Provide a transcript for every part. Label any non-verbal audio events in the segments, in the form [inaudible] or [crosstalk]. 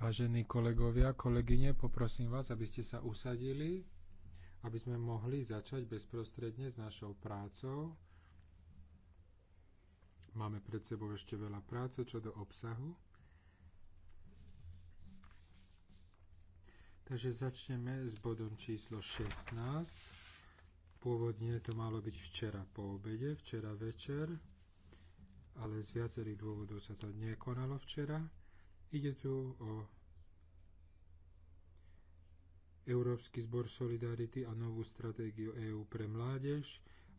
Vážení kolegovia, kolegyne, poprosím vás, aby ste sa usadili, aby sme mohli začať bezprostredne s našou prácou. Máme pred sebou ešte veľa práce čo do obsahu. Takže začneme s bodom číslo 16. Pôvodne to malo byť včera po obede, včera večer, ale z viacerých dôvodov sa to nekonalo včera. Ide tu o Európsky zbor Solidarity a novú stratégiu EÚ pre mládež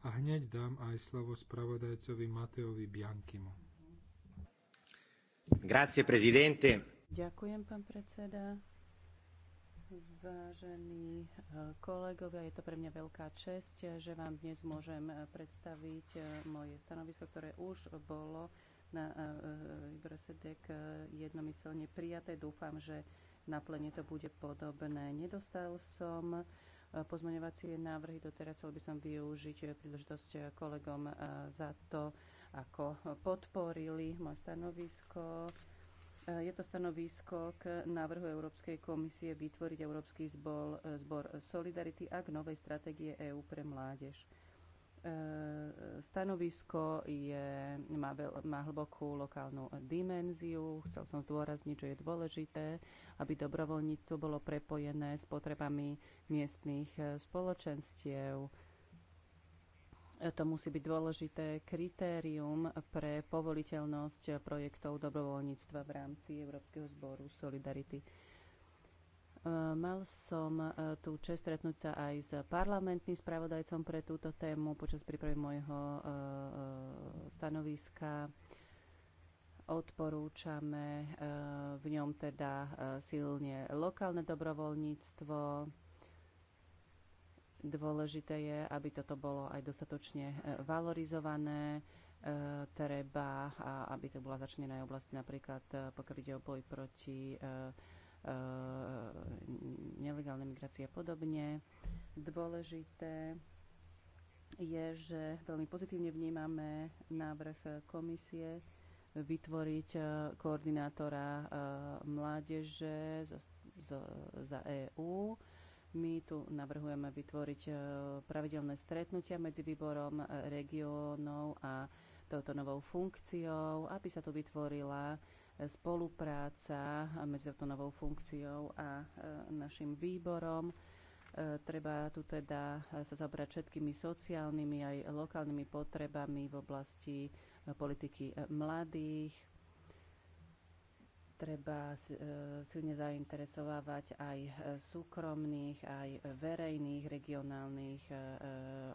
a hneď dám aj slovo spravodajcovi Mateovi Biankimu. Grazie, prezidente. Ďakujem, pán predseda. Vážení e, kolegovia, je to pre mňa veľká čest, že vám dnes môžem e, predstaviť e, moje stanovisko, ktoré už bolo na Brosedek jednomyselne prijaté. Dúfam, že na plene to bude podobné. Nedostal som pozmeňovacie návrhy. Doteraz chcel by som využiť príležitosť kolegom za to, ako podporili moje stanovisko je to stanovisko k návrhu Európskej komisie vytvoriť Európsky zbor, zbor Solidarity a k novej stratégie EÚ pre mládež. E, stanovisko je, má, veľ, má hlbokú lokálnu dimenziu. Chcel som zdôrazniť, že je dôležité, aby dobrovoľníctvo bolo prepojené s potrebami miestných e, spoločenstiev, to musí byť dôležité kritérium pre povoliteľnosť projektov dobrovoľníctva v rámci Európskeho zboru Solidarity. E, mal som e, tu čest stretnúť sa aj s parlamentným spravodajcom pre túto tému počas prípravy môjho e, stanoviska. Odporúčame v ňom teda silne lokálne dobrovoľníctvo, Dôležité je, aby toto bolo aj dostatočne e, valorizované. E, treba, aby to bola začnená aj oblasti napríklad, e, pokiaľ ide o boj proti nelegálne migrácie a podobne. Dôležité je, že veľmi pozitívne vnímame návrh komisie vytvoriť koordinátora mládeže za EÚ. My tu navrhujeme vytvoriť e, pravidelné stretnutia medzi výborom e, regiónov a touto novou funkciou, aby sa tu vytvorila e, spolupráca medzi touto novou funkciou a našim výborom. Treba tu teda sa zabrať všetkými sociálnymi aj lokálnymi potrebami v oblasti politiky mladých, treba e, silne zainteresovávať aj e, súkromných, aj verejných, regionálnych e,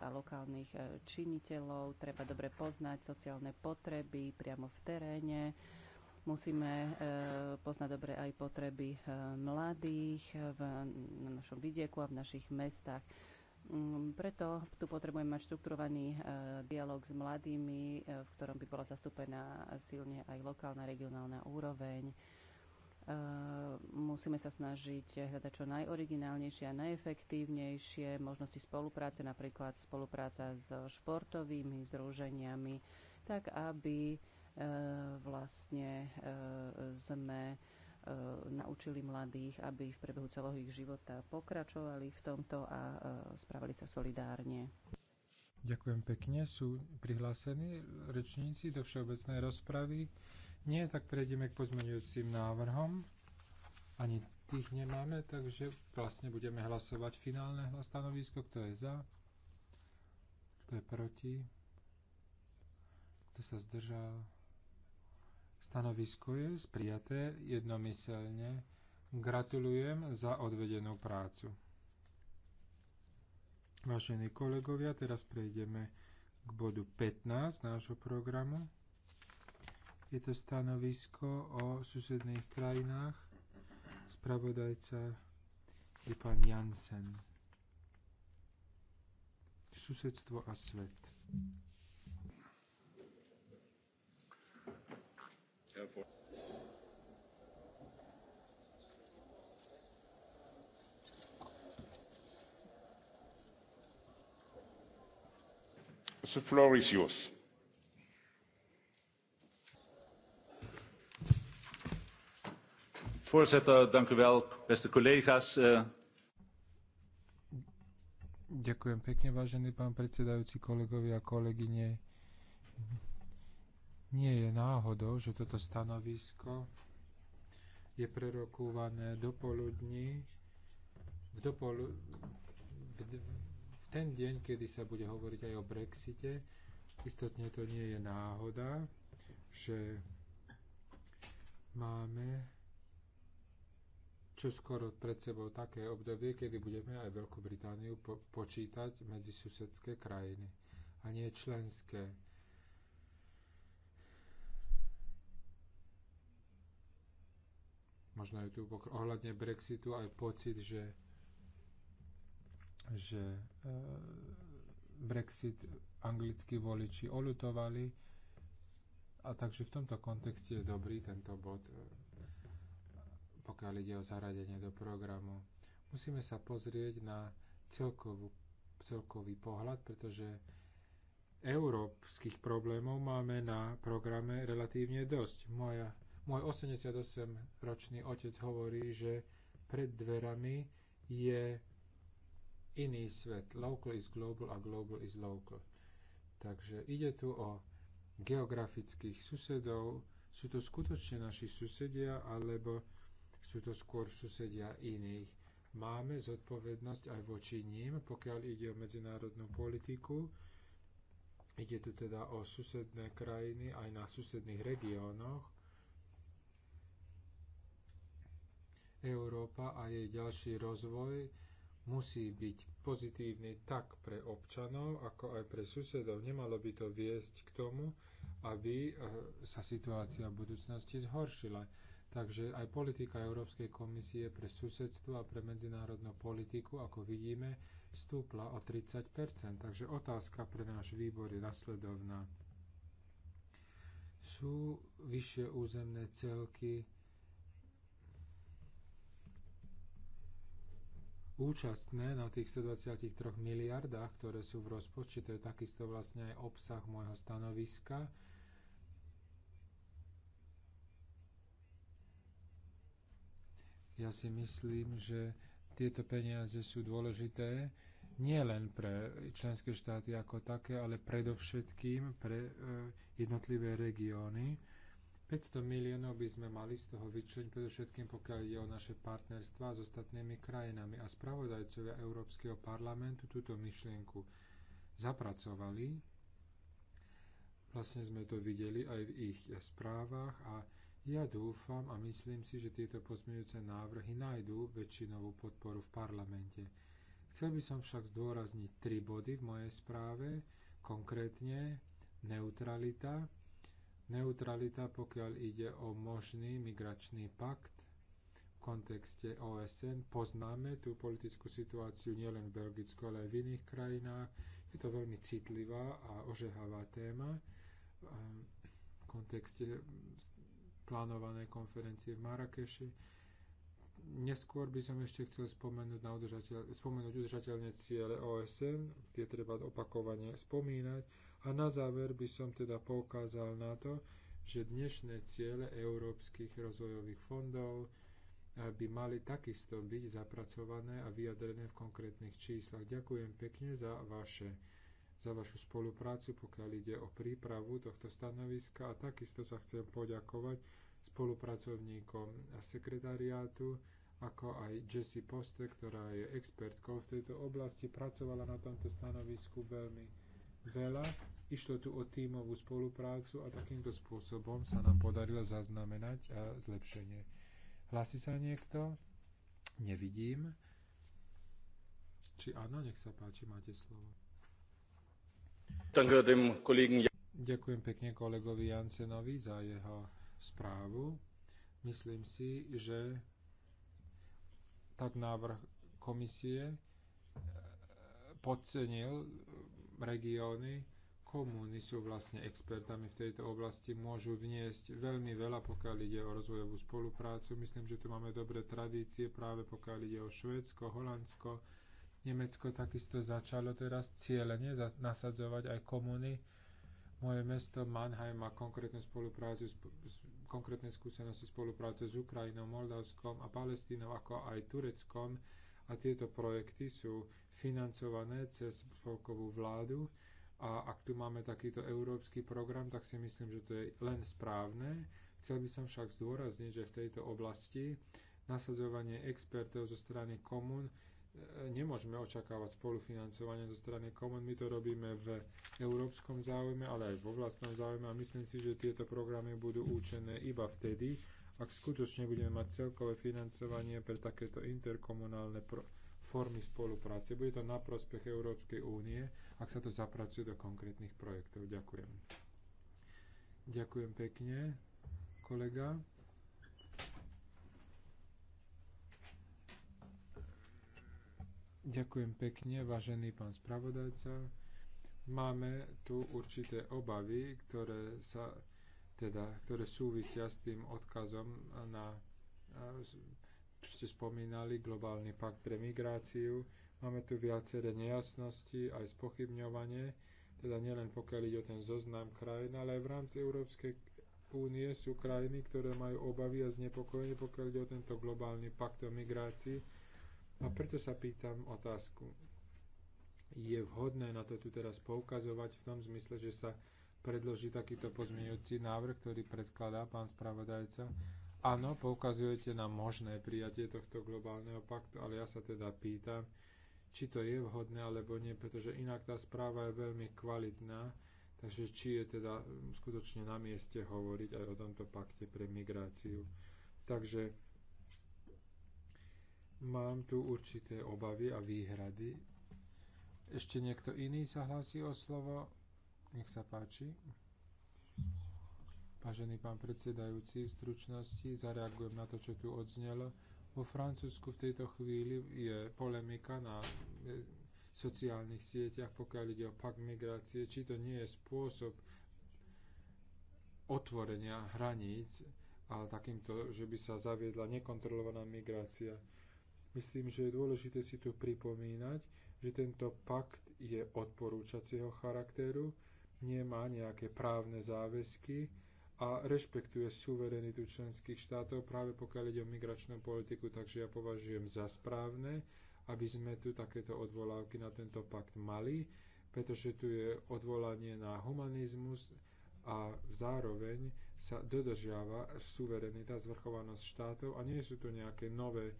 a lokálnych činiteľov. Treba dobre poznať sociálne potreby priamo v teréne. Musíme poznať dobre aj potreby mladých v, na našom vidieku a v našich mestách. Mm, preto tu potrebujeme mať štrukturovaný e, dialog s mladými, e, v ktorom by bola zastúpená silne aj lokálna, regionálna úroveň. E, musíme sa snažiť hľadať čo najoriginálnejšie a najefektívnejšie možnosti spolupráce, napríklad spolupráca s športovými združeniami, tak aby vlastne sme E, naučili mladých, aby v priebehu celého ich života pokračovali v tomto a e, správali sa solidárne. Ďakujem pekne. Sú prihlásení rečníci do všeobecnej rozpravy? Nie, tak prejdeme k pozmeňujúcim návrhom. Ani tých nemáme, takže vlastne budeme hlasovať finálne stanovisko. Kto je za? Kto je proti? Kto sa zdržal? Stanovisko je sprijaté jednomyselne. Gratulujem za odvedenú prácu. Vážení kolegovia, teraz prejdeme k bodu 15 nášho programu. Je to stanovisko o susedných krajinách. Spravodajca je pán Jansen. Susedstvo a svet. The floor is yours. Voorzitter, dank u wel. Beste collega's. Eh. Ďakujem pekne, vážený pán predsedajúci, kolegovia a kolegyne. Nie je náhodou, že toto stanovisko je prerokúvané dopoludní, v, dopolu, v, v ten deň, kedy sa bude hovoriť aj o Brexite. Istotne to nie je náhoda, že máme čo skoro pred sebou také obdobie, kedy budeme aj Veľkú Britániu po- počítať medzi susedské krajiny a nie členské Možno je tu ohľadne Brexitu aj pocit, že, že eh, Brexit anglickí voliči oľutovali a takže v tomto kontexte je dobrý tento bod, eh, pokiaľ ide o zaradenie do programu. Musíme sa pozrieť na celkovú, celkový pohľad, pretože európskych problémov máme na programe relatívne dosť. Moja môj 88-ročný otec hovorí, že pred dverami je iný svet. Local is global a global is local. Takže ide tu o geografických susedov. Sú to skutočne naši susedia, alebo sú to skôr susedia iných. Máme zodpovednosť aj voči ním, pokiaľ ide o medzinárodnú politiku. Ide tu teda o susedné krajiny aj na susedných regiónoch. Európa a jej ďalší rozvoj musí byť pozitívny tak pre občanov, ako aj pre susedov. Nemalo by to viesť k tomu, aby eh, sa situácia v budúcnosti zhoršila. Takže aj politika Európskej komisie pre susedstvo a pre medzinárodnú politiku, ako vidíme, stúpla o 30 Takže otázka pre náš výbor je nasledovná. Sú vyššie územné celky účastné na tých 123 miliardách, ktoré sú v rozpočte. To je takisto vlastne aj obsah môjho stanoviska. Ja si myslím, že tieto peniaze sú dôležité nie len pre členské štáty ako také, ale predovšetkým pre eh, jednotlivé regióny 500 miliónov by sme mali z toho vyčleniť, predovšetkým pokiaľ ide o naše partnerstvá s ostatnými krajinami. A spravodajcovia Európskeho parlamentu túto myšlienku zapracovali. Vlastne sme to videli aj v ich správach a ja dúfam a myslím si, že tieto pozmeňujúce návrhy nájdú väčšinovú podporu v parlamente. Chcel by som však zdôrazniť tri body v mojej správe, konkrétne neutralita, Neutralita, pokiaľ ide o možný migračný pakt v kontexte OSN, poznáme tú politickú situáciu nielen v Belgicku, ale aj v iných krajinách. Je to veľmi citlivá a ožehavá téma v kontexte plánovanej konferencie v Marrakeši. Neskôr by som ešte chcel spomenúť, na udržateľ, spomenúť udržateľné ciele OSN, tie treba opakovane spomínať, a na záver by som teda poukázal na to, že dnešné ciele európskych rozvojových fondov eh, by mali takisto byť zapracované a vyjadrené v konkrétnych číslach. Ďakujem pekne za, vaše, za vašu spoluprácu, pokiaľ ide o prípravu tohto stanoviska a takisto sa chcem poďakovať spolupracovníkom sekretariátu, ako aj Jessie Poste, ktorá je expertkou v tejto oblasti, pracovala na tomto stanovisku veľmi veľa. Išlo tu o tímovú spoluprácu a takýmto spôsobom sa nám podarilo zaznamenať a zlepšenie. Hlasí sa niekto? Nevidím. Či áno, nech sa páči, máte slovo. Ďakujem pekne kolegovi Jansenovi za jeho správu. Myslím si, že tak návrh komisie podcenil regióny, komúny sú vlastne expertami v tejto oblasti, môžu vniesť veľmi veľa, pokiaľ ide o rozvojovú spoluprácu. Myslím, že tu máme dobré tradície práve pokiaľ ide o Švédsko, Holandsko. Nemecko takisto začalo teraz cieľene nasadzovať aj komúny. Moje mesto Mannheim má konkrétnu spoluprácu, konkrétne skúsenosti spolupráce s Ukrajinou, Moldavskom a Palestínou, ako aj Tureckom a tieto projekty sú financované cez spolkovú vládu a ak tu máme takýto európsky program, tak si myslím, že to je len správne. Chcel by som však zdôrazniť, že v tejto oblasti nasadzovanie expertov zo strany komún e, nemôžeme očakávať spolufinancovanie zo strany komun. My to robíme v európskom záujme, ale aj vo vlastnom záujme a myslím si, že tieto programy budú účinné iba vtedy, ak skutočne budeme mať celkové financovanie pre takéto interkomunálne formy spolupráce, bude to na prospech Európskej únie, ak sa to zapracuje do konkrétnych projektov. Ďakujem. Ďakujem pekne, kolega. Ďakujem pekne, vážený pán spravodajca. Máme tu určité obavy, ktoré sa teda, ktoré súvisia s tým odkazom na, e, čo ste spomínali, globálny pakt pre migráciu. Máme tu viaceré nejasnosti, aj spochybňovanie, teda nielen pokiaľ ide o ten zoznam krajín, ale aj v rámci Európskej únie sú krajiny, ktoré majú obavy a znepokojenie, pokiaľ ide o tento globálny pakt o migrácii. A preto sa pýtam otázku. Je vhodné na to tu teraz poukazovať v tom zmysle, že sa predloží takýto pozmeňujúci návrh, ktorý predkladá pán spravodajca. Áno, poukazujete na možné prijatie tohto globálneho paktu, ale ja sa teda pýtam, či to je vhodné alebo nie, pretože inak tá správa je veľmi kvalitná, takže či je teda mm, skutočne na mieste hovoriť aj o tomto pakte pre migráciu. Takže mám tu určité obavy a výhrady. Ešte niekto iný sa hlási o slovo? Nech sa páči. Vážený pán predsedajúci, v stručnosti zareagujem na to, čo tu odznelo. Vo Francúzsku v tejto chvíli je polemika na e, sociálnych sieťach, pokiaľ ide o pak migrácie, či to nie je spôsob otvorenia hraníc, ale takýmto, že by sa zaviedla nekontrolovaná migrácia. Myslím, že je dôležité si tu pripomínať, že tento pakt je odporúčacieho charakteru nemá nejaké právne záväzky a rešpektuje suverenitu členských štátov práve pokiaľ ide o migračnú politiku, takže ja považujem za správne, aby sme tu takéto odvolávky na tento pakt mali, pretože tu je odvolanie na humanizmus a zároveň sa dodržiava suverenita, zvrchovanosť štátov a nie sú tu nejaké nové e,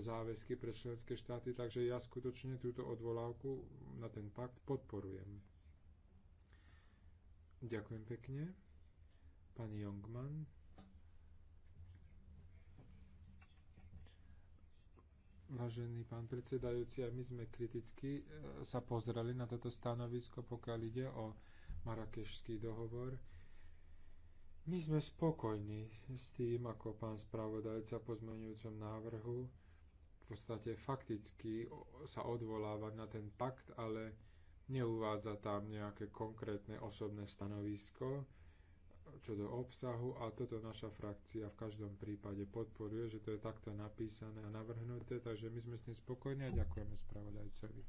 záväzky pre členské štáty, takže ja skutočne túto odvolávku na ten pakt podporujem. Ďakujem pekne. Pani Jongman. Vážený pán predsedajúci, aj my sme kriticky e, sa pozreli na toto stanovisko, pokiaľ ide o marakešský dohovor. My sme spokojní s tým, ako pán spravodajca po zmenujúcom návrhu v podstate fakticky sa odvoláva na ten pakt, ale neuvádza tam nejaké konkrétne osobné stanovisko čo do obsahu a toto naša frakcia v každom prípade podporuje, že to je takto napísané a navrhnuté, takže my sme s tým spokojní a ďakujeme spravodajcovi.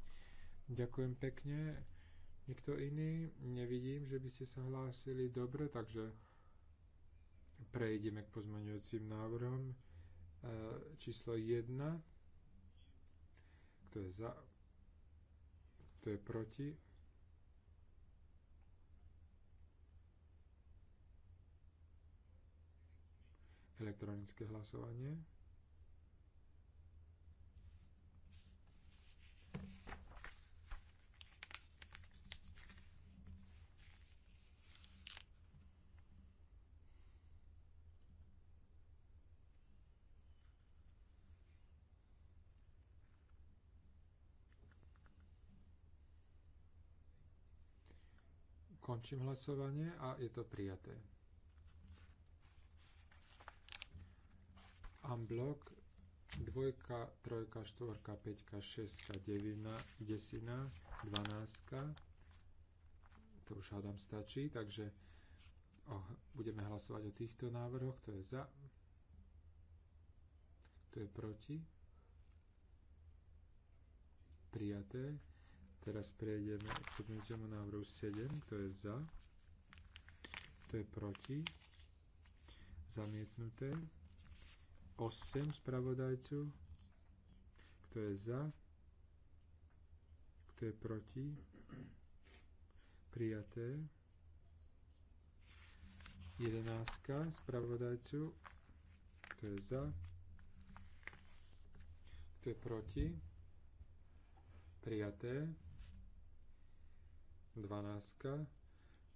Ďakujem pekne. Nikto iný? Nevidím, že by ste sa hlásili. Dobre, takže prejdeme k pozmeňujúcim návrhom. E, číslo 1. Kto je za? Kto je proti? Elektronické hlasovanie. Končím hlasovanie a je to prijaté. Unblock 2, 3, 4, 5, 6, 9, 10, 12. To už hádam stačí, takže oh, budeme hlasovať o týchto návrhoch. Kto je za? Kto je proti? Prijaté. Teraz prejdeme k pozmeňujúcemu návrhu 7, kto je za, kto je proti, zamietnuté. 8 spravodajcu, kto je za, kto je proti, prijaté. 11 spravodajcu, kto je za, kto je proti, prijaté. 12.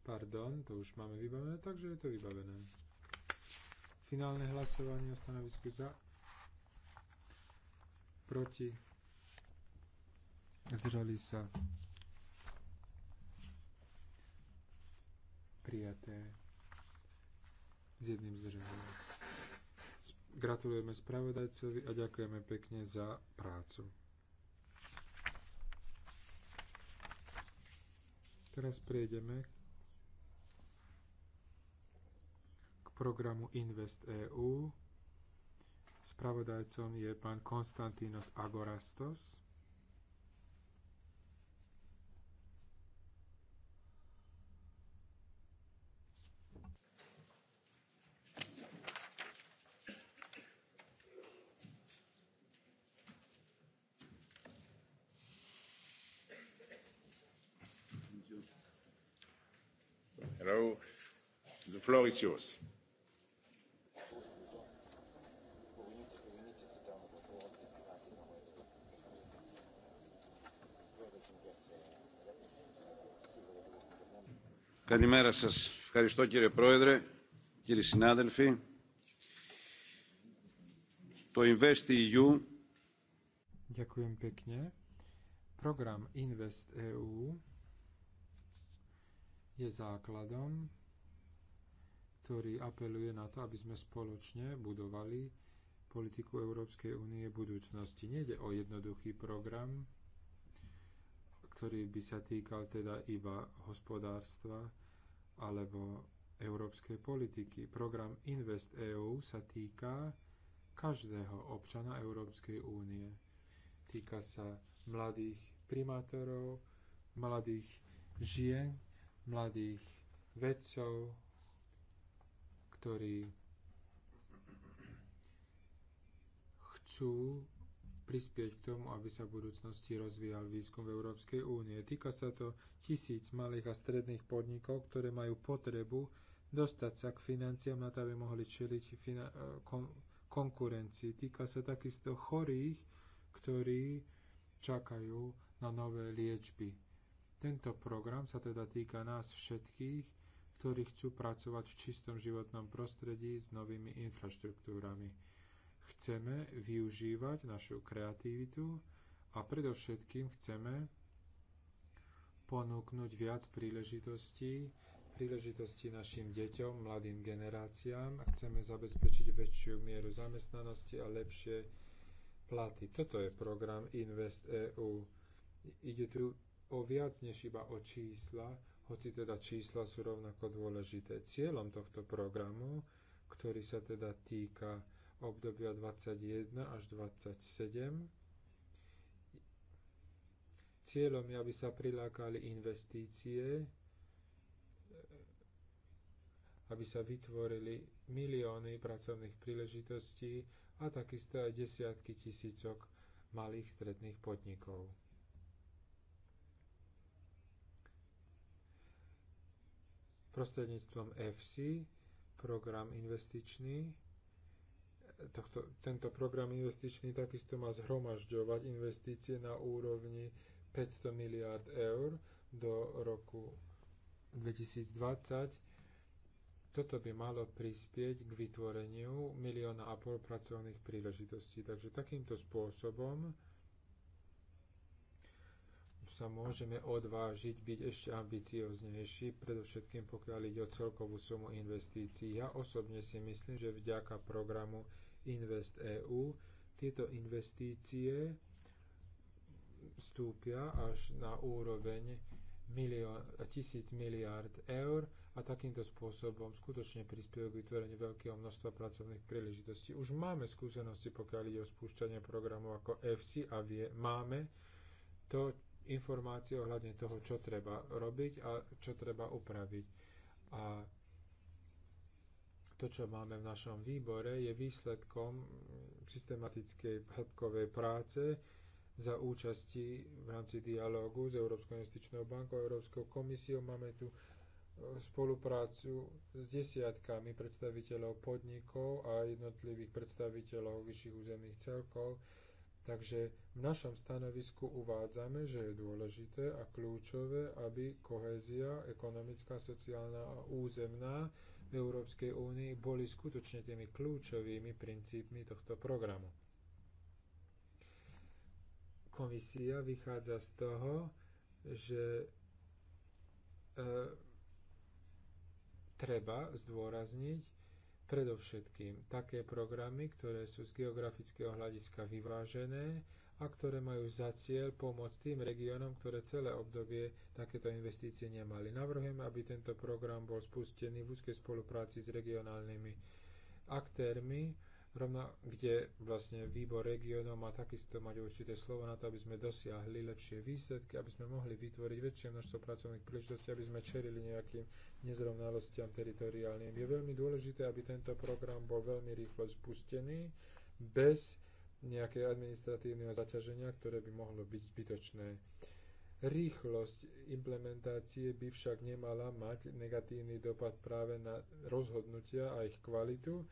Pardon, to už máme vybavené, takže je to vybavené. Finálne hlasovanie o stanovisku za, proti, zdržali sa, prijaté s jedným zdržaním. Gratulujeme spravodajcovi a ďakujeme pekne za prácu. Teraz prejdeme k programu Invest EU. Spravodajcom je pán Konstantinos Agorastos. floor is yours. Καλημέρα σας. Ευχαριστώ κύριε Πρόεδρε, κύριοι συνάδελφοι. Το InvestEU... Ďakujem pekne. Program InvestEU je základom ktorý apeluje na to, aby sme spoločne budovali politiku Európskej únie budúcnosti. Nejde o jednoduchý program, ktorý by sa týkal teda iba hospodárstva alebo európskej politiky. Program Invest EU sa týka každého občana Európskej únie. Týka sa mladých primátorov, mladých žien, mladých vedcov, ktorí chcú prispieť k tomu, aby sa v budúcnosti rozvíjal výskum v Európskej únie. Týka sa to tisíc malých a stredných podnikov, ktoré majú potrebu dostať sa k financiám na to, aby mohli čeliť eh, konkurencii. Týka sa takisto chorých, ktorí čakajú na nové liečby. Tento program sa teda týka nás všetkých ktorí chcú pracovať v čistom životnom prostredí s novými infraštruktúrami. Chceme využívať našu kreativitu a predovšetkým chceme ponúknuť viac príležitostí, príležitosti našim deťom, mladým generáciám a chceme zabezpečiť väčšiu mieru zamestnanosti a lepšie platy. Toto je program Invest EU. Ide tu o viac než iba o čísla, hoci teda čísla sú rovnako dôležité. Cieľom tohto programu, ktorý sa teda týka obdobia 21 až 27, cieľom je, aby sa prilákali investície, aby sa vytvorili milióny pracovných príležitostí a takisto aj desiatky tisícok malých stredných podnikov. prostredníctvom FC, program investičný. Tohto, tento program investičný takisto má zhromažďovať investície na úrovni 500 miliard eur do roku 2020. Toto by malo prispieť k vytvoreniu milióna a pol pracovných príležitostí. Takže takýmto spôsobom sa môžeme odvážiť byť ešte ambicioznejší, predovšetkým pokiaľ ide o celkovú sumu investícií. Ja osobne si myslím, že vďaka programu InvestEU tieto investície stúpia až na úroveň milión, tisíc miliárd eur a takýmto spôsobom skutočne prispievajú k vytvoreniu veľkého množstva pracovných príležitostí. Už máme skúsenosti, pokiaľ ide o spúšťanie programov ako FC a vie, máme to, informácie ohľadne toho, čo treba robiť a čo treba upraviť. A to, čo máme v našom výbore, je výsledkom systematickej hĺbkovej práce za účasti v rámci dialógu s Európskou investičnou bankou a Európskou komisiou. Máme tu e, spoluprácu s desiatkami predstaviteľov podnikov a jednotlivých predstaviteľov vyšších územných celkov Takže v našom stanovisku uvádzame, že je dôležité a kľúčové, aby kohézia ekonomická, sociálna a územná v Európskej únii boli skutočne tými kľúčovými princípmi tohto programu. Komisia vychádza z toho, že e, treba zdôrazniť, Predovšetkým také programy, ktoré sú z geografického hľadiska vyvážené a ktoré majú za cieľ pomôcť tým regiónom, ktoré celé obdobie takéto investície nemali. Navrhujem, aby tento program bol spustený v úzkej spolupráci s regionálnymi aktérmi rovna, kde vlastne výbor regiónov má takisto mať určité slovo na to, aby sme dosiahli lepšie výsledky, aby sme mohli vytvoriť väčšie množstvo pracovných príležitostí, aby sme čelili nejakým nezrovnalostiam teritoriálnym. Je veľmi dôležité, aby tento program bol veľmi rýchlo spustený, bez nejaké administratívneho zaťaženia, ktoré by mohlo byť zbytočné. Rýchlosť implementácie by však nemala mať negatívny dopad práve na rozhodnutia a ich kvalitu,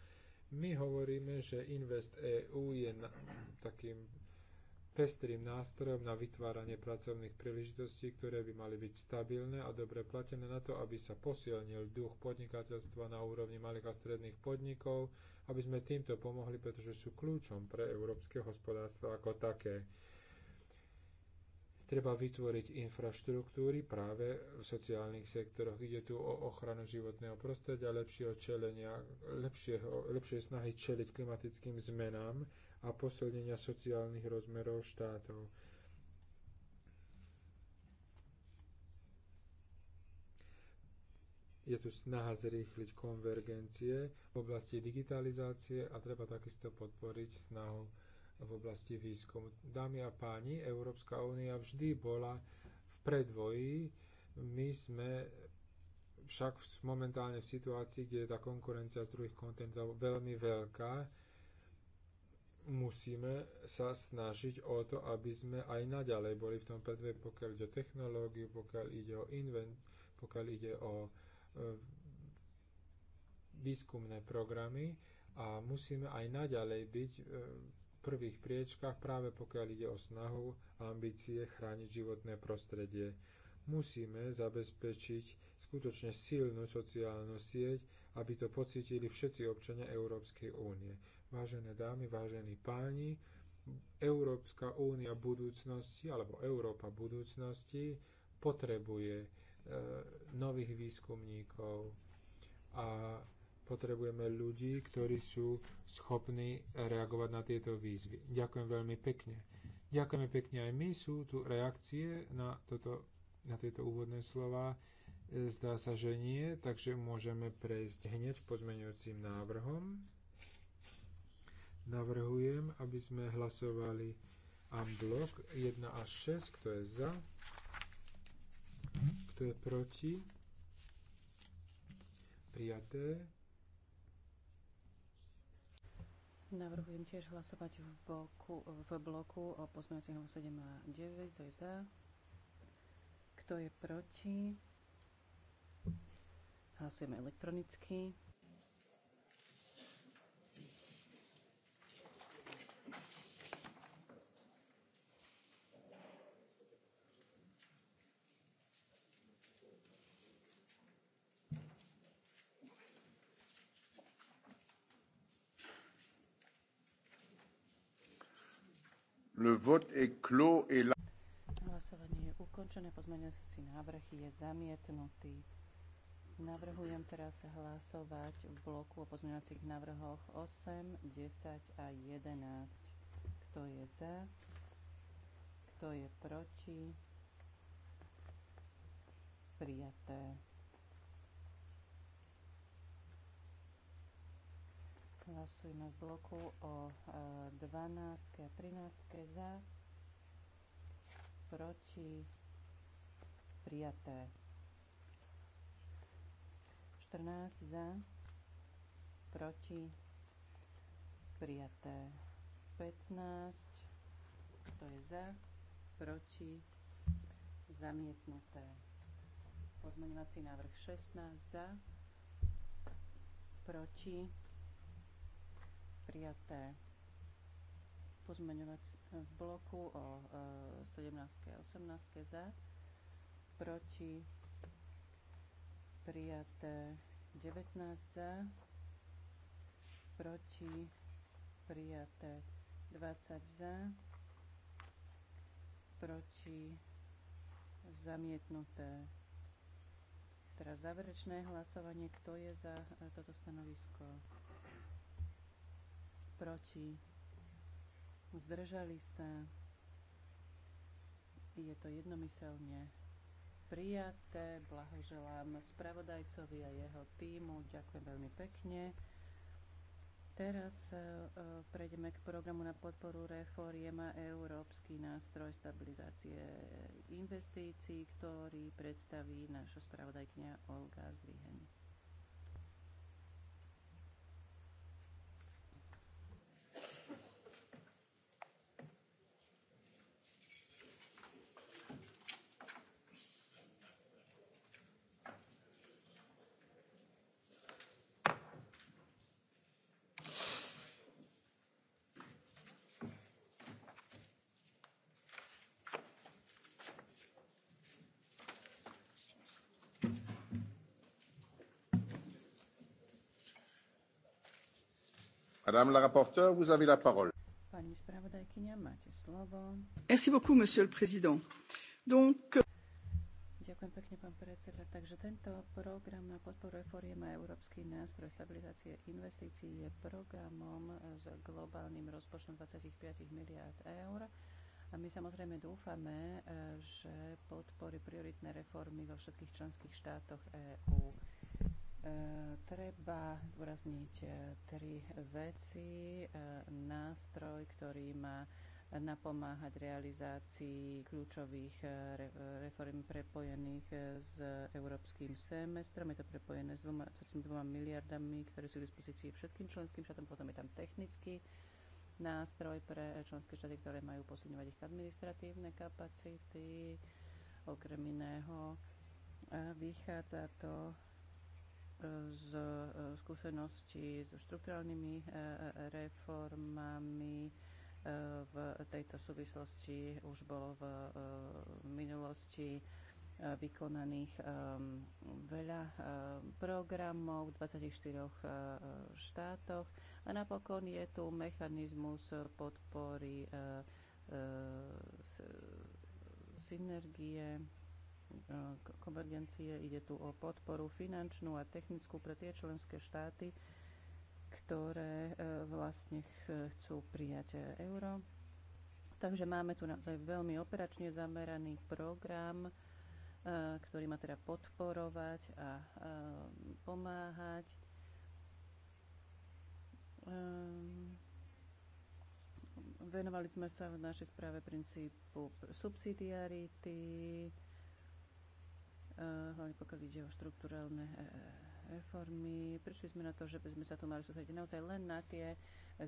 my hovoríme, že Invest EU je na, takým pestrým nástrojom na vytváranie pracovných príležitostí, ktoré by mali byť stabilné a dobre platené na to, aby sa posilnil duch podnikateľstva na úrovni malých a stredných podnikov, aby sme týmto pomohli, pretože sú kľúčom pre európske hospodárstvo ako také. Treba vytvoriť infraštruktúry práve v sociálnych sektoroch. Ide tu o ochranu životného prostredia, lepšieho čelenia, lepšieho, lepšie snahy čeliť klimatickým zmenám a posilnenia sociálnych rozmerov štátov. Je tu snaha zrýchliť konvergencie v oblasti digitalizácie a treba takisto podporiť snahu v oblasti výskumu. Dámy a páni, Európska únia vždy bola v predvoji. My sme však momentálne v situácii, kde je tá konkurencia z druhých kontinentov veľmi veľká. Musíme sa snažiť o to, aby sme aj naďalej boli v tom predve, pokiaľ ide o technológiu, pokiaľ ide o invent, pokiaľ ide o e, výskumné programy a musíme aj naďalej byť e, prvých priečkách práve pokiaľ ide o snahu a ambície chrániť životné prostredie. Musíme zabezpečiť skutočne silnú sociálnu sieť, aby to pocítili všetci občania Európskej únie. Vážené dámy, vážení páni, Európska únia budúcnosti alebo Európa budúcnosti potrebuje e, nových výskumníkov a Potrebujeme ľudí, ktorí sú schopní reagovať na tieto výzvy. Ďakujem veľmi pekne. Ďakujeme pekne aj my. Sú tu reakcie na, toto, na tieto úvodné slova. Zdá sa, že nie, takže môžeme prejsť hneď pozmeňujúcim návrhom. Navrhujem, aby sme hlasovali unblock 1 až 6, kto je za, kto je proti, prijaté, Navrhujem tiež hlasovať v bloku, v bloku o pozmeňovacích 7 a 9. Kto je za? Kto je proti? Hlasujeme elektronicky. Le vote est clos et la... Hlasovanie je ukončené, Pozmeňujúci návrh je zamietnutý. Navrhujem teraz hlasovať v bloku o pozmeňovacích návrhoch 8, 10 a 11. Kto je za? Kto je proti? Prijaté. Hlasujme v bloku o 12 e, a 13 za, proti, prijaté. 14 za, proti, prijaté. 15, to je za, proti, zamietnuté. Pozmeňovací návrh 16 za, proti, prijaté pozmeňovať e, v bloku o 17. E, a 18. za, proti prijaté 19 za, proti prijaté 20 za, proti zamietnuté. Teraz záverečné hlasovanie, kto je za e, toto stanovisko proti, zdržali sa. Je to jednomyselne prijaté. Blahoželám spravodajcovi a jeho týmu. Ďakujem veľmi pekne. Teraz e, prejdeme k programu na podporu reforiem a Európsky nástroj stabilizácie investícií, ktorý predstaví naša spravodajkňa Olga Zvihen. Madame la rapporteure, vous avez la parole. Merci beaucoup, monsieur le président. Donc... Euh, Ďakujem pekne, pán predseda. Takže tento program na podporu reforiem a Európsky nástroj stabilizácie investícií je programom s globálnym rozpočtom 25 miliard eur. A my samozrejme dúfame, eh, že podpory prioritné reformy vo všetkých členských štátoch EÚ treba zdôrazniť eh, tri veci. Eh, nástroj, ktorý má napomáhať realizácii kľúčových eh, reform prepojených s európskym semestrom. Je to prepojené s dvoma, dvoma miliardami, ktoré sú k dispozícii všetkým členským štátom. Potom je tam technický nástroj pre členské štáty, ktoré majú posilňovať ich administratívne kapacity. Okrem iného vychádza to z e, skúseností so štruktúralnými e, reformami e, v tejto súvislosti už bolo v minulosti vykonaných veľa programov v 24 štátoch a napokon je tu mechanizmus podpory synergie konvergencie. Ide tu o podporu finančnú a technickú pre tie členské štáty, ktoré e, vlastne chcú prijať e, euro. Takže máme tu naozaj veľmi operačne zameraný program, e, ktorý má teda podporovať a pomáhať. Ehm, venovali sme sa v našej správe princípu subsidiarity, Eh, hlavne pokiaľ ide o štruktúrálne eh, eh, reformy. Prišli sme na to, že by sme sa tu mali sústrediť naozaj len na tie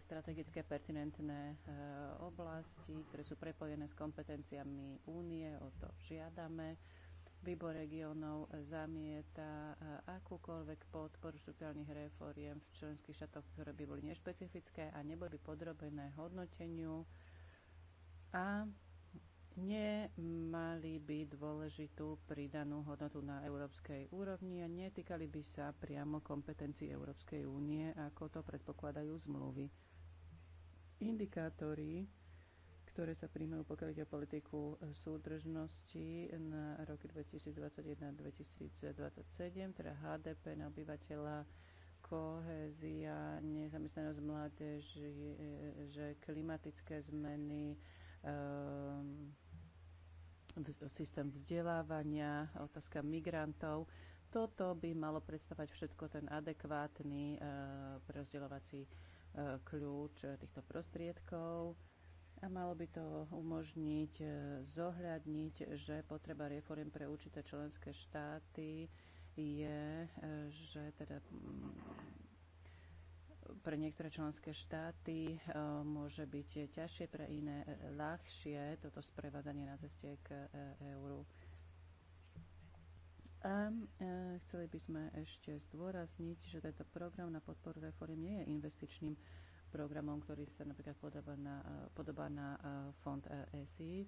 strategické pertinentné oblasti, ktoré sú prepojené s kompetenciami únie, o to žiadame. Výbor regionov zamieta akúkoľvek podporu štruktúrnych reforiem v členských štátoch, ktoré by boli nešpecifické a neboli podrobené hodnoteniu a nemali by dôležitú pridanú hodnotu na európskej úrovni a netýkali by sa priamo kompetencií Európskej únie, ako to predpokladajú zmluvy. Indikátory, ktoré sa príjmajú pokiaľ ide o politiku súdržnosti na roky 2021-2027, teda HDP na obyvateľa, kohézia, nezamestnanosť mládeže, klimatické zmeny, um, systém vzdelávania, otázka migrantov. Toto by malo predstavať všetko ten adekvátny e, prerozdeľovací e, kľúč týchto prostriedkov a malo by to umožniť e, zohľadniť, že potreba reform pre určité členské štáty je, že teda mm, pre niektoré členské štáty e, môže byť ťažšie, pre iné ľahšie toto sprevádzanie na ceste k e, euru. A e, chceli by sme ešte zdôrazniť, že tento program na podporu reform nie je investičným programom, ktorý sa napríklad podobá na, podobá na fond ESI.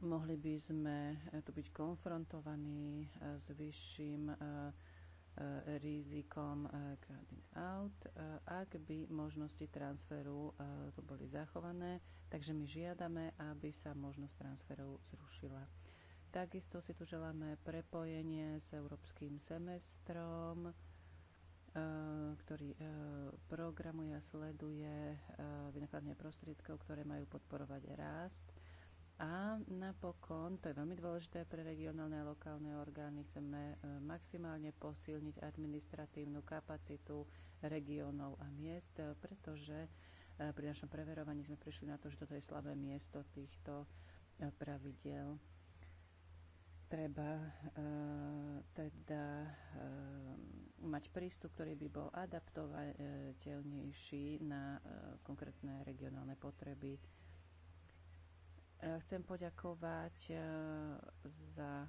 Mohli by sme tu byť konfrontovaní s vyšším Eh, rizikom eh, crowding out, eh, ak by možnosti transferu tu boli zachované. Takže my žiadame, aby sa možnosť transferov zrušila. Takisto si tu želáme prepojenie s európskym semestrom, ktorý programuje a sleduje vynakladanie prostriedkov, ktoré majú podporovať rast a napokon, to je veľmi dôležité pre regionálne a lokálne orgány, chceme e, maximálne posilniť administratívnu kapacitu regiónov a miest, e, pretože e, pri našom preverovaní sme prišli na to, že toto je slabé miesto týchto pravidel. Treba teda mať prístup, ktorý by bol adaptovateľnejší na konkrétne regionálne potreby E, chcem poďakovať e, za e,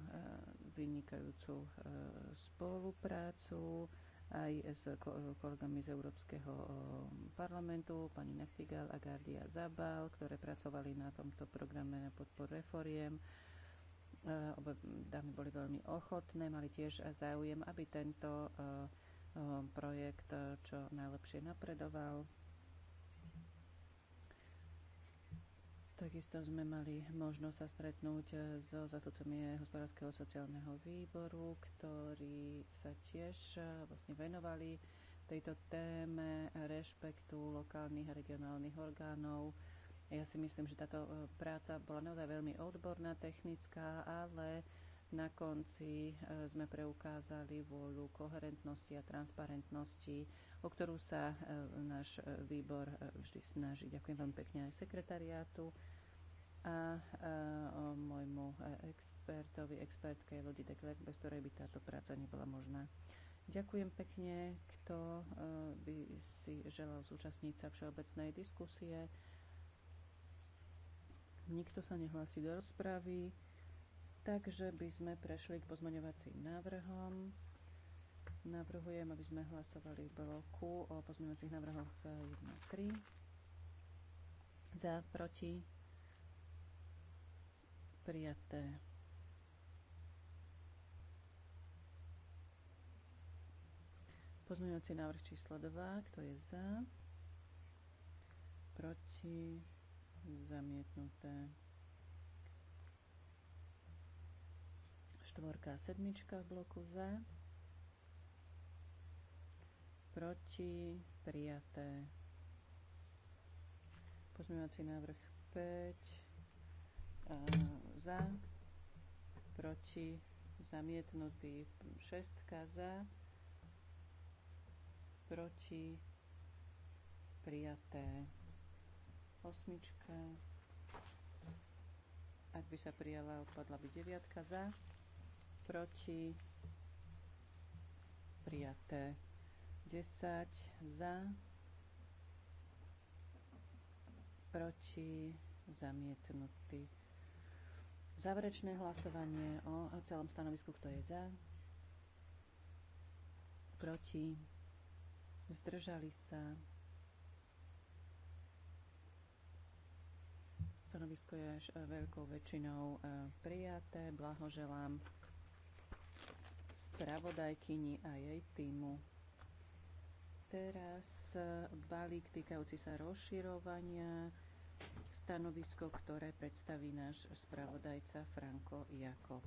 vynikajúcu spoluprácu aj s kolegami z Európskeho parlamentu, pani Nachtigal a Gardia Zabal, ktoré pracovali na tomto programe na podporu reforiem. Obe dámy boli veľmi ochotné, mali tiež záujem, aby tento projekt čo najlepšie napredoval. Takisto sme mali možnosť sa stretnúť eh, so zastupcami hospodárskeho sociálneho výboru, ktorí sa tiež eh, vlastne venovali tejto téme rešpektu lokálnych a regionálnych orgánov. Ja si myslím, že táto eh, práca bola naozaj veľmi odborná, technická, ale na konci e, sme preukázali vôľu koherentnosti a transparentnosti, o ktorú sa e, náš e, výbor vždy snaží. Ďakujem veľmi pekne aj sekretariátu a, môjmu expertovi, expertke Lodi de Klerk, bez ktorej by táto práca nebola možná. Ďakujem pekne, kto by si želal zúčastniť sa všeobecnej diskusie. Nikto sa nehlási do rozpravy. Takže by sme prešli k pozmeňovacím návrhom. Navrhujem, aby sme hlasovali v bloku o pozmeňovacích návrhoch 1 a 3. Za, proti, prijaté. Pozmeňovací návrh číslo 2. Kto je za? Proti? Zamietnuté. štvorka a sedmička v bloku za, proti, prijaté. Pozmievací návrh 5, za, proti, zamietnutý, šestka za, proti, prijaté. Osmička, ak by sa prijala, odpadla by deviatka za, proti, prijaté 10 za, proti, zamietnutý. Záverečné hlasovanie o, o celom stanovisku, kto je za, proti, zdržali sa. Stanovisko je až e, veľkou väčšinou e, prijaté. Blahoželám spravodajkyni a jej týmu. Teraz e, balík týkajúci sa rozširovania, stanovisko, ktoré predstaví náš spravodajca Franko Jakob.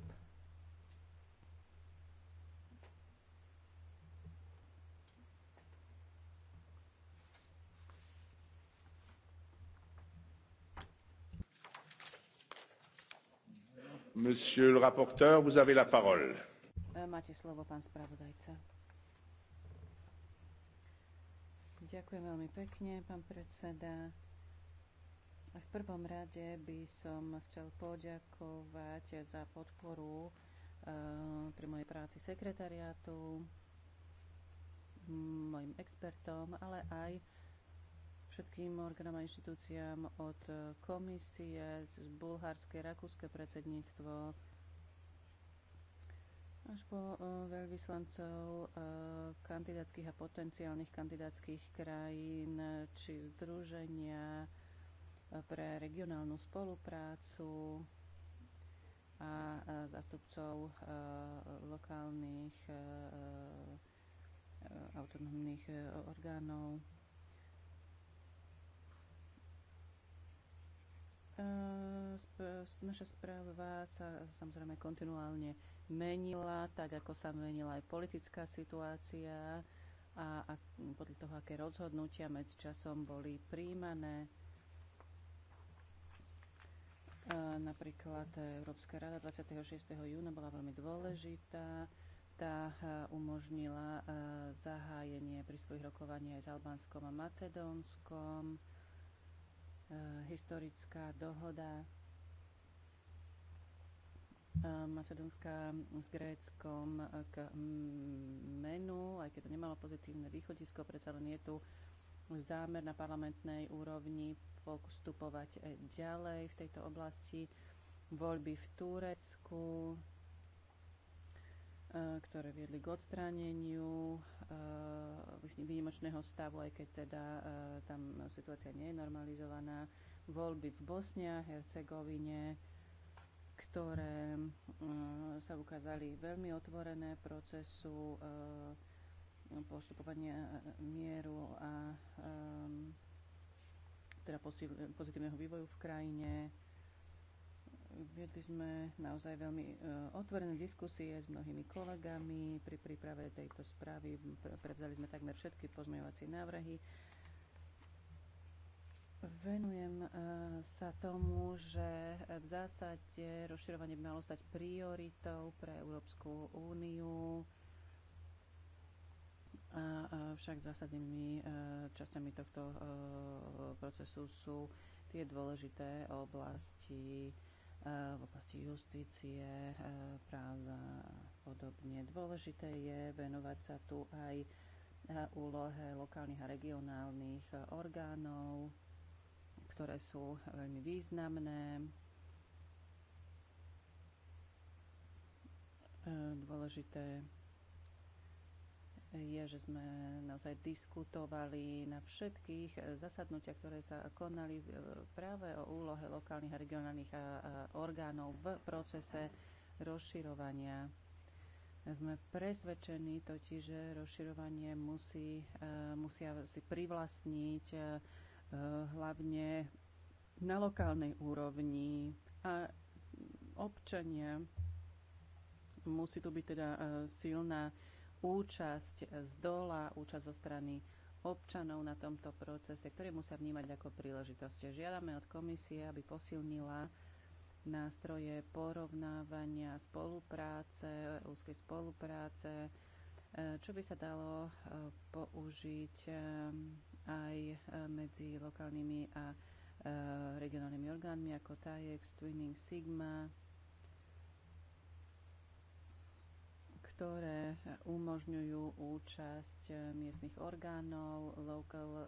Monsieur le rapporteur, vous avez la parole. E, máte slovo, pán spravodajca. Ďakujem veľmi pekne, pán predseda. V prvom rade by som chcel poďakovať za podporu e, pri mojej práci sekretariátu, mojim expertom, ale aj všetkým orgánom a inštitúciám od komisie z bulharské, rakúske predsedníctvo, až po e, veľvyslancov e, kandidátskych a potenciálnych kandidátskych krajín či združenia e, pre regionálnu spoluprácu a zástupcov lokálnych autonómnych orgánov. Naša správa sa samozrejme kontinuálne menila, tak ako sa menila aj politická situácia a, a podľa toho, aké rozhodnutia medzi časom boli príjmané. E, napríklad Európska rada 26. júna bola veľmi dôležitá. Tá umožnila e, zahájenie príspových rokovaní aj s Albánskom a Macedónskom. E, historická dohoda Ehm, Macedónska s Gréckom eh, k mm, menu, aj keď to nemalo pozitívne východisko, predsa len je tu zámer na parlamentnej úrovni postupovať eh, ďalej v tejto oblasti. Voľby v Turecku, eh, ktoré viedli k odstráneniu výnimočného stavu, aj keď teda tam situácia nie je normalizovaná. Voľby v Bosne a Hercegovine, ktoré eh, sa ukázali veľmi otvorené procesu eh, postupovania eh, mieru a teda pozitívneho vývoju v krajine. Viedli sme naozaj veľmi otvorené diskusie s mnohými kolegami pri príprave tejto správy. Prevzali sme takmer všetky pozmeňovacie návrhy Venujem e, sa tomu, že v zásade rozširovanie by malo stať prioritou pre Európsku úniu, a však zásadnými e, časťami tohto e, procesu sú tie dôležité oblasti v oblasti justície, práva a podobne. Dôležité je venovať sa tu aj úlohe lokálnych a regionálnych orgánov, ktoré sú veľmi významné. E, dôležité je, že sme naozaj diskutovali na všetkých zasadnutiach, ktoré sa konali e, práve o úlohe lokálnych a regionálnych orgánov v procese rozširovania. Sme presvedčení totiž, že rozširovanie musí, e, musia si privlastniť Eh, hlavne na lokálnej úrovni a občania. Musí tu byť teda eh, silná účasť z dola, účasť zo strany občanov na tomto procese, ktoré musia vnímať ako príležitosť. Žiadame od komisie, aby posilnila nástroje porovnávania, spolupráce, úzkej spolupráce, eh, čo by sa dalo použiť aj e, medzi lokálnymi a e, regionálnymi orgánmi ako TAIEX, Twinning Sigma, ktoré umožňujú účasť e, miestnych orgánov, local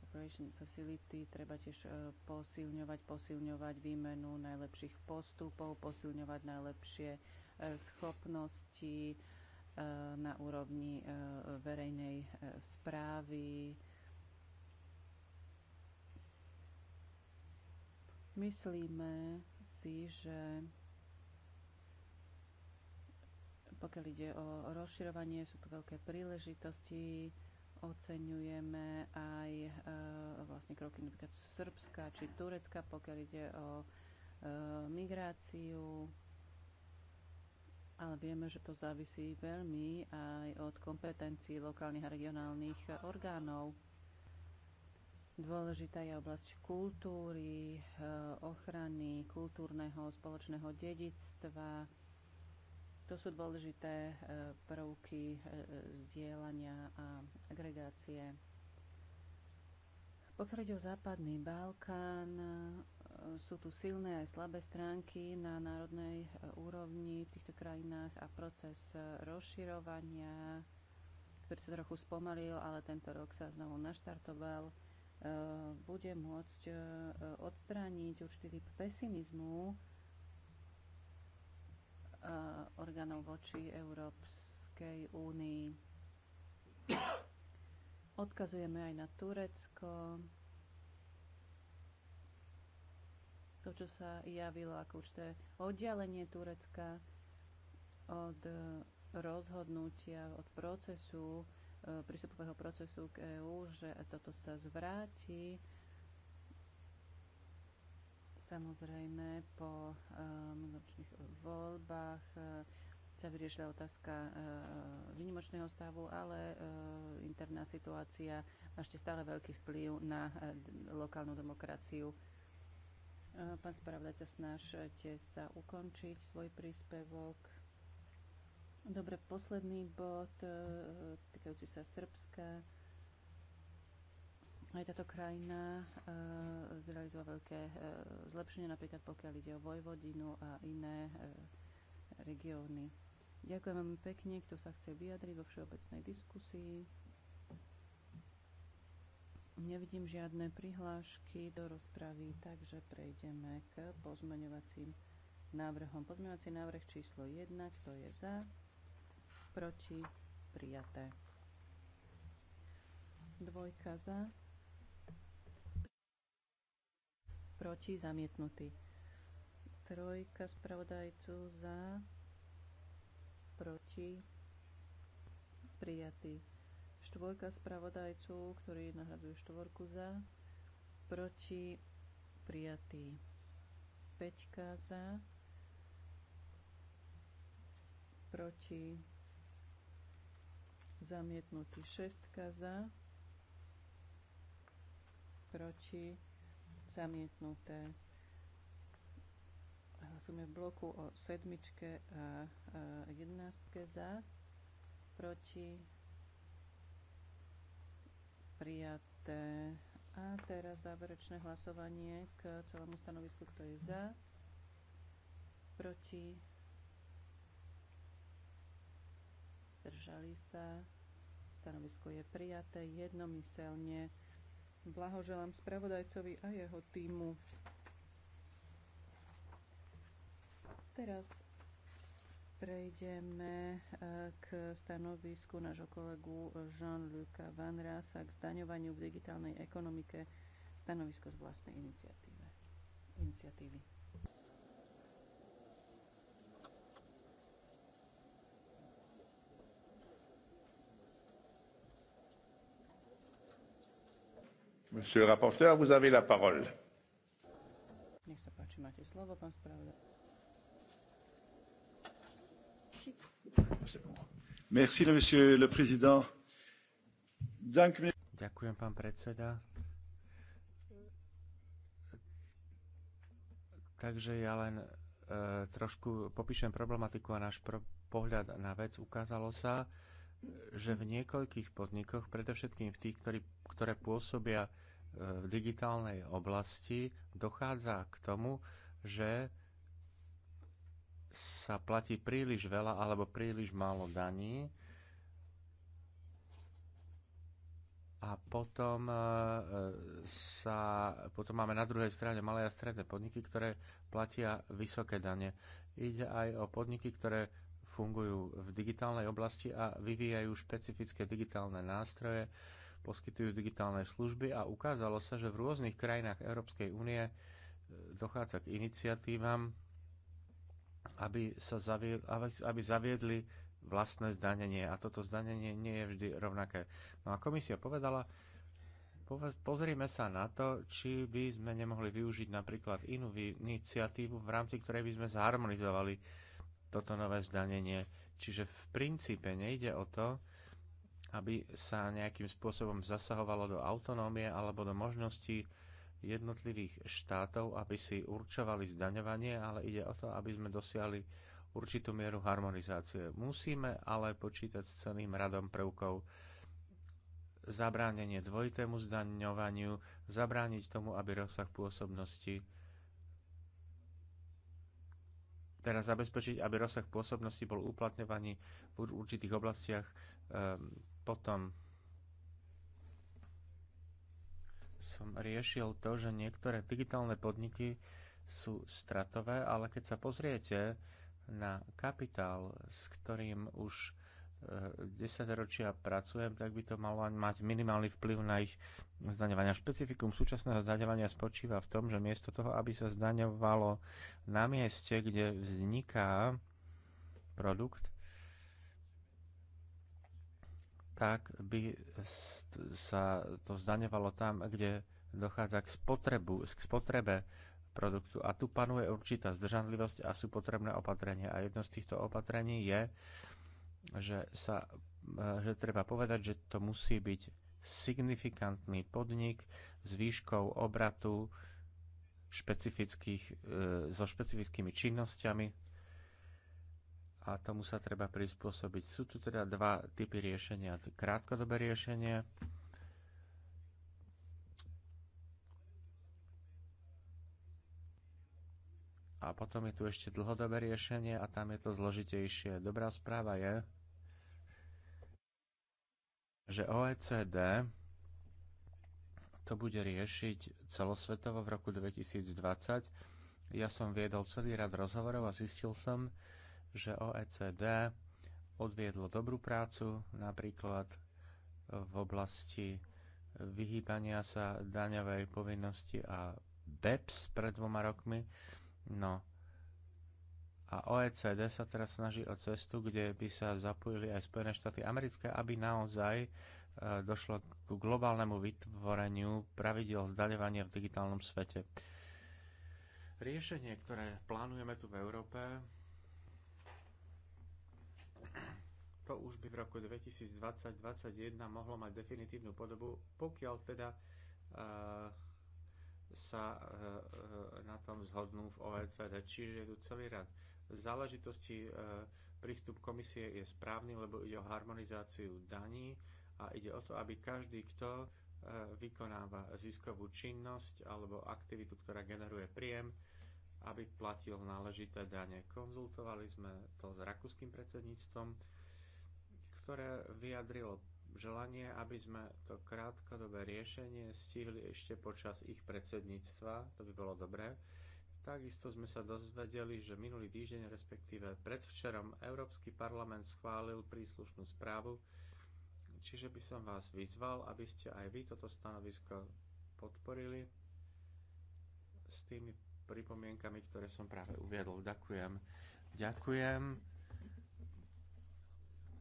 Cooperation Facility treba tiež posilňovať, posilňovať výmenu najlepších postupov, posilňovať najlepšie schopnosti, Eh, na úrovni eh, verejnej eh, správy. Myslíme si, že pokiaľ ide o rozširovanie, sú tu veľké príležitosti, oceňujeme aj vlastne kroky napríklad Srbska či Turecka, pokiaľ ide o migráciu ale vieme, že to závisí veľmi aj od kompetencií lokálnych a regionálnych orgánov. Dôležitá je oblasť kultúry, eh, ochrany kultúrneho spoločného dedictva. To sú dôležité eh, prvky eh, zdieľania a agregácie. Pokiaľ ide o západný Balkán, sú tu silné aj slabé stránky na národnej e, úrovni v týchto krajinách a proces e, rozširovania, ktorý sa trochu spomalil, ale tento rok sa znovu naštartoval, e, bude môcť odstrániť určitý typ pesimizmu orgánov voči Európskej únii. Odkazujeme aj na Turecko, to, čo sa javilo ako určité oddialenie Turecka od e, rozhodnutia, od procesu, e, prístupového procesu k EÚ, že toto sa zvráti. Samozrejme, po e, mnohočných voľbách sa vyriešila otázka výnimočného stavu, ale interná situácia má ešte stále veľký vplyv na lokálnu demokraciu Eh, pán spravodajca, snažte sa ukončiť svoj príspevok. Dobre, posledný bod eh, týkajúci sa Srbska. Aj táto krajina eh, zrealizovala veľké zlepšenie, napríklad pokiaľ ide o Vojvodinu a iné regióny. Ďakujem veľmi pekne, kto sa chce vyjadriť vo všeobecnej diskusii. Nevidím žiadne prihlášky do rozpravy, takže prejdeme k pozmeňovacím návrhom. Pozmeňovací návrh číslo 1, kto je za, proti, prijaté. Dvojka za, proti, zamietnutý. Trojka spravodajcu za, proti, prijatý štvorka spravodajcu, ktorí nahradzujú štvorku za, proti, prijatý. Peťka za, proti, zamietnutý. Šestka za, proti, zamietnuté. Hlasujeme v bloku o sedmičke a, a za, proti, prijaté. A teraz záverečné hlasovanie k celému stanovisku, kto je za, proti, zdržali sa. Stanovisko je prijaté jednomyselne. Blahoželám spravodajcovi a jeho týmu. Teraz prejdeme e, k stanovisku nášho kolegu Jean-Luca Van Rasa k zdaňovaniu v digitálnej ekonomike stanovisko z vlastnej iniciatíve. iniciatívy. Monsieur le rapporteur, vous avez la parole. Nech sa páči, máte slovo, pán spravodaj. Ďakujem, pán predseda. Takže ja len e, trošku popíšem problematiku a náš pro- pohľad na vec. Ukázalo sa, že v niekoľkých podnikoch, predovšetkým v tých, ktorý, ktoré pôsobia e, v digitálnej oblasti, dochádza k tomu, že sa platí príliš veľa alebo príliš málo daní a potom, e, sa, potom máme na druhej strane malé a stredné podniky, ktoré platia vysoké dane. Ide aj o podniky, ktoré fungujú v digitálnej oblasti a vyvíjajú špecifické digitálne nástroje, poskytujú digitálne služby a ukázalo sa, že v rôznych krajinách Európskej únie e, dochádza k iniciatívam, aby, sa zaviedli, aby zaviedli vlastné zdanenie a toto zdanenie nie je vždy rovnaké. No a komisia povedala, pozrime sa na to, či by sme nemohli využiť napríklad inú iniciatívu, v rámci ktorej by sme zharmonizovali toto nové zdanenie. Čiže v princípe nejde o to, aby sa nejakým spôsobom zasahovalo do autonómie alebo do možností jednotlivých štátov, aby si určovali zdaňovanie, ale ide o to, aby sme dosiahli určitú mieru harmonizácie. Musíme ale počítať s celým radom prvkov zabránenie dvojitému zdaňovaniu, zabrániť tomu, aby rozsah pôsobnosti teda zabezpečiť, aby rozsah pôsobnosti bol uplatňovaný v určitých oblastiach, ehm, potom som riešil to, že niektoré digitálne podniky sú stratové, ale keď sa pozriete na kapitál, s ktorým už 10 e, ročia pracujem, tak by to malo mať minimálny vplyv na ich zdaňovania. Špecifikum súčasného zdaňovania spočíva v tom, že miesto toho, aby sa zdaňovalo na mieste, kde vzniká produkt, tak by sa to zdaňovalo tam, kde dochádza k, spotrebu, k spotrebe produktu. A tu panuje určitá zdržanlivosť a sú potrebné opatrenia. A jedno z týchto opatrení je, že, sa, že treba povedať, že to musí byť signifikantný podnik s výškou obratu špecifických, e, so špecifickými činnosťami a tomu sa treba prispôsobiť. Sú tu teda dva typy riešenia. Krátkodobé riešenie, A potom je tu ešte dlhodobé riešenie a tam je to zložitejšie. Dobrá správa je, že OECD to bude riešiť celosvetovo v roku 2020. Ja som viedol celý rad rozhovorov a zistil som, že OECD odviedlo dobrú prácu, napríklad v oblasti vyhýbania sa daňovej povinnosti a BEPS pred dvoma rokmi. No a OECD sa teraz snaží o cestu, kde by sa zapojili aj Spojené štáty americké, aby naozaj e, došlo k globálnemu vytvoreniu pravidel zdaľovania v digitálnom svete. Riešenie, ktoré plánujeme tu v Európe, to už by v roku 2020-2021 mohlo mať definitívnu podobu, pokiaľ teda eh, sa eh, na tom zhodnú v OECD. Čiže je tu celý rad záležitosti. Eh, prístup komisie je správny, lebo ide o harmonizáciu daní a ide o to, aby každý, kto vykonáva ziskovú činnosť alebo aktivitu, ktorá generuje príjem, aby platil náležité dane. Konzultovali sme to s rakúskym predsedníctvom ktoré vyjadrilo želanie, aby sme to krátkodobé riešenie stihli ešte počas ich predsedníctva, to by bolo dobré. Takisto sme sa dozvedeli, že minulý týždeň, respektíve predvčerom, Európsky parlament schválil príslušnú správu, čiže by som vás vyzval, aby ste aj vy toto stanovisko podporili s tými pripomienkami, ktoré som práve uviedol. Ďakujem. Ďakujem.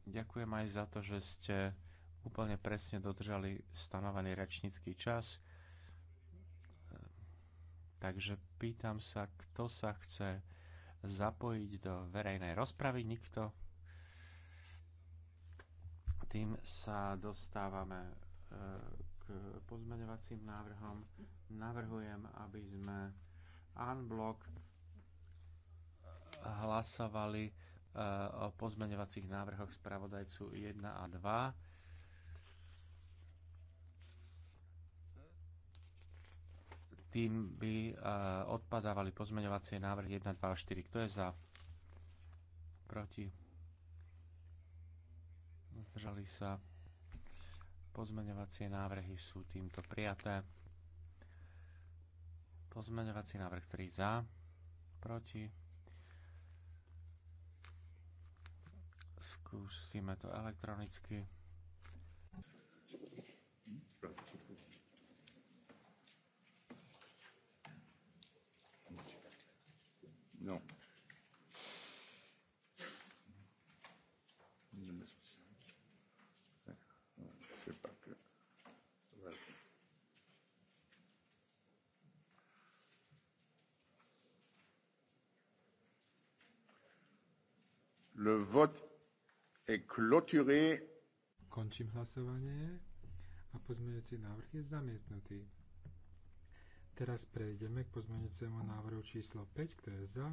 Ďakujem aj za to, že ste úplne presne dodržali stanovený rečnícky čas. Takže pýtam sa, kto sa chce zapojiť do verejnej rozpravy. Nikto. Tým sa dostávame e, k pozmeňovacím návrhom. Navrhujem, aby sme unblock hlasovali o pozmeňovacích návrhoch spravodajcu 1 a 2. Tým by e, odpadávali pozmeňovacie návrhy 1, 2 a 4. Kto je za? Proti? Zdržali sa. Pozmeňovacie návrhy sú týmto prijaté. Pozmeňovací návrh 3 za, proti Skúsime to elektronicky. No. Le vote Končím hlasovanie a pozmeňujúci návrh je zamietnutý. Teraz prejdeme k pozmeňujúcemu návrhu číslo 5, kto je za,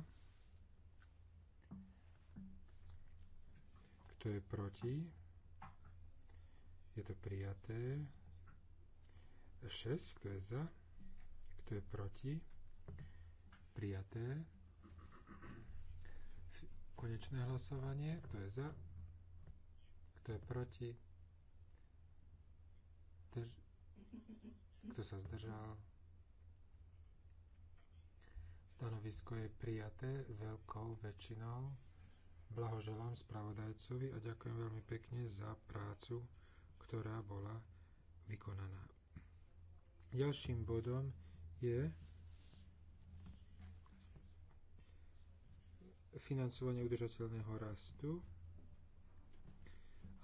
kto je proti, je to prijaté, 6, kto je za, kto je proti, prijaté, konečné hlasovanie, kto je za, kto je proti? Drž... Kto sa zdržal? Stanovisko je prijaté veľkou väčšinou. Blahoželám spravodajcovi a ďakujem veľmi pekne za prácu, ktorá bola vykonaná. Ďalším bodom je financovanie udržateľného rastu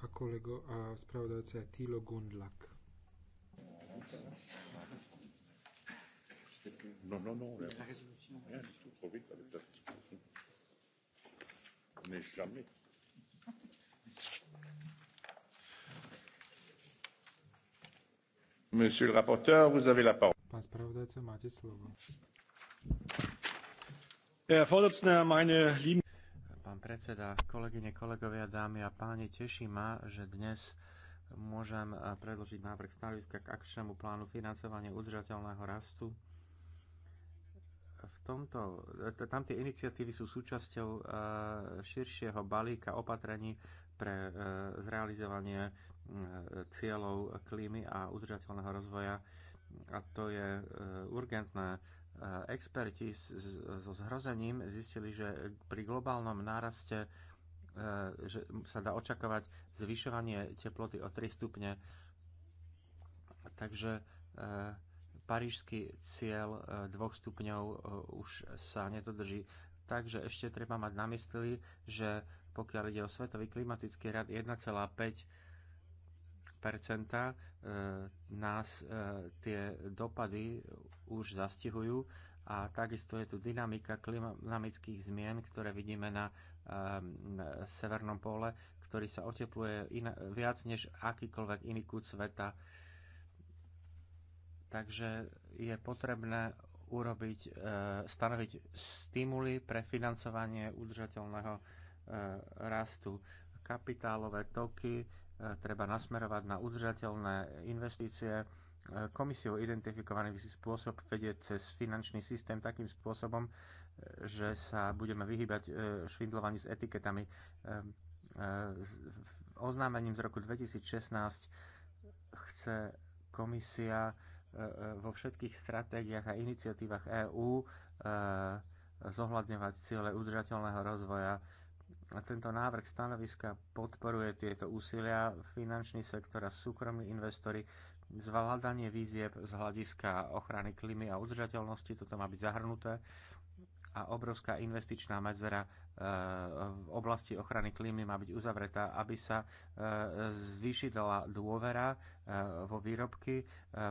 a kolego a spravodajca Tilo Gundlak. No, no, no, la résolution. Rien du tout, trop vite avec la résolution. Mais jamais. Monsieur le rapporteur, vous avez la parole. Pan spravodajca, máte slovo. Herr Vorsitzender, meine lieben pán predseda, kolegyne, kolegovia, dámy a páni. Teší ma, že dnes môžem eh, predložiť návrh stanoviska k akčnému plánu financovania udržateľného rastu. V tomto, eh, tam tie iniciatívy sú súčasťou eh, širšieho balíka opatrení pre zrealizovanie cieľov klímy a udržateľného rozvoja a to je urgentné experti so zhrozením zistili, že pri globálnom náraste e, že sa dá očakávať zvyšovanie teploty o 3 stupne. Takže e, parížský cieľ 2 e, stupňov už sa nedodrží. Takže ešte treba mať na mysli, že pokiaľ ide o Svetový klimatický rad 1,5 E, nás e, tie dopady už zastihujú a takisto je tu dynamika klimatických zmien, ktoré vidíme na e, severnom pole, ktorý sa otepluje viac než akýkoľvek iný kút sveta. Takže je potrebné urobiť, stanoviť stimuly pre financovanie udržateľného rastu. Kapitálové toky E, treba nasmerovať na udržateľné investície. E, komisiou identifikovaný spôsob vedieť cez finančný systém takým spôsobom, e, že sa budeme vyhybať švindlovaní s etiketami. Oznámením z roku 2016 chce komisia vo všetkých stratégiách a iniciatívach EÚ zohľadňovať ciele udržateľného rozvoja tento návrh stanoviska podporuje tieto úsilia finančný sektor a súkromní investori zvládanie výzieb z hľadiska ochrany klímy a udržateľnosti, toto má byť zahrnuté, a obrovská investičná medzera e, v oblasti ochrany klímy má byť uzavretá, aby sa e, zvýšila dôvera e, vo výrobky,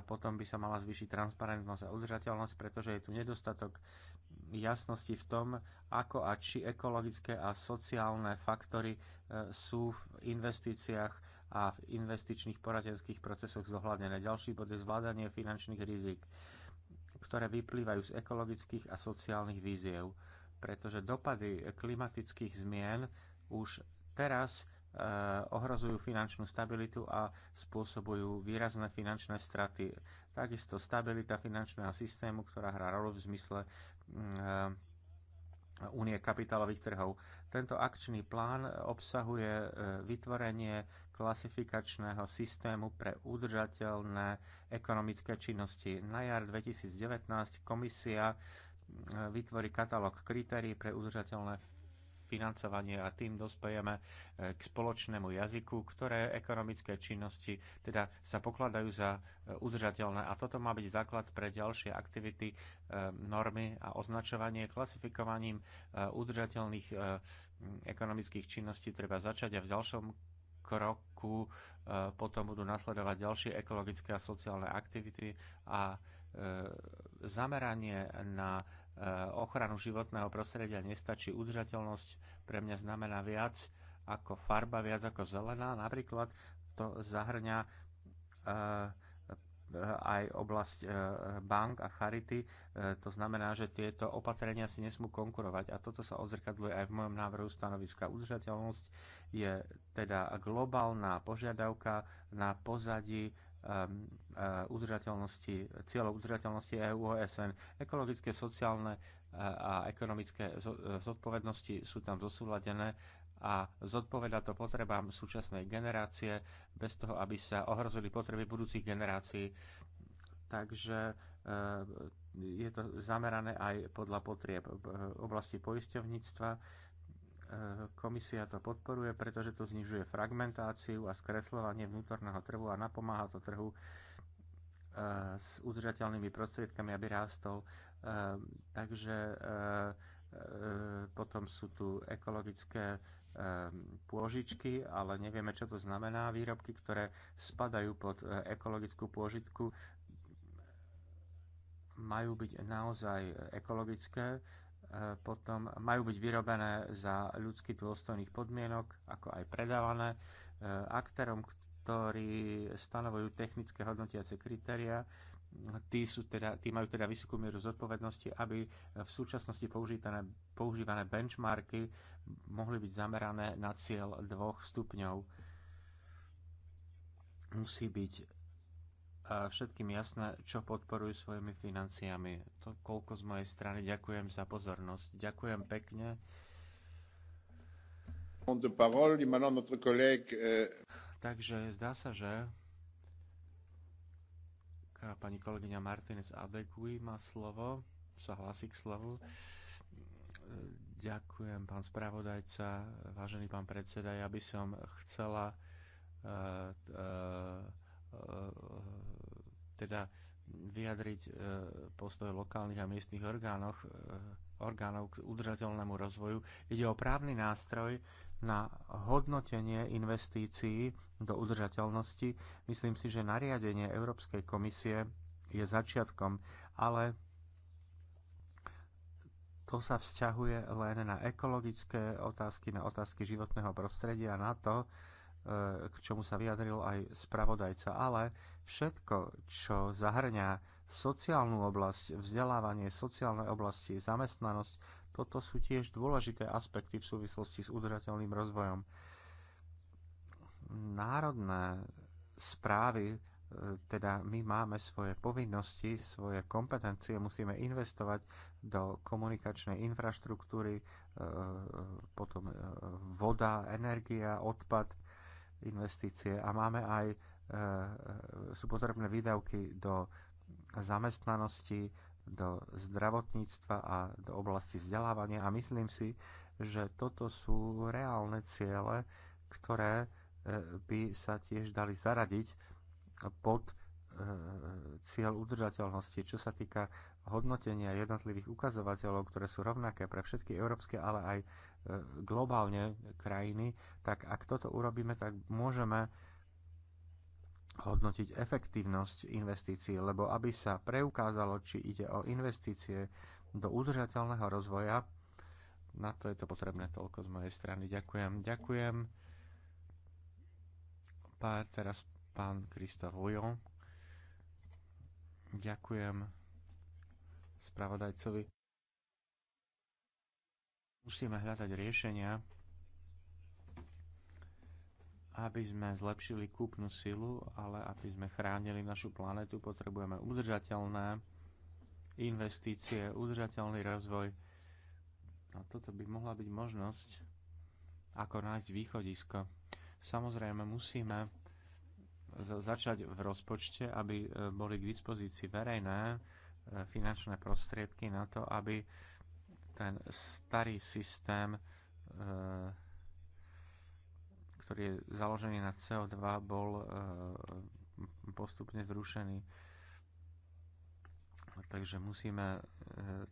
potom by sa mala zvýšiť transparentnosť a udržateľnosť, pretože je tu nedostatok jasnosti v tom, ako a či ekologické a sociálne faktory e, sú v investíciách a v investičných poradenských procesoch zohľadnené. Ďalší bod je zvládanie finančných rizik, ktoré vyplývajú z ekologických a sociálnych víziev, pretože dopady klimatických zmien už teraz e, ohrozujú finančnú stabilitu a spôsobujú výrazné finančné straty. Takisto stabilita finančného systému, ktorá hrá rolu v zmysle Eh, únie kapitálových trhov. Tento akčný plán obsahuje eh, vytvorenie klasifikačného systému pre udržateľné ekonomické činnosti. Na jar 2019 komisia eh, vytvorí katalóg kritérií pre udržateľné financovanie a tým dospejeme e, k spoločnému jazyku, ktoré ekonomické činnosti teda sa pokladajú za e, udržateľné. A toto má byť základ pre ďalšie aktivity, e, normy a označovanie klasifikovaním udržateľných ekonomických činností treba začať a v ďalšom kroku potom budú nasledovať ďalšie ekologické a sociálne aktivity a zameranie na Eh, ochranu životného prostredia nestačí. Udržateľnosť pre mňa znamená viac ako farba, viac ako zelená. Napríklad to zahrňa eh, aj oblasť eh, bank a charity. To znamená, že tieto opatrenia si nesmú konkurovať a toto sa odzrkadľuje aj v mojom návrhu stanoviska. Udržateľnosť je teda globálna požiadavka na pozadí Um, uh, udržateľnosti, cieľov udržateľnosti EU OSN. Ekologické, sociálne uh, a ekonomické uh, zodpovednosti sú tam zosúladené a zodpoveda to potrebám súčasnej generácie bez toho, aby sa ohrozili potreby budúcich generácií. Takže je to zamerané aj podľa potrieb v oblasti poisťovníctva Komisia to podporuje, pretože to znižuje fragmentáciu a skresľovanie vnútorného trhu a napomáha to trhu e, s udržateľnými prostriedkami, aby rástol. E, takže e, potom sú tu ekologické pôžičky, ale nevieme, čo to znamená. Výrobky, ktoré spadajú pod ekologickú pôžitku, majú byť naozaj ekologické E, potom majú byť vyrobené za ľudsky dôstojných podmienok, ako aj predávané e, aktérom, ktorí stanovujú technické hodnotiace kritéria. Tí, sú teda, tí majú teda vysokú mieru zodpovednosti, aby v súčasnosti používané, používané benchmarky mohli byť zamerané na cieľ dvoch stupňov. Musí byť a všetkým jasné, čo podporujú svojimi financiami. To koľko z mojej strany. Ďakujem za pozornosť. Ďakujem pekne. Euh, Takže zdá sa, že pani kolegyňa Martinez Adegui má slovo, sa hlási k slovu. Ďakujem, pán spravodajca, vážený pán predseda, ja by som chcela uh, uh, uh, teda vyjadriť e, postoj lokálnych a miestnych orgánoch, e, orgánov k udržateľnému rozvoju. Ide o právny nástroj na hodnotenie investícií do udržateľnosti. Myslím si, že nariadenie Európskej komisie je začiatkom, ale to sa vzťahuje len na ekologické otázky, na otázky životného prostredia, na to, e, k čomu sa vyjadril aj spravodajca. Ale Všetko, čo zahrňa sociálnu oblasť, vzdelávanie sociálnej oblasti, zamestnanosť, toto sú tiež dôležité aspekty v súvislosti s udržateľným rozvojom. Národné správy, e, teda my máme svoje povinnosti, svoje kompetencie, musíme investovať do komunikačnej infraštruktúry, e, potom e, voda, energia, odpad, investície a máme aj E, e, sú potrebné výdavky do zamestnanosti, do zdravotníctva a do oblasti vzdelávania a myslím si, že toto sú reálne ciele, ktoré e, by sa tiež dali zaradiť pod cieľ udržateľnosti, čo sa týka hodnotenia jednotlivých ukazovateľov, ktoré sú rovnaké pre všetky európske, ale aj globálne krajiny, tak ak toto urobíme, tak môžeme hodnotiť efektívnosť investícií, lebo aby sa preukázalo, či ide o investície do udržateľného rozvoja, na to je to potrebné toľko z mojej strany. Ďakujem, ďakujem. Pá, teraz pán Kristof Vujon. Ďakujem spravodajcovi. Musíme hľadať riešenia, aby sme zlepšili kúpnu silu, ale aby sme chránili našu planetu, potrebujeme udržateľné investície, udržateľný rozvoj. A toto by mohla byť možnosť, ako nájsť východisko. Samozrejme, musíme začať v rozpočte, aby e, boli k dispozícii verejné e, finančné prostriedky na to, aby ten starý systém e, ktorý je založený na CO2, bol e, postupne zrušený. Takže musíme e,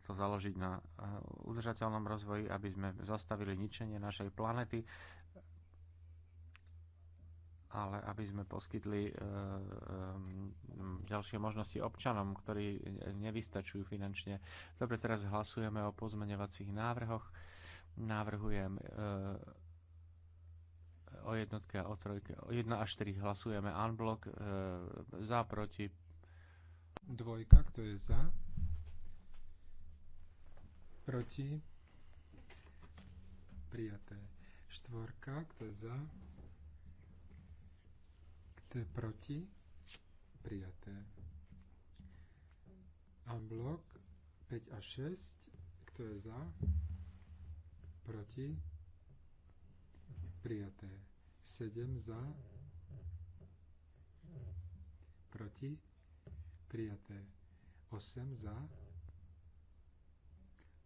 to založiť na e, udržateľnom rozvoji, aby sme zastavili ničenie našej planety, ale aby sme poskytli ďalšie možnosti občanom, ktorí nevystačujú finančne. Dobre, teraz hlasujeme o pozmeňovacích návrhoch. Návrhujem o jednotke a o trojke. O 1 až 4 hlasujeme unblock, e, za, proti. Dvojka, kto je za? Proti? Prijaté. Štvorka, kto je za? Kto je proti? Prijaté. Unblock 5 a 6, kto je za? Proti? prijaté. 7 za, proti, prijaté 8 za,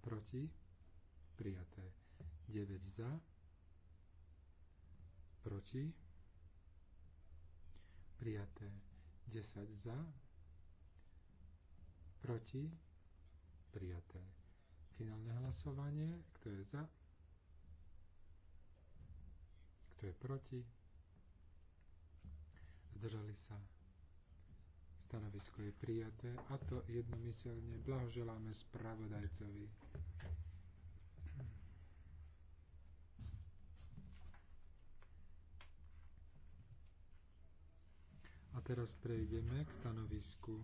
proti, prijaté 9 za, proti, prijaté 10 za, proti, prijaté. Finálne hlasovanie, kto je za, kto je proti? Zdržali sa. Stanovisko je prijaté a to jednomyselne blahoželáme spravodajcovi. A teraz prejdeme k stanovisku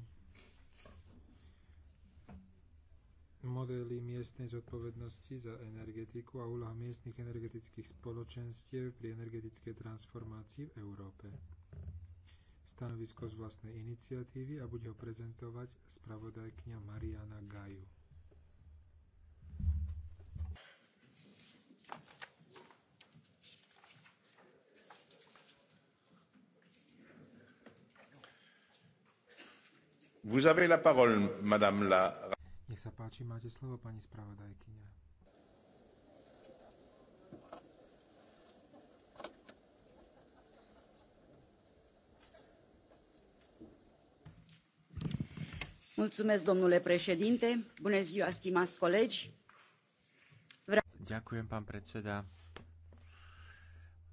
modely miestnej zodpovednosti za energetiku a úloha miestnych energetických spoločenstiev pri energetickej transformácii v Európe. Stanovisko z vlastnej iniciatívy a bude ho prezentovať spravodajkňa Mariana Gaju. Vous avez la parole, madame la nech sa páči, máte slovo pani spravodajkyňa. Mulțumesc, domnule președinte. Bună ziua, stimați colegi. Ďakujem, pán predseda.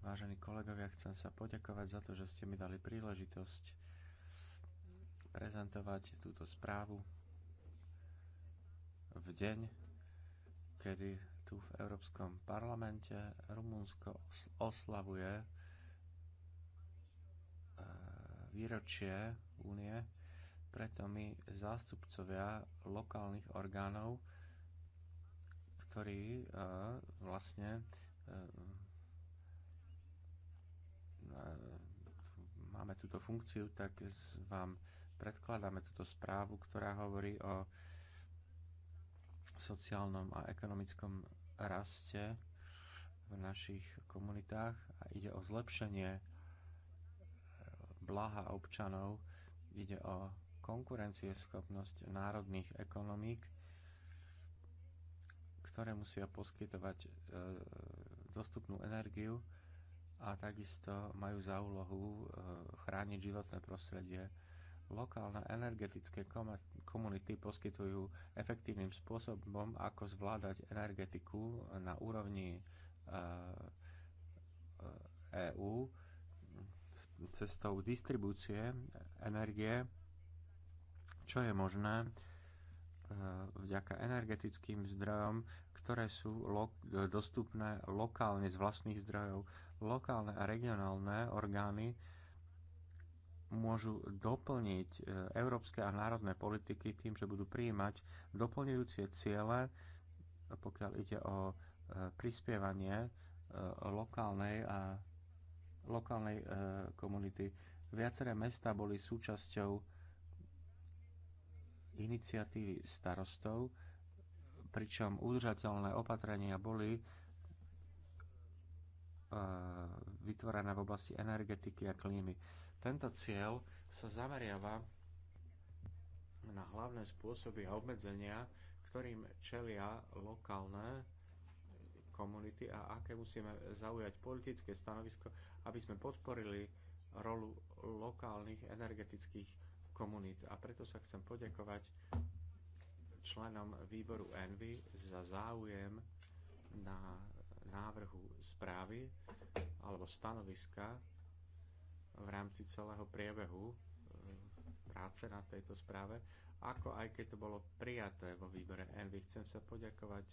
Vážení kolegovia, chcem sa poďakovať za to, že ste mi dali príležitosť prezentovať túto správu v deň, kedy tu v Európskom parlamente Rumunsko oslavuje e, výročie únie, preto my zástupcovia lokálnych orgánov, ktorí e, vlastne e, máme túto funkciu, tak vám predkladáme túto správu, ktorá hovorí o sociálnom a ekonomickom raste v našich komunitách a ide o zlepšenie eh, blaha občanov, ide o konkurencieschopnosť národných ekonomík, ktoré musia poskytovať eh, dostupnú energiu a takisto majú za úlohu eh, chrániť životné prostredie Lokálne energetické komunity poskytujú efektívnym spôsobom, ako zvládať energetiku na úrovni EÚ eh, eh, e cestou distribúcie energie, čo je možné eh, vďaka energetickým zdrojom, ktoré sú lo dostupné lokálne z vlastných zdrojov. Lokálne a regionálne orgány môžu doplniť e, európske a národné politiky tým, že budú prijímať doplňujúcie ciele, pokiaľ ide o e, prispievanie e, lokálnej a lokálnej komunity. Viaceré mesta boli súčasťou iniciatívy starostov, pričom udržateľné opatrenia boli vytvorené v oblasti energetiky a klímy. Tento cieľ sa zameriava na hlavné spôsoby a obmedzenia, ktorým čelia lokálne komunity a aké musíme zaujať politické stanovisko, aby sme podporili rolu lokálnych energetických komunít. A preto sa chcem poďakovať členom výboru ENVY za záujem na návrhu správy alebo stanoviska v rámci celého priebehu e, práce na tejto správe, ako aj keď to bolo prijaté vo výbere Envy. Chcem sa poďakovať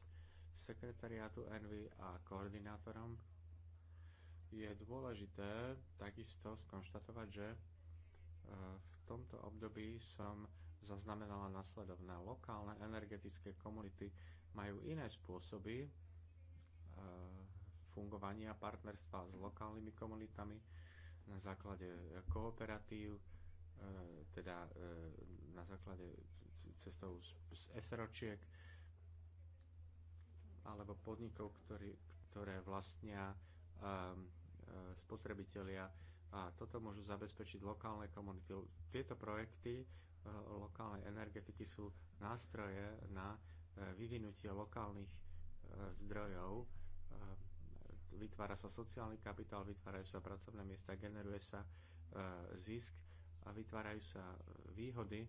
sekretariátu Envy a koordinátorom. Je dôležité takisto skonštatovať, že e, v tomto období som zaznamenala nasledovné. Lokálne energetické komunity majú iné spôsoby e, fungovania partnerstva s lokálnymi komunitami, na základe eh, kooperatív, eh, teda eh, na základe cestou z SROčiek alebo podnikov, ktorý, ktoré vlastnia ehm, spotrebitelia a toto môžu zabezpečiť lokálne komunity. Tieto projekty lokálnej energetiky sú nástroje na vyvinutie lokálnych zdrojov vytvára sa sociálny kapitál, vytvárajú sa pracovné miesta, generuje sa e, zisk a vytvárajú sa e, výhody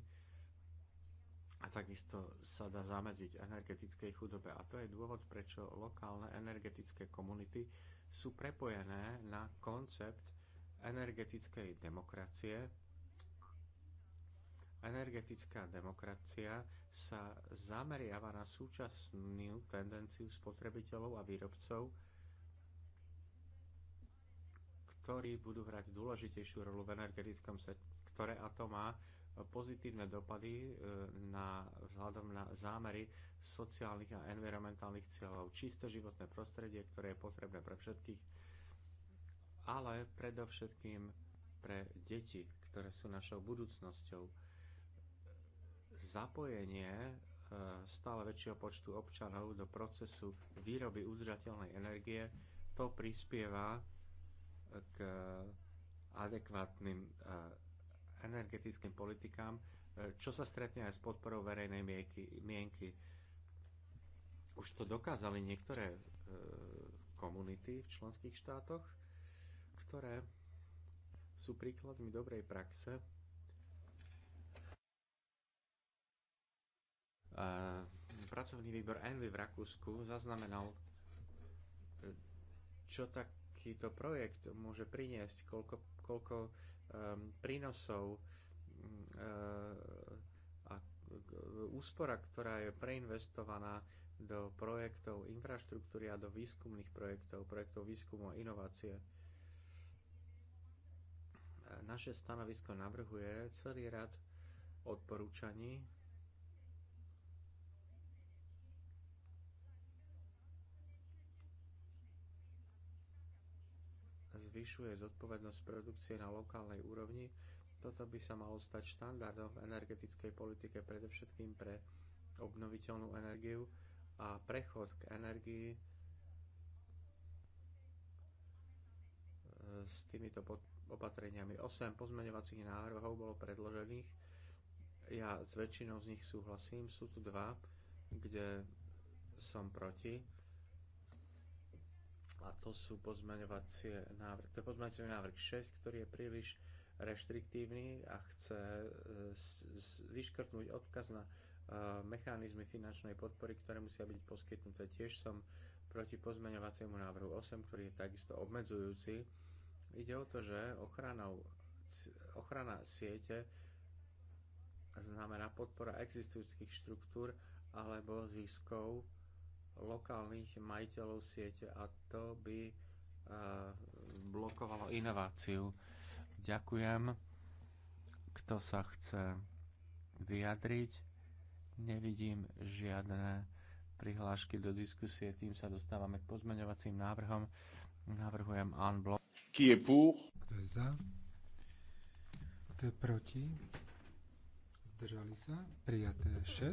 a takisto sa dá zamedziť energetickej chudobe. A to je dôvod, prečo lokálne energetické komunity sú prepojené na koncept energetickej demokracie, energetická demokracia sa zameriava na súčasnú tendenciu spotrebiteľov a výrobcov ktorí budú hrať dôležitejšiu rolu v energetickom sektore a to má pozitívne dopady e, na, vzhľadom na zámery sociálnych a environmentálnych cieľov. Čisté životné prostredie, ktoré je potrebné pre všetkých, ale predovšetkým pre deti, ktoré sú našou budúcnosťou. Zapojenie e, stále väčšieho počtu občanov do procesu výroby udržateľnej energie, to prispieva k eh, adekvátnym eh, energetickým politikám, eh, čo sa stretne aj s podporou verejnej mienky. Už to dokázali niektoré komunity v členských štátoch, ktoré sú príkladmi dobrej praxe. Pracovný výbor Envy v Rakúsku zaznamenal čo tak takýto projekt môže priniesť, koľko, koľko um, prínosov uh, a úspora, ktorá je preinvestovaná do projektov infraštruktúry a do výskumných projektov, projektov výskumu a inovácie. Naše stanovisko navrhuje celý rad odporúčaní, zvyšuje zodpovednosť produkcie na lokálnej úrovni, toto by sa malo stať štandardom v energetickej politike predovšetkým pre obnoviteľnú energiu a prechod k energii e, s týmito opatreniami. 8 pozmeňovacích návrhov bolo predložených. Ja s väčšinou z nich súhlasím. Sú tu dva, kde som proti a to sú pozmeňovacie návrh. To je pozmeňovací návrh 6, ktorý je príliš reštriktívny a chce e, vyškrtnúť odkaz na e, mechanizmy finančnej podpory, ktoré musia byť poskytnuté. Tiež som proti pozmeňovaciemu návrhu 8, ktorý je takisto obmedzujúci. Ide o to, že ochranou, ochrana siete znamená podpora existujúcich štruktúr alebo ziskov lokálnych majiteľov siete a to by eh, blokovalo inováciu. Ďakujem. Kto sa chce vyjadriť? Nevidím žiadne prihlášky do diskusie, tým sa dostávame k pozmeňovacím návrhom. Navrhujem unblock. Kto je za? Kto je proti? Zdržali sa? Prijaté 6.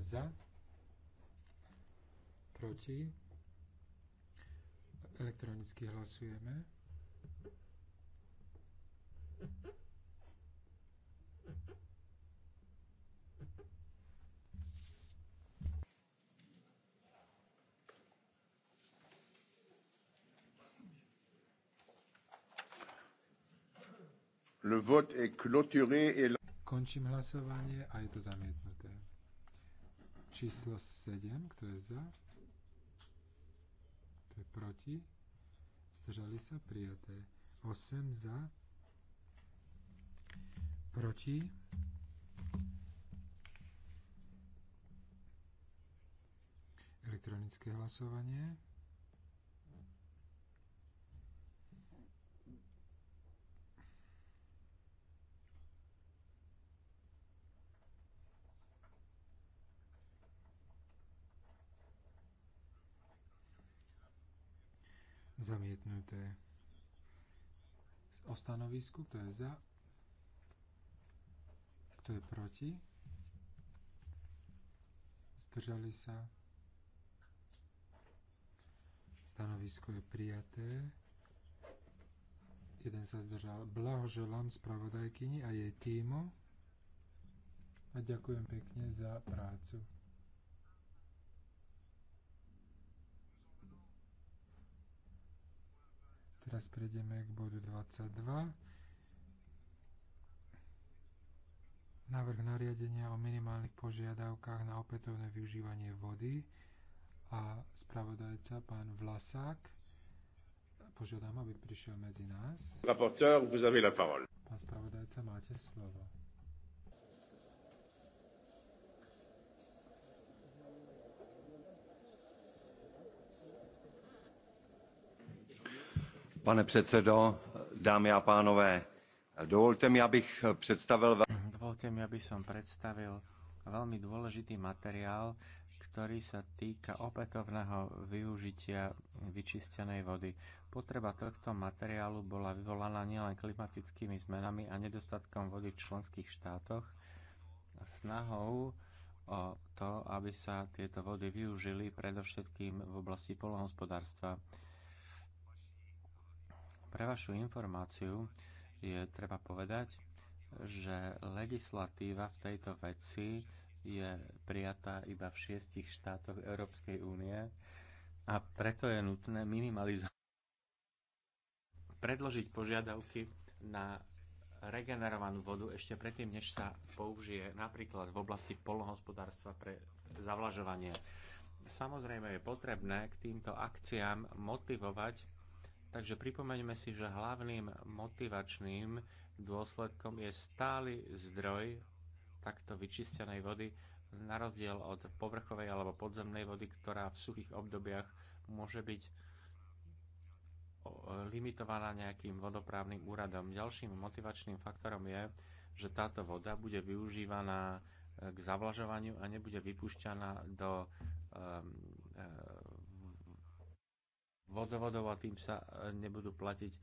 Za? proti. Elektronicky hlasujeme. Le vote est clôturé et Končím hlasovanie a je to zamietnuté. Číslo 7, kto je za? je proti, zdržali sa prijaté. 8 za, proti, elektronické hlasovanie. zamietnuté. O stanovisku, kto je za, kto je proti, zdržali sa, stanovisko je prijaté, jeden sa zdržal. Blahoželám spravodajkyni a jej týmu a ďakujem pekne za prácu. Teraz prejdeme k bodu 22. Návrh nariadenia o minimálnych požiadavkách na opätovné využívanie vody a spravodajca pán Vlasák. Požiadam, aby prišiel medzi nás. Rapporteur, vous avez la parole. Pán spravodajca, máte slovo. Pane predsedo, dámy a pánové, dovolte mi, abych představil... Dovolte mi, aby som predstavil veľmi dôležitý materiál, ktorý sa týka opätovného využitia vyčistenej vody. Potreba tohto materiálu bola vyvolaná nielen klimatickými zmenami a nedostatkom vody v členských štátoch, snahou o to, aby sa tieto vody využili predovšetkým v oblasti polnohospodárstva. Pre vašu informáciu je treba povedať, že legislatíva v tejto veci je prijatá iba v šiestich štátoch Európskej únie a preto je nutné minimalizovať predložiť požiadavky na regenerovanú vodu ešte predtým, než sa použije napríklad v oblasti polnohospodárstva pre zavlažovanie. Samozrejme je potrebné k týmto akciám motivovať Takže pripomeňme si, že hlavným motivačným dôsledkom je stály zdroj takto vyčistenej vody, na rozdiel od povrchovej alebo podzemnej vody, ktorá v suchých obdobiach môže byť limitovaná nejakým vodoprávnym úradom. Ďalším motivačným faktorom je, že táto voda bude využívaná e, k zavlažovaniu a nebude vypúšťaná do um, vodovodov a tým sa e, nebudú platiť e,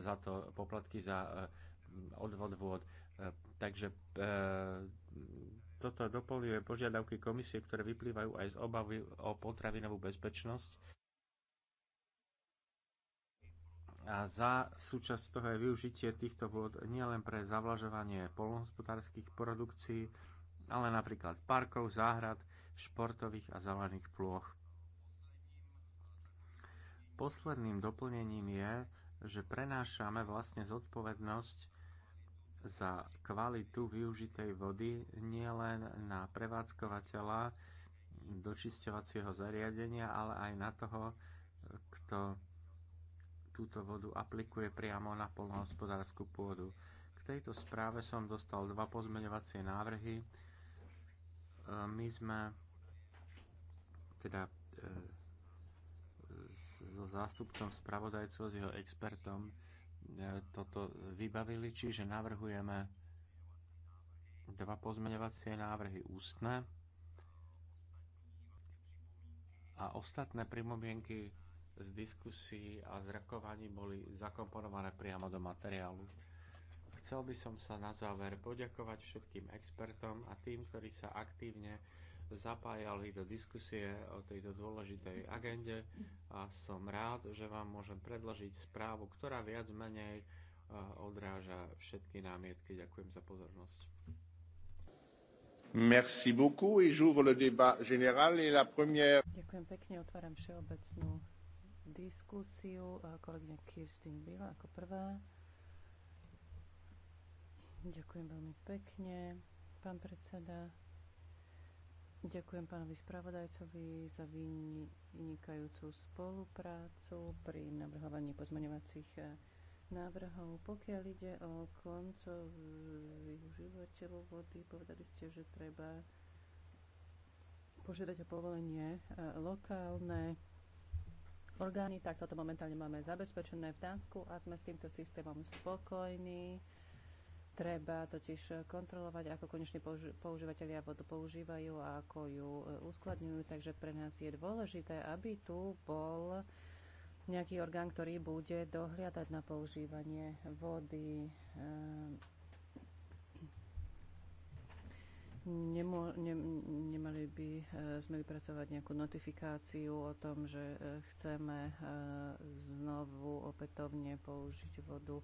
za to poplatky za e, odvod vôd. Takže toto doplňuje požiadavky komisie, ktoré vyplývajú aj z obavy o potravinovú bezpečnosť. A za súčasť toho je využitie týchto vôd nielen pre zavlažovanie polnohospodárskych produkcií, ale napríklad parkov, záhrad, športových a zelených plôch posledným doplnením je, že prenášame vlastne zodpovednosť za kvalitu využitej vody nielen na prevádzkovateľa dočisťovacieho zariadenia, ale aj na toho, kto túto vodu aplikuje priamo na polnohospodárskú pôdu. K tejto správe som dostal dva pozmeňovacie návrhy. E, my sme teda e, so zástupcom spravodajcov, s jeho expertom e, toto vybavili, čiže navrhujeme dva pozmeňovacie návrhy ústne a ostatné pripomienky z diskusí a z rokovaní boli zakomponované priamo do materiálu. Chcel by som sa na záver poďakovať všetkým expertom a tým, ktorí sa aktívne zapájali do diskusie o tejto dôležitej agende a som rád, že vám môžem predložiť správu, ktorá viac menej eh, odráža všetky námietky. Ďakujem za pozornosť. Merci beaucoup et j'ouvre le débat général et la première... Ďakujem pekne, otváram všeobecnú diskusiu. Kolegyňa Kirstin Bila ako prvá. Ďakujem veľmi pekne, pán predseda. Ďakujem pánovi spravodajcovi za vynikajúcu spoluprácu pri navrhovaní pozmeňovacích eh, návrhov. Pokiaľ ide o koncových užívateľov vody, povedali ste, že treba požiadať o povolenie eh, lokálne orgány. Takto to momentálne máme zabezpečené v Dánsku a sme s týmto systémom spokojní Treba totiž kontrolovať, ako koneční používateľia vodu používajú a ako ju e, uskladňujú. Takže pre nás je dôležité, aby tu bol nejaký orgán, ktorý bude dohliadať na používanie vody. Ehm, nemo, ne, nemali by e, sme vypracovať nejakú notifikáciu o tom, že e, chceme znovu opätovne použiť vodu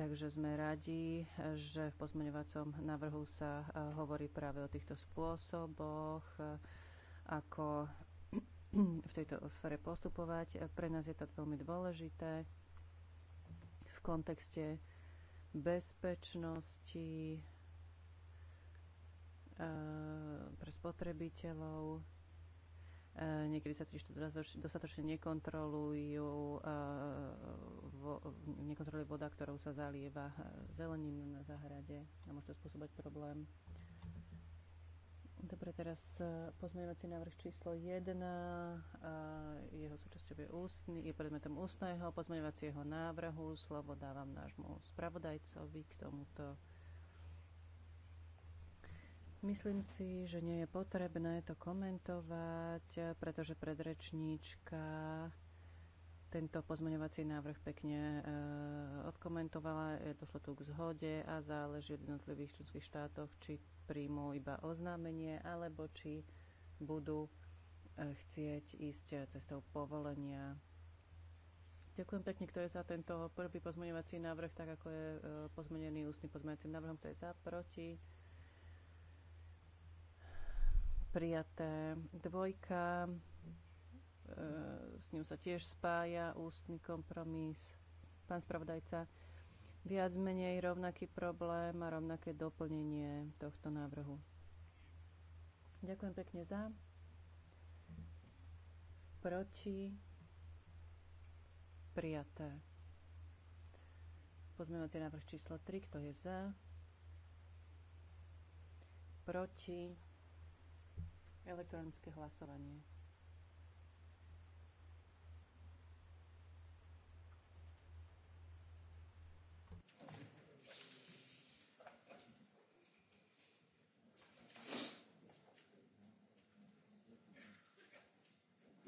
Takže sme radi, že v pozmeňovacom návrhu sa e, hovorí práve o týchto spôsoboch, e, ako v tejto sfere postupovať. Pre nás je to veľmi dôležité v kontexte bezpečnosti e, pre spotrebiteľov Eh, niekedy sa totiž dostatočne nekontrolujú, eh, vo, nekontroluje voda, ktorou sa zalieva eh, zelenina na záhrade a môže to spôsobať problém. Dobre, teraz pozmeňovací návrh číslo 1. Jeho súčasťou je, ústny, je predmetom ústneho pozmeňovacieho návrhu. Slovo dávam nášmu spravodajcovi k tomuto Myslím si, že nie je potrebné to komentovať, pretože predrečníčka tento pozmeňovací návrh pekne e, odkomentovala, e, došlo tu k zhode a záleží od jednotlivých členských štátoch, či príjmú iba oznámenie, alebo či budú e, chcieť ísť cestou povolenia. Ďakujem pekne, kto je za tento prvý pozmeňovací návrh, tak ako je e, pozmenený ústnym pozmeňovacím návrhom, kto je za, proti, prijaté. Dvojka, e, s ňou sa tiež spája ústny kompromis. Pán spravodajca, viac menej rovnaký problém a rovnaké doplnenie tohto návrhu. Ďakujem pekne za. Proti. Prijaté. Pozmeňovací návrh číslo 3. Kto je za? Proti Elektronické hlasovanie.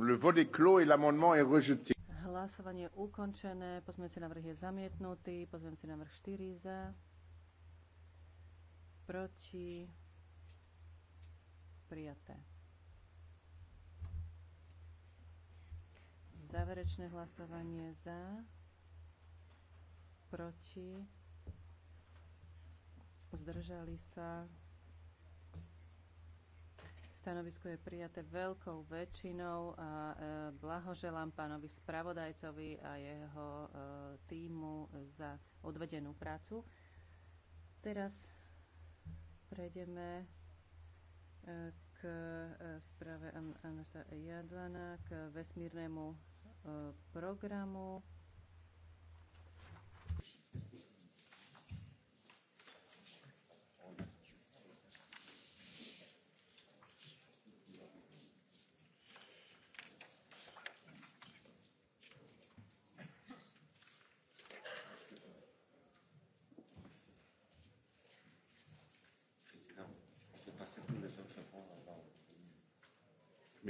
Le vote est clos et l'amendement est rejeté. Hlasovanie je ukončené, pozmeňujúci návrh je zamietnutý, pozmeňujúci návrh 4 za, proti prijaté. Záverečné hlasovanie za, proti, zdržali sa. Stanovisko je prijaté veľkou väčšinou a e, blahoželám pánovi spravodajcovi a jeho e, týmu za odvedenú prácu. Teraz prejdeme k e, správe Anasa Jadlana, k vesmírnemu e, programu.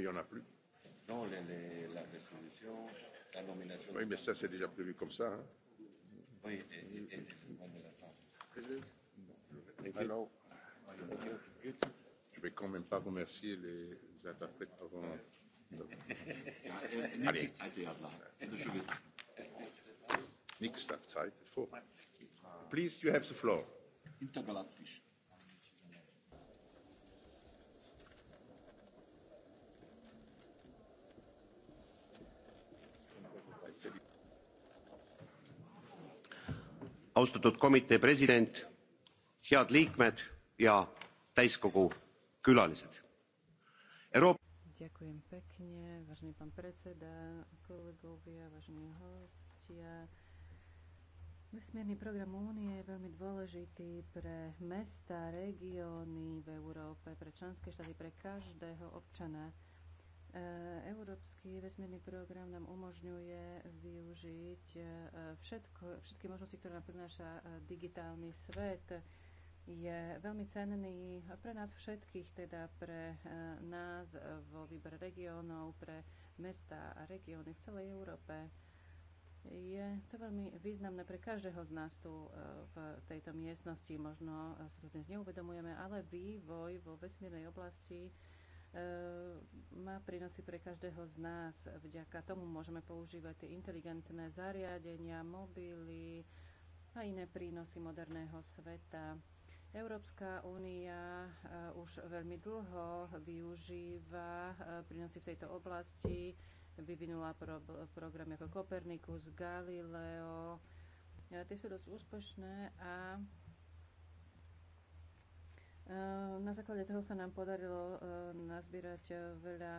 il n'y en a plus. Non, les, les, la résolution, la nomination. Oui, mais ça, c'est déjà prévu comme ça. Hein. Oui, et, et, et Alors, je ne vais quand même pas remercier les interprètes avant. [laughs] Allez. Nix, Zeit. Please, you have the floor. Intergalactisch. austatud komitee president head liikmed ja täiskogu külalised! Vesmírny program Únie je veľmi dôležitý pre mesta, regióny v Európe, pre členské štáty, pre každého občana. Eh, Európsky vesmírny program nám umožňuje využiť eh, všetko, všetky možnosti, ktoré nám prináša eh, digitálny svet. Je veľmi cenný pre nás všetkých, teda pre nás vo výber regiónov, pre mesta a regióny v celej Európe. Je to veľmi významné pre každého z nás tu v tejto miestnosti. Možno sa to dnes neuvedomujeme, ale vývoj vo vesmírnej oblasti Ehm, má prínosy pre každého z nás. Vďaka tomu môžeme používať tie inteligentné zariadenia, mobily a iné prínosy moderného sveta. Európska únia eh, už veľmi dlho využíva eh, prínosy v tejto oblasti. Vyvinula pro, programy ako Copernicus, Galileo. Eh, tie sú dosť úspešné a Eh, na základe toho sa nám podarilo eh, nazbierať eh, veľa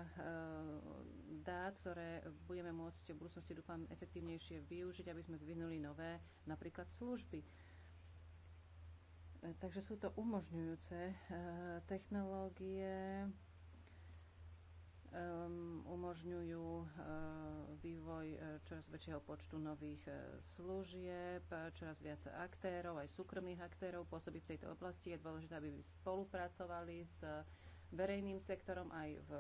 dát, ktoré budeme môcť v budúcnosti, dúfam, efektívnejšie využiť, aby sme vyvinuli nové, napríklad služby. Takže sú to umožňujúce technológie, umožňujú eh, vývoj eh, čoraz väčšieho počtu nových eh, služieb, čoraz viac aktérov, aj súkromných aktérov pôsobí v tejto oblasti. Je dôležité, aby spolupracovali s verejným sektorom aj v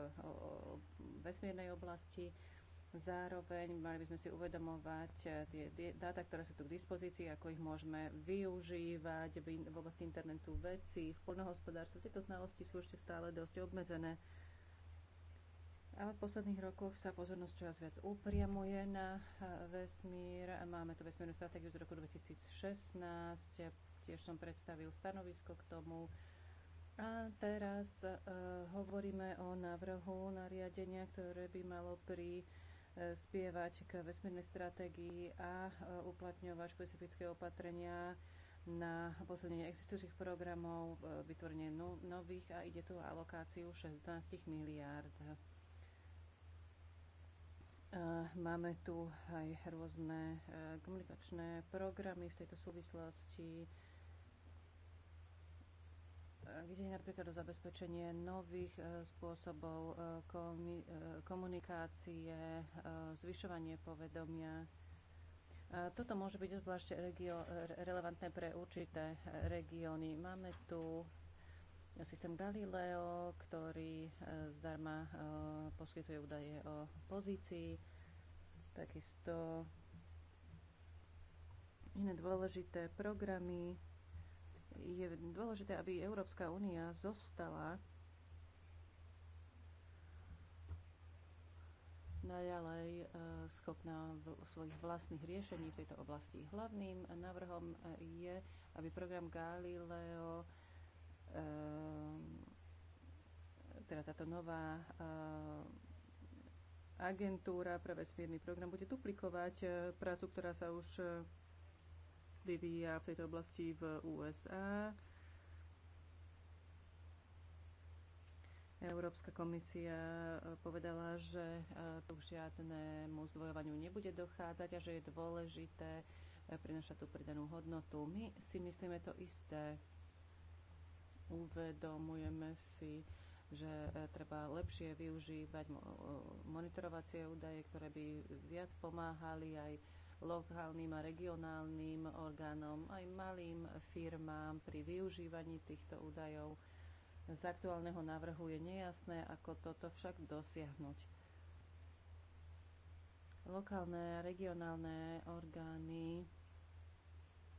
vesmírnej oblasti. Zároveň mali by sme si uvedomovať tie dáta, ktoré sú tu k dispozícii, ako ich môžeme využívať v oblasti internetu veci, v poľnohospodárstve. Tieto znalosti sú ešte stále dosť obmedzené. A v posledných rokoch sa pozornosť čoraz viac upriamuje na vesmír. Máme tu vesmírnu stratégiu z roku 2016, tiež som predstavil stanovisko k tomu. A teraz e, hovoríme o návrhu nariadenia, ktoré by malo pri e, spievať k vesmírnej stratégii a e, uplatňovať špecifické opatrenia na posledenie existujúcich programov, vytvorenie no, nových a ide tu o alokáciu 16 miliárd Máme tu aj rôzne e, komunikačné programy v tejto súvislosti, e, kde je napríklad o zabezpečenie nových e, spôsobov komunikácie, zvyšovanie povedomia. Toto môže byť zvlášť relevantné pre určité regióny. Máme tu systém Galileo, ktorý e, zdarma e, poskytuje údaje o pozícii. Takisto iné dôležité programy. Je dôležité, aby Európska únia zostala naďalej e, schopná v svojich vlastných riešení v tejto oblasti. Hlavným návrhom je, aby program Galileo Ehm, teda táto nová ehm, agentúra pre vesmírny program bude duplikovať ehm, prácu, ktorá sa už vyvíja v tejto oblasti v USA. Európska komisia povedala, že tu žiadnemu zdvojovaniu nebude dochádzať a že je dôležité prinašať tú pridanú hodnotu. My si myslíme to isté uvedomujeme si, že e, treba lepšie využívať e, monitorovacie údaje, ktoré by viac pomáhali aj lokálnym a regionálnym orgánom, aj malým firmám pri využívaní týchto údajov. Z aktuálneho návrhu je nejasné, ako toto však dosiahnuť. Lokálne a regionálne orgány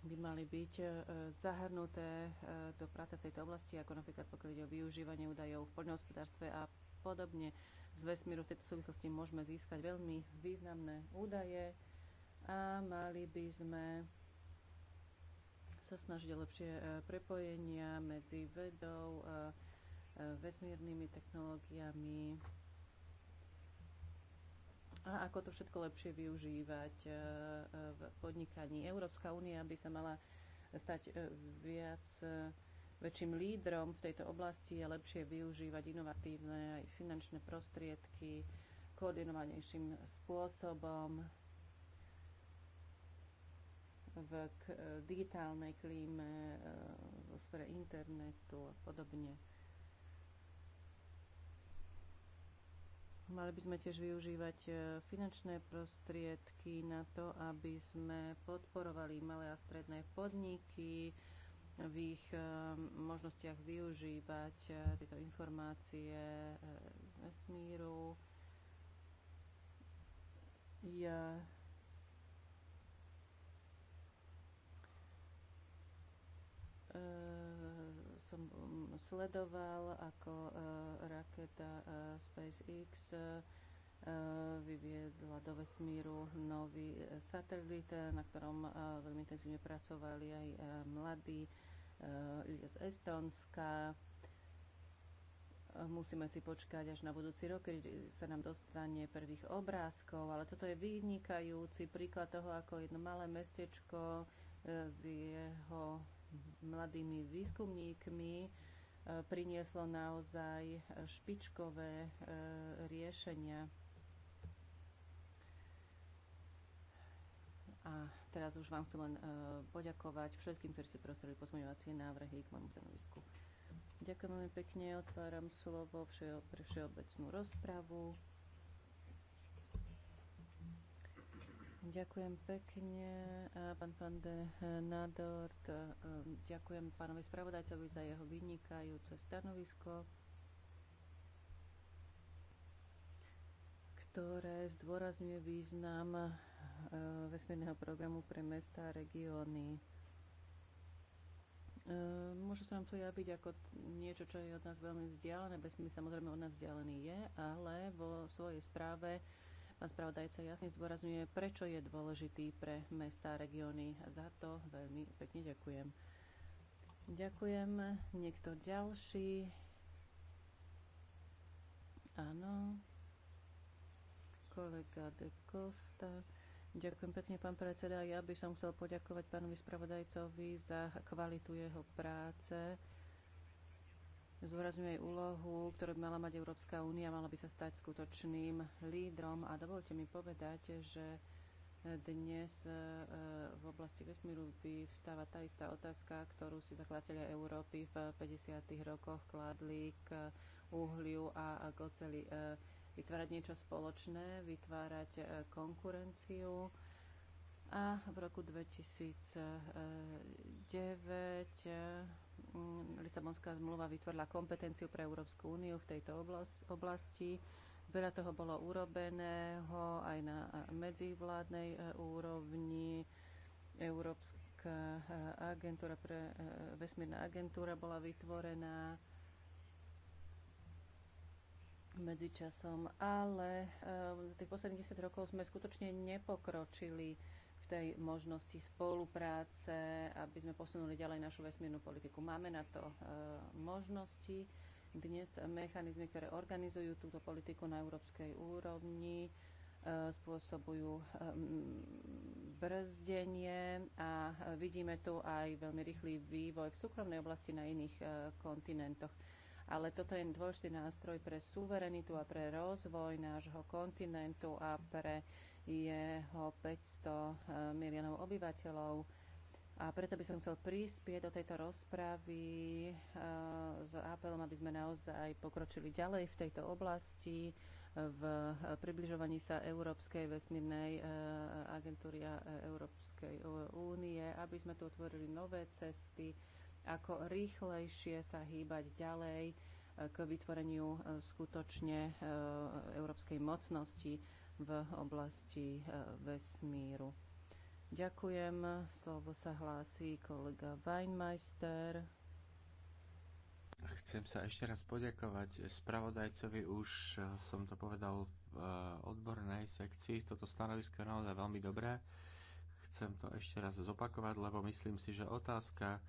by mali byť e, zahrnuté e, do práce v tejto oblasti, ako napríklad ide o využívanie údajov v poľnohospodárstve a podobne. Z vesmíru v tejto súvislosti môžeme získať veľmi významné údaje a mali by sme sa snažiť o lepšie e, prepojenia medzi vedou, vesmírnymi technológiami a ako to všetko lepšie využívať e, e, v podnikaní. Európska únia by sa mala stať e, viac väčším lídrom v tejto oblasti a lepšie využívať inovatívne aj finančné prostriedky koordinovanejším spôsobom v digitálnej klíme, vo sfere internetu a podobne. Mali by sme tiež využívať e, finančné prostriedky na to, aby sme podporovali malé a stredné podniky v ich e, možnostiach využívať e, tieto informácie z vesmíru. Ja som sledoval, ako eh, raketa eh, SpaceX eh, vyviedla do vesmíru nový satelit, na ktorom veľmi intenzívne pracovali aj mladí ľudia z Estónska. Musíme si počkať až na budúci rok, kedy sa nám dostane prvých obrázkov, ale toto je vynikajúci príklad toho, ako jedno malé mestečko s jeho mladými výskumníkmi prinieslo naozaj špičkové e, riešenia. A teraz už vám chcem len e, poďakovať všetkým, ktorí ste prostredili pozmeňovacie návrhy k môjmu stanovisku. Ďakujem veľmi pekne, otváram slovo pre všeobecnú rozpravu. Ďakujem pekne, pán pán de Nadort. E, ďakujem pánovi spravodajcovi za jeho vynikajúce stanovisko, ktoré zdôrazňuje význam e, vesmírneho programu pre mesta a regióny. E, môže sa nám to javiť ako niečo, čo je od nás veľmi vzdialené, vesmír samozrejme od nás vzdialený je, ale vo svojej správe Pán spravodajca jasne zdôrazňuje, prečo je dôležitý pre mesta a regióny. Za to veľmi pekne ďakujem. Ďakujem. Niekto ďalší? Áno. Kolega de Costa. Ďakujem pekne, pán predseda. Ja by som chcel poďakovať pánovi spravodajcovi za kvalitu jeho práce zdôrazňuje úlohu, ktorú by mala mať Európska únia, mala by sa stať skutočným lídrom a dovolte mi povedať, že dnes e, v oblasti vesmíru vyvstáva tá istá otázka, ktorú si zakladatelia Európy v 50. rokoch kladli k uhliu a k oceli. E, vytvárať niečo spoločné, vytvárať e, konkurenciu a v roku 2009 Mm, Lisabonská zmluva vytvorila kompetenciu pre Európsku úniu v tejto oblasti. Veľa toho bolo urobeného aj na medzivládnej e, úrovni. Európska e, agentúra pre, e, vesmírna agentúra bola vytvorená medzičasom, ale za tých posledných 10 rokov sme skutočne nepokročili tej možnosti spolupráce, aby sme posunuli ďalej našu vesmírnu politiku. Máme na to e, možnosti. Dnes mechanizmy, ktoré organizujú túto politiku na európskej úrovni, e, spôsobujú e, brzdenie a vidíme tu aj veľmi rýchly vývoj v súkromnej oblasti na iných kontinentoch. Ale toto je dôležitý nástroj pre suverenitu a pre rozvoj nášho kontinentu a pre je ho 500 miliónov obyvateľov. A preto by som chcel prispieť do tejto rozpravy e, s apelom, aby sme naozaj pokročili ďalej v tejto oblasti, e, v približovaní sa Európskej vesmírnej e, agentúry a Európskej únie, aby sme tu otvorili nové cesty, ako rýchlejšie sa hýbať ďalej k vytvoreniu skutočne európskej mocnosti v oblasti e, vesmíru. Ďakujem. Slovo sa hlási kolega Weinmeister. Chcem sa ešte raz poďakovať spravodajcovi, už e, som to povedal v e, odbornej sekcii, toto stanovisko je naozaj veľmi dobré. Chcem to ešte raz zopakovať, lebo myslím si, že otázka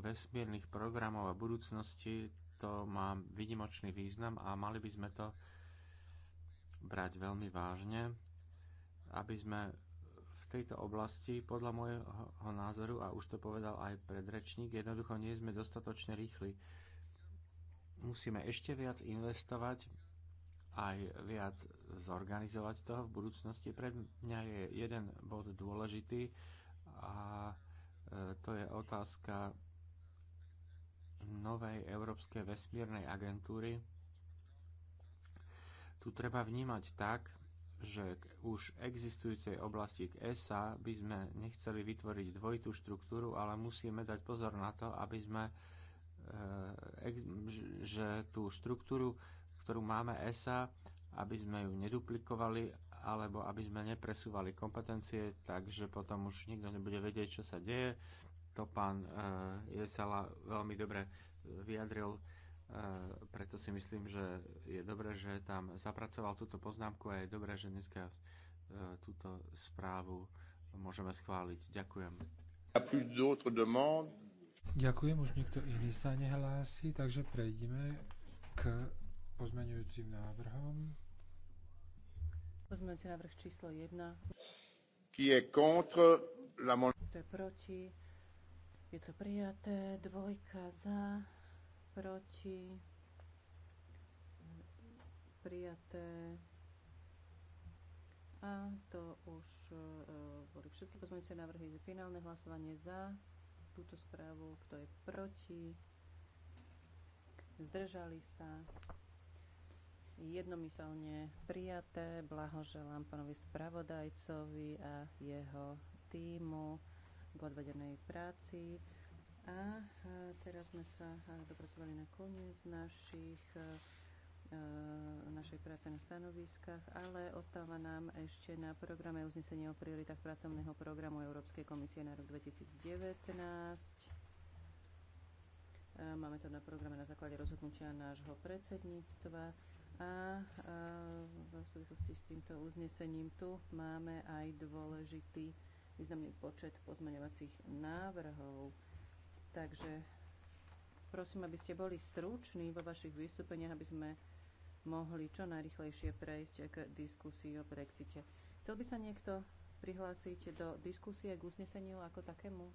vesmírnych programov a budúcnosti to má vynimočný význam a mali by sme to brať veľmi vážne, aby sme v tejto oblasti, podľa môjho názoru, a už to povedal aj predrečník, jednoducho nie sme dostatočne rýchli. Musíme ešte viac investovať, aj viac zorganizovať toho v budúcnosti. Pre mňa je jeden bod dôležitý a e, to je otázka novej Európskej vesmírnej agentúry, tu treba vnímať tak, že k už existujúcej oblasti k ESA by sme nechceli vytvoriť dvojitú štruktúru, ale musíme dať pozor na to, aby sme e, že tú štruktúru, ktorú máme ESA, aby sme ju neduplikovali alebo aby sme nepresúvali kompetencie, takže potom už nikto nebude vedieť, čo sa deje. To pán e, Jesala veľmi dobre e, vyjadril preto si myslím, že je dobré, že tam zapracoval túto poznámku a je dobré, že dneska e, túto správu môžeme schváliť. Ďakujem. Ďakujem, už niekto iný sa nehlási, takže prejdeme k pozmeňujúcim návrhom. Pozmeňujúci návrh číslo 1. Qui contre la... To je proti. Je to prijaté. Dvojka za proti, prijaté. A to už e, boli všetky pozmeňujúce návrhy. Finálne hlasovanie za túto správu. Kto je proti? Zdržali sa? Jednomyselne prijaté. Blahoželám pánovi spravodajcovi a jeho týmu k odvedenej práci. A teraz sme sa dopracovali na koniec našich, našej práce na stanoviskách, ale ostáva nám ešte na programe uznesenie o prioritách pracovného programu Európskej komisie na rok 2019. Máme to na programe na základe rozhodnutia nášho predsedníctva a v súvislosti s týmto uznesením tu máme aj dôležitý významný počet pozmeňovacích návrhov. Takže prosím, aby ste boli struční vo vašich vystúpeniach, aby sme mohli čo najrychlejšie prejsť k diskusii o Brexite. Chcel by sa niekto prihlásiť do diskusie k uzneseniu ako takému?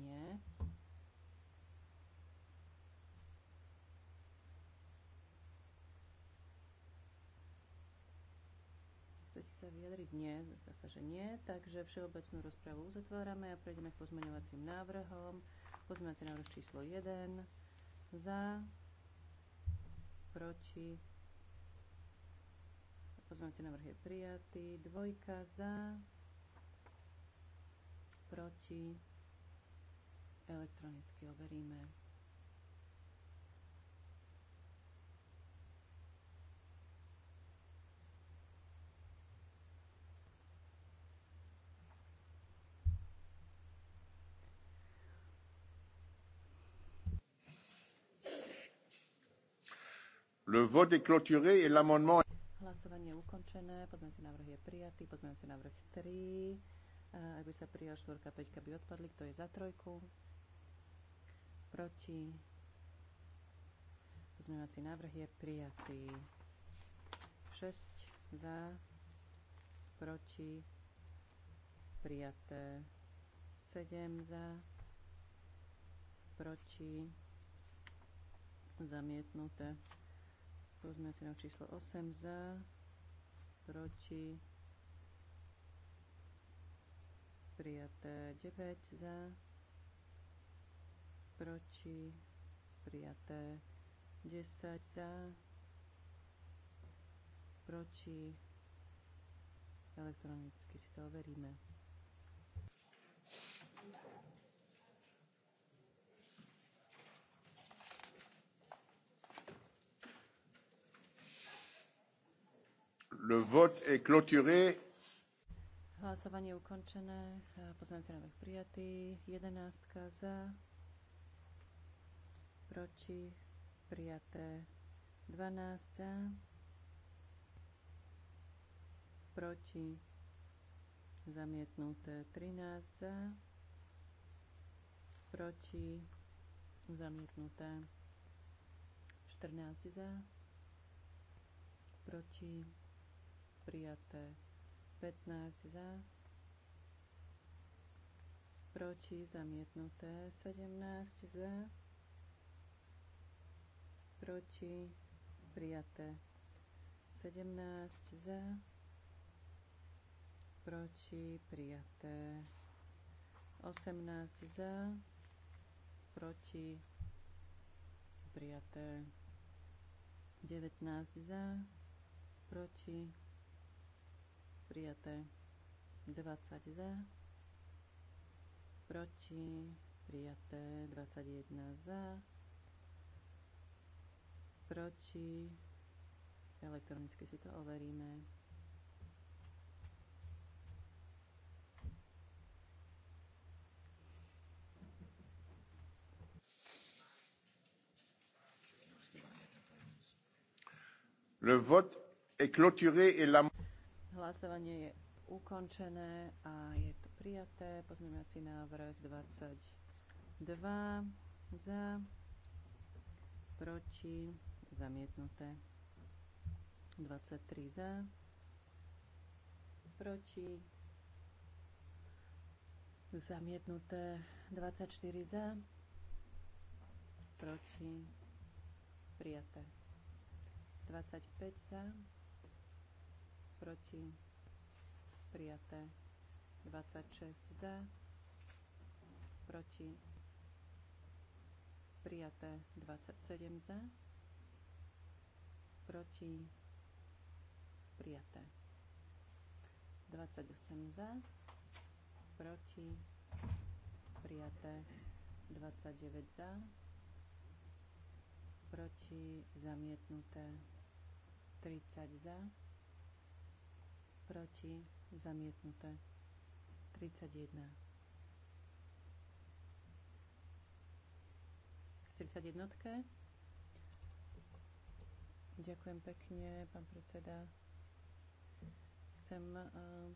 Nie. sa vyjadriť? Nie, zdá sa, že nie. Takže všeobecnú rozpravu uzatvárame a prejdeme k pozmeňovacím návrhom. Pozmeňovací návrh číslo 1. Za, proti. Pozmeňovací návrh je prijatý. Dvojka za, proti. Elektronicky overíme. Le vote est clôturé et l'amendement... Hlasovanie je ukončené, pozmeňujúci návrh je prijatý, pozmeňujúci návrh 3. E, ak by sa prijal 4, 5 by odpadli, kto je za trojku? Proti? Pozmeňovací návrh je prijatý. 6 za, proti, prijaté. 7 za, proti, zamietnuté. Poznáte na číslo 8 za, proti, prijaté 9 za, proti, prijaté 10 za, proti, elektronicky si to overíme. Le vote est clôturé. Hlasovanie je ukončené. Pozmeňujúci návrh prijatý. 11 za. Proti. Prijaté. 12 za. Proti. Zamietnuté. 13 za. Proti. Zamietnuté. 14 za. Proti prijaté. 15 za, proti, zamietnuté. 17 za, proti, prijaté. 17 za, proti, prijaté. 18 za, proti, prijaté. 19 za, proti, prijaté prijaté. 20 za, proti, prijaté. 21 za, proti. Elektronicky si to overíme. Le vote est clôturé et la... Hlasovanie je ukončené a je to prijaté. Pozmeňovací návrh 22 za, proti, zamietnuté. 23 za, proti, zamietnuté. 24 za, proti, prijaté. 25 za, proti, prijaté 26 za, proti, prijaté 27 za, proti, prijaté 28 za, proti, prijaté 29 za, proti, zamietnuté 30 za, proti, zamietnuté. 31. 31. Ďakujem pekne, pán predseda. Chcem uh,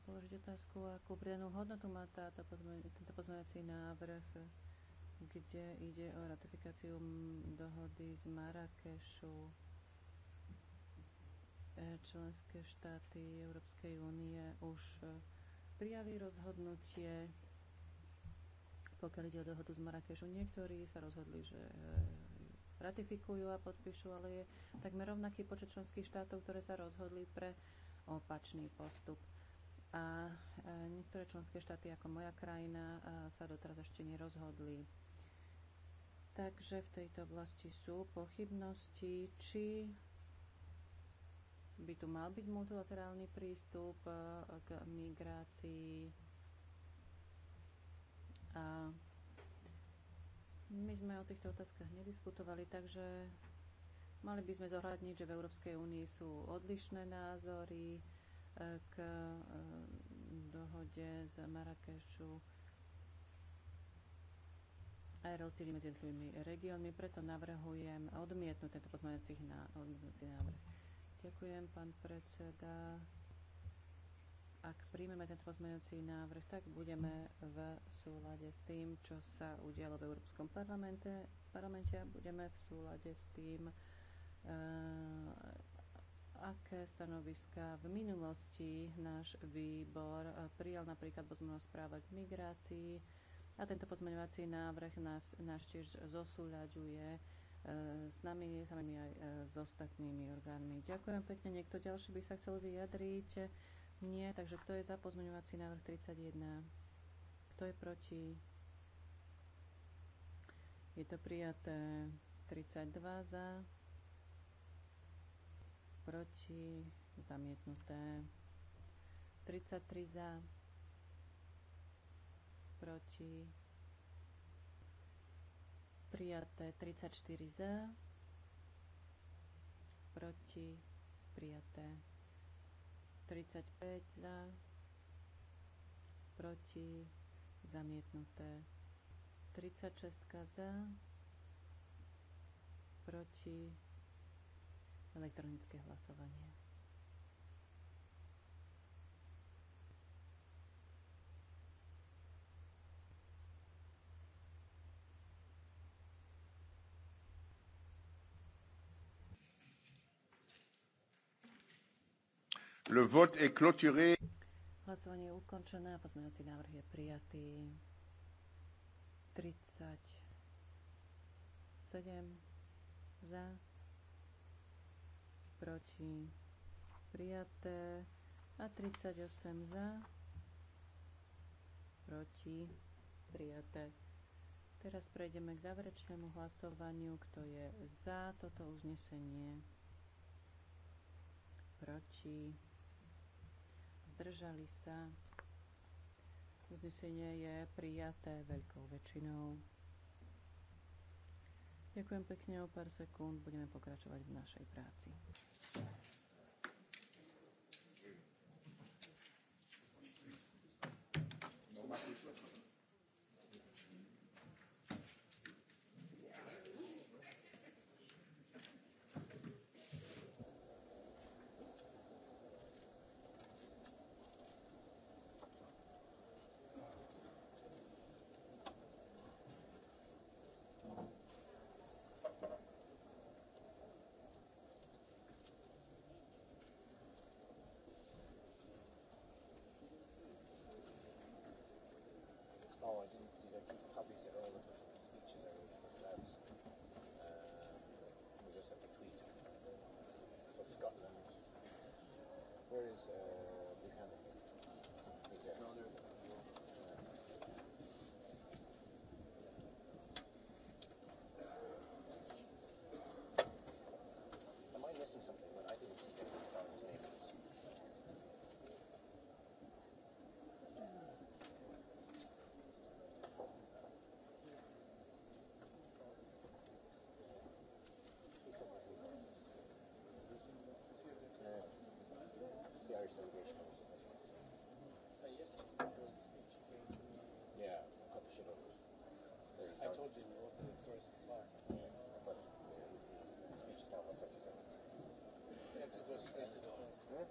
položiť otázku, akú pridanú hodnotu má táto pozme- tento pozmeňací návrh, kde ide o ratifikáciu dohody z Marrakešu členské štáty Európskej únie už e, prijali rozhodnutie, pokiaľ ide o dohodu z Marrakešu. Niektorí sa rozhodli, že e, ratifikujú a podpíšu, ale je takmer rovnaký počet členských štátov, ktoré sa rozhodli pre opačný postup. A e, niektoré členské štáty, ako moja krajina, sa doteraz ešte nerozhodli. Takže v tejto oblasti sú pochybnosti, či by tu mal byť multilaterálny prístup e, k migrácii. A my sme o týchto otázkach nediskutovali, takže mali by sme zohľadniť, že v Európskej únii sú odlišné názory e, k e, dohode z Marrakešu aj rozdiely medzi jednotlivými regiónmi, preto navrhujem odmietnúť tento pozmeňujúci návrh. Ďakujem, pán predseda. Ak príjmeme tento pozmeňujúci návrh, tak budeme v súlade s tým, čo sa udialo v Európskom parlamente, parlamente a budeme v súlade s tým, uh, aké stanoviska v minulosti náš výbor eh, prijal napríklad pozmeňová správa k migrácii a tento pozmeňovací návrh nás, nás tiež zosúľaďuje E, s nami, samými aj e, s ostatnými orgánmi. Ďakujem pekne. Niekto ďalší by sa chcel vyjadriť? Nie, takže kto je za pozmeňovací návrh 31? Kto je proti? Je to prijaté 32 za, proti, zamietnuté 33 za, proti, prijaté 34 za, proti prijaté 35 za, proti zamietnuté 36 za, proti elektronické hlasovanie. Le vote est clôturé. Hlasovanie je ukončené a pozmeňovací návrh je prijatý. 37 za, proti, prijaté a 38 za, proti, prijaté. Teraz prejdeme k záverečnému hlasovaniu, kto je za toto uznesenie, proti, zdržali sa. Uznesenie je prijaté veľkou väčšinou. Ďakujem pekne, o pár sekúnd budeme pokračovať v našej práci. Yeah.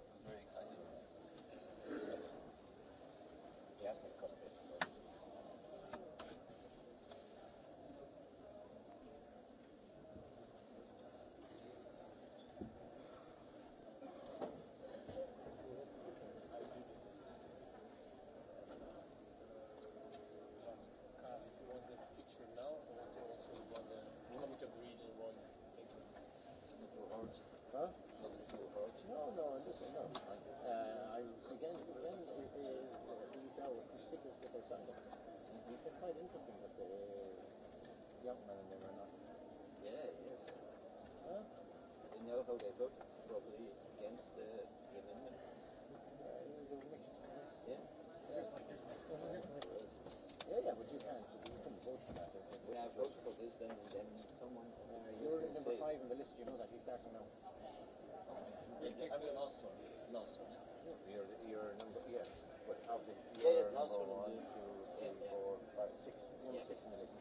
them and then someone. Uh, You're number say, five on the list. You know that he's starting now. Okay. Okay. I'm the last one. Last one. Yeah. You're you're number yeah. But of the yeah, yeah, last one, one, two, three, yeah. four, five, six. Number yeah. six in the list.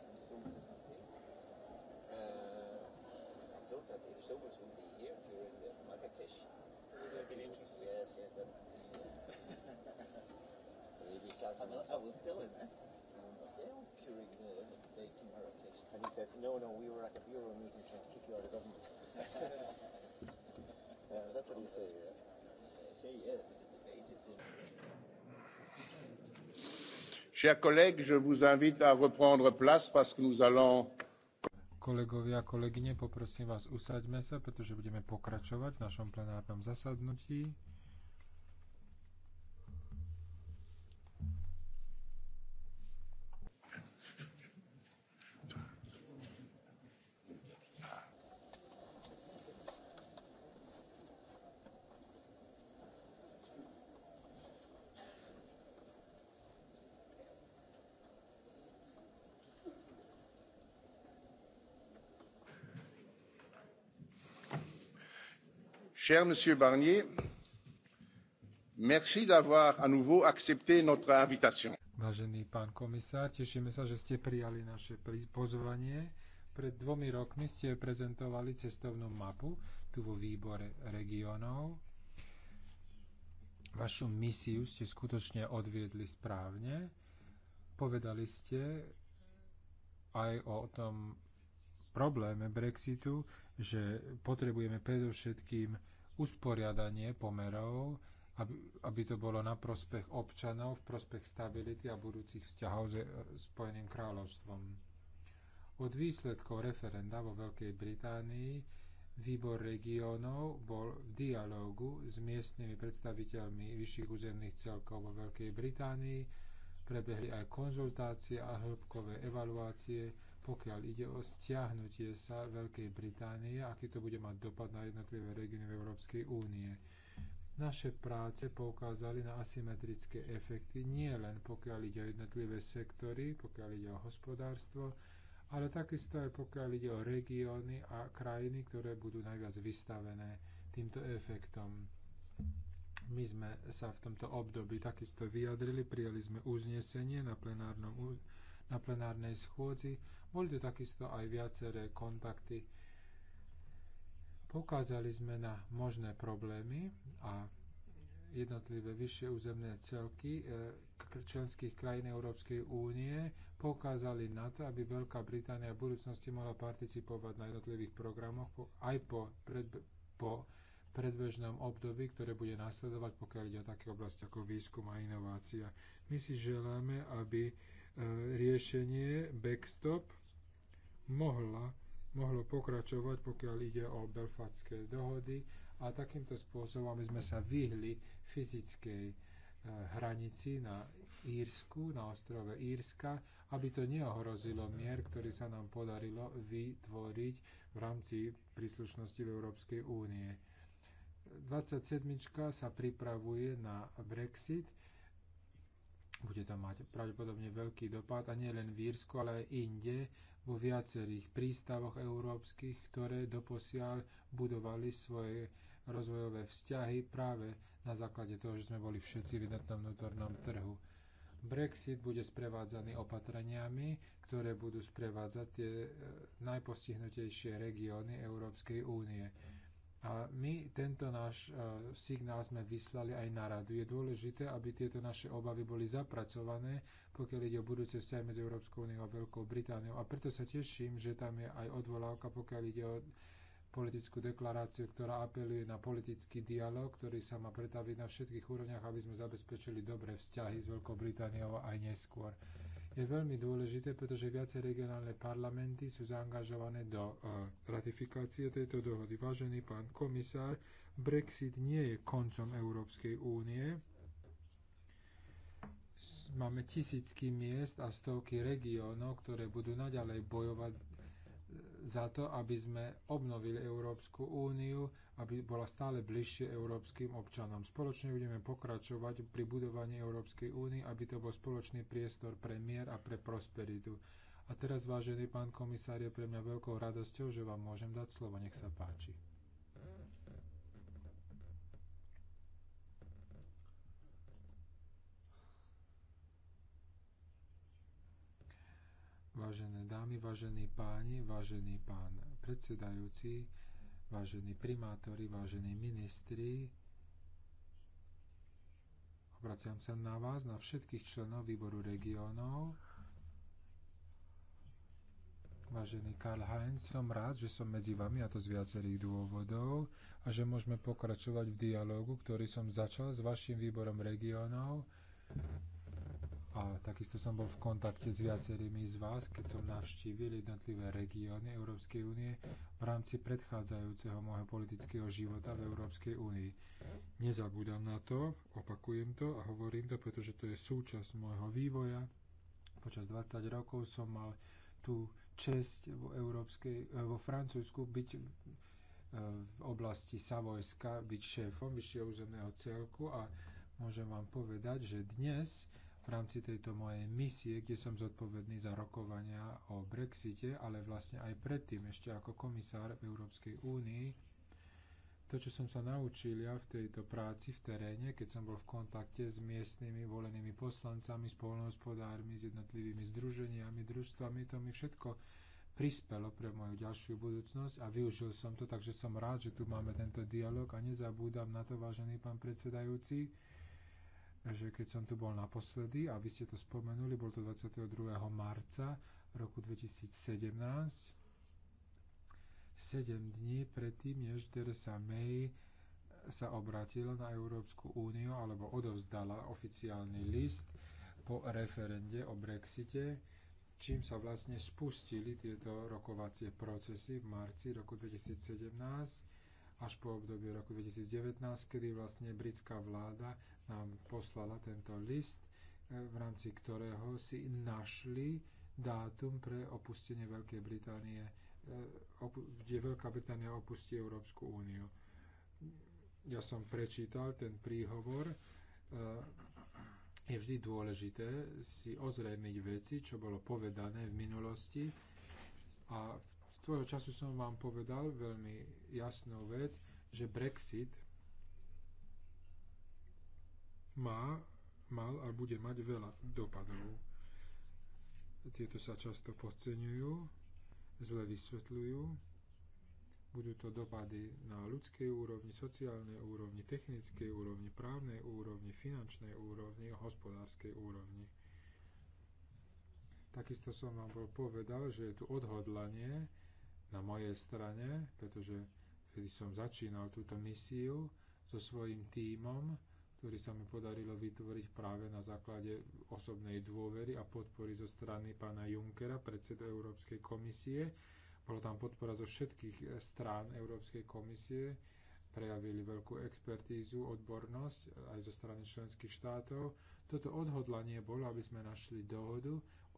Uh, I thought that if someone would be here during the Marrakesh, it would have been interesting. Yes, yeah, that, yeah. [laughs] Maybe I will, I will tell him. Eh? he said, no, no, we were at the bureau meeting trying to kick you out of government. [laughs] yeah, that's what he said, yeah. Say, yeah, the agency. Chers collègues, je vous invite à reprendre place parce que nous allons... Kolegovia, kolegyne, poprosím vás, usaďme sa, pretože budeme pokračovať v našom plenárnom zasadnutí. cher monsieur barnier merci d'avoir à nouveau accepté notre invitation. Vážený pán komisár, tešíme sa, že ste prijali naše pozvanie. Pred dvomi rokmi ste prezentovali cestovnú mapu tu vo výbore regiónov. Vašu misiu ste skutočne odviedli správne. Povedali ste aj o tom probléme Brexitu, že potrebujeme predovšetkým usporiadanie pomerov, aby, aby to bolo na prospech občanov, v prospech stability a budúcich vzťahov e, s Spojeným kráľovstvom. Od výsledkov referenda vo Veľkej Británii výbor regiónov bol v dialógu s miestnymi predstaviteľmi vyšších územných celkov vo Veľkej Británii, prebehli aj konzultácie a hĺbkové evaluácie pokiaľ ide o stiahnutie sa Veľkej Británie, aký to bude mať dopad na jednotlivé regióny v Európskej únie. Naše práce poukázali na asymetrické efekty nie len pokiaľ ide o jednotlivé sektory, pokiaľ ide o hospodárstvo, ale takisto aj pokiaľ ide o regióny a krajiny, ktoré budú najviac vystavené týmto efektom. My sme sa v tomto období takisto vyjadrili, prijali sme uznesenie na, plenárnom, na plenárnej schôdzi boli takisto aj viaceré kontakty. Pokázali sme na možné problémy a jednotlivé vyššie územné celky e, členských krajín Európskej únie poukázali na to, aby Veľká Británia v budúcnosti mohla participovať na jednotlivých programoch aj po, predbe, po predbežnom období, ktoré bude nasledovať, pokiaľ ide o také oblasti ako výskum a inovácia. My si želáme, aby e, riešenie backstop mohla, mohlo pokračovať, pokiaľ ide o belfátske dohody a takýmto spôsobom sme sa vyhli fyzickej e, hranici na Írsku, na ostrove Írska, aby to neohrozilo mier, ktorý sa nám podarilo vytvoriť v rámci príslušnosti v Európskej únie. 27. sa pripravuje na Brexit bude to mať pravdepodobne veľký dopad a nie len v Írsku, ale aj inde, vo viacerých prístavoch európskych, ktoré doposiaľ budovali svoje rozvojové vzťahy práve na základe toho, že sme boli všetci v jednotnom vnútornom trhu. Brexit bude sprevádzaný opatreniami, ktoré budú sprevádzať tie e, najpostihnutejšie regióny Európskej únie. A my tento náš e, signál sme vyslali aj na radu. Je dôležité, aby tieto naše obavy boli zapracované, pokiaľ ide o budúce vzťahy medzi Európskou úniou a Veľkou Britániou. A preto sa teším, že tam je aj odvolávka, pokiaľ ide o politickú deklaráciu, ktorá apeluje na politický dialog, ktorý sa má pretaviť na všetkých úrovniach, aby sme zabezpečili dobré vzťahy s Veľkou Britániou aj neskôr je veľmi dôležité, pretože viacej regionálne parlamenty sú zaangažované do e, ratifikácie tejto dohody. Vážený pán komisár, Brexit nie je koncom Európskej únie. Máme tisícky miest a stovky regiónov, ktoré budú naďalej bojovať za to, aby sme obnovili Európsku úniu, aby bola stále bližšie európskym občanom. Spoločne budeme pokračovať pri budovaní Európskej únie, aby to bol spoločný priestor pre mier a pre prosperitu. A teraz, vážený pán komisár, je pre mňa veľkou radosťou, že vám môžem dať slovo. Nech sa páči. Vážené dámy, vážení páni, vážený pán predsedajúci, vážení primátori, vážení ministri, obraciam sa na vás, na všetkých členov výboru regiónov. Vážený Karl Heinz, som rád, že som medzi vami, a to z viacerých dôvodov, a že môžeme pokračovať v dialógu, ktorý som začal s vašim výborom regiónov a takisto som bol v kontakte s viacerými z vás, keď som navštívil jednotlivé regióny Európskej únie v rámci predchádzajúceho môjho politického života v Európskej únii. Nezabúdam na to, opakujem to a hovorím to, pretože to je súčasť môjho vývoja. Počas 20 rokov som mal tú čest vo, Európskej, eh, vo Francúzsku byť eh, v oblasti Savojska, byť šéfom vyššieho územného celku a môžem vám povedať, že dnes v rámci tejto mojej misie, kde som zodpovedný za rokovania o Brexite, ale vlastne aj predtým, ešte ako komisár v Európskej únii. To, čo som sa naučil ja v tejto práci v teréne, keď som bol v kontakte s miestnymi volenými poslancami, s s jednotlivými združeniami, družstvami, to mi všetko prispelo pre moju ďalšiu budúcnosť a využil som to, takže som rád, že tu máme tento dialog a nezabúdam na to, vážený pán predsedajúci, že keď som tu bol naposledy, a vy ste to spomenuli, bol to 22. marca roku 2017, 7 dní predtým, než Theresa May sa obratila na Európsku úniu alebo odovzdala oficiálny list po referende o Brexite, čím sa vlastne spustili tieto rokovacie procesy v marci roku 2017 až po obdobie roku 2019, kedy vlastne britská vláda nám poslala tento list, e, v rámci ktorého si našli dátum pre opustenie Veľkej Británie, e, kde Veľká Británia opustí Európsku úniu. Ja som prečítal ten príhovor. E, je vždy dôležité si ozrejmiť veci, čo bolo povedané v minulosti a v Svojho času som vám povedal veľmi jasnú vec, že Brexit má, mal a bude mať veľa dopadov. Tieto sa často podceňujú, zle vysvetľujú. Budú to dopady na ľudskej úrovni, sociálnej úrovni, technickej úrovni, právnej úrovni, finančnej úrovni hospodárskej úrovni. Takisto som vám bol povedal, že je tu odhodlanie na mojej strane, pretože vtedy som začínal túto misiu so svojím tímom, ktorý sa mi podarilo vytvoriť práve na základe osobnej dôvery a podpory zo strany pána Junckera, predsedu Európskej komisie. Bola tam podpora zo všetkých strán Európskej komisie, prejavili veľkú expertízu, odbornosť aj zo strany členských štátov. Toto odhodlanie bolo, aby sme našli dohodu,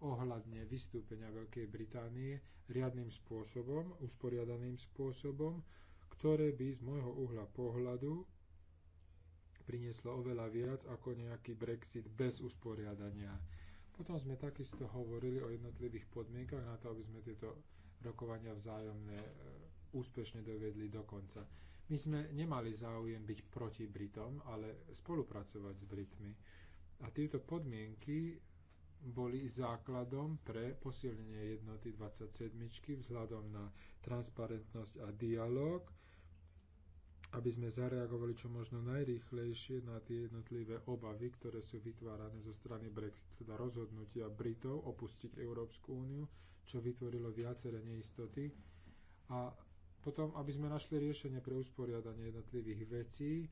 ohľadne vystúpenia Veľkej Británie riadnym spôsobom, usporiadaným spôsobom, ktoré by z môjho uhla pohľadu prinieslo oveľa viac ako nejaký Brexit bez usporiadania. Potom sme takisto hovorili o jednotlivých podmienkach na to, aby sme tieto rokovania vzájomne úspešne dovedli do konca. My sme nemali záujem byť proti Britom, ale spolupracovať s Britmi. A tieto podmienky boli základom pre posilnenie jednoty 27 vzhľadom na transparentnosť a dialog, aby sme zareagovali čo možno najrýchlejšie na tie jednotlivé obavy, ktoré sú vytvárané zo strany Brexit, teda rozhodnutia Britov opustiť Európsku úniu, čo vytvorilo viaceré neistoty. A potom, aby sme našli riešenie pre usporiadanie jednotlivých vecí,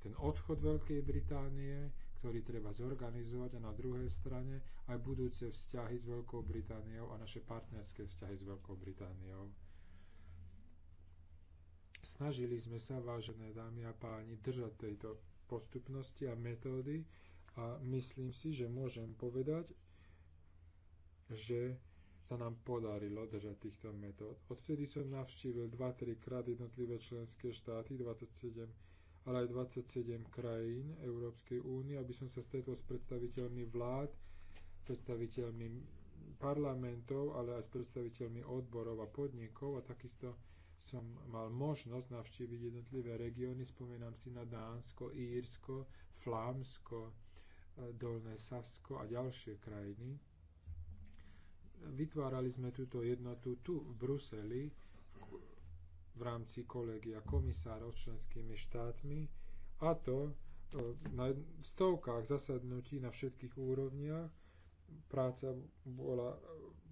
ten odchod Veľkej Británie, ktorý treba zorganizovať a na druhej strane aj budúce vzťahy s Veľkou Britániou a naše partnerské vzťahy s Veľkou Britániou. Snažili sme sa, vážené dámy a páni, držať tejto postupnosti a metódy a myslím si, že môžem povedať, že sa nám podarilo držať týchto metód. Odvtedy som navštívil 2-3 krát jednotlivé členské štáty, 27 ale aj 27 krajín Európskej únie, aby som sa stretol s predstaviteľmi vlád, predstaviteľmi parlamentov, ale aj s predstaviteľmi odborov a podnikov a takisto som mal možnosť navštíviť jednotlivé regióny. Spomínam si na Dánsko, Írsko, Flámsko, e, Dolné Sasko a ďalšie krajiny. Vytvárali sme túto jednotu tu v Bruseli, v rámci kolegia komisárov členskými štátmi a to e, na stovkách zasadnutí na všetkých úrovniach. Práca bola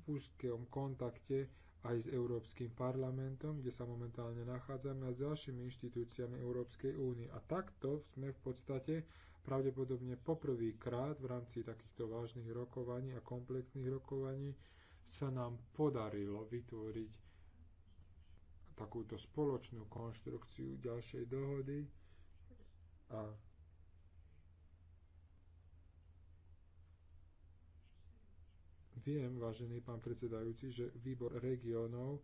v úzkom kontakte aj s Európskym parlamentom, kde sa momentálne nachádzame, a s ďalšími inštitúciami Európskej únie. A takto sme v podstate pravdepodobne poprvýkrát v rámci takýchto vážnych rokovaní a komplexných rokovaní sa nám podarilo vytvoriť takúto spoločnú konštrukciu ďalšej dohody a Viem, vážený pán predsedajúci, že výbor regiónov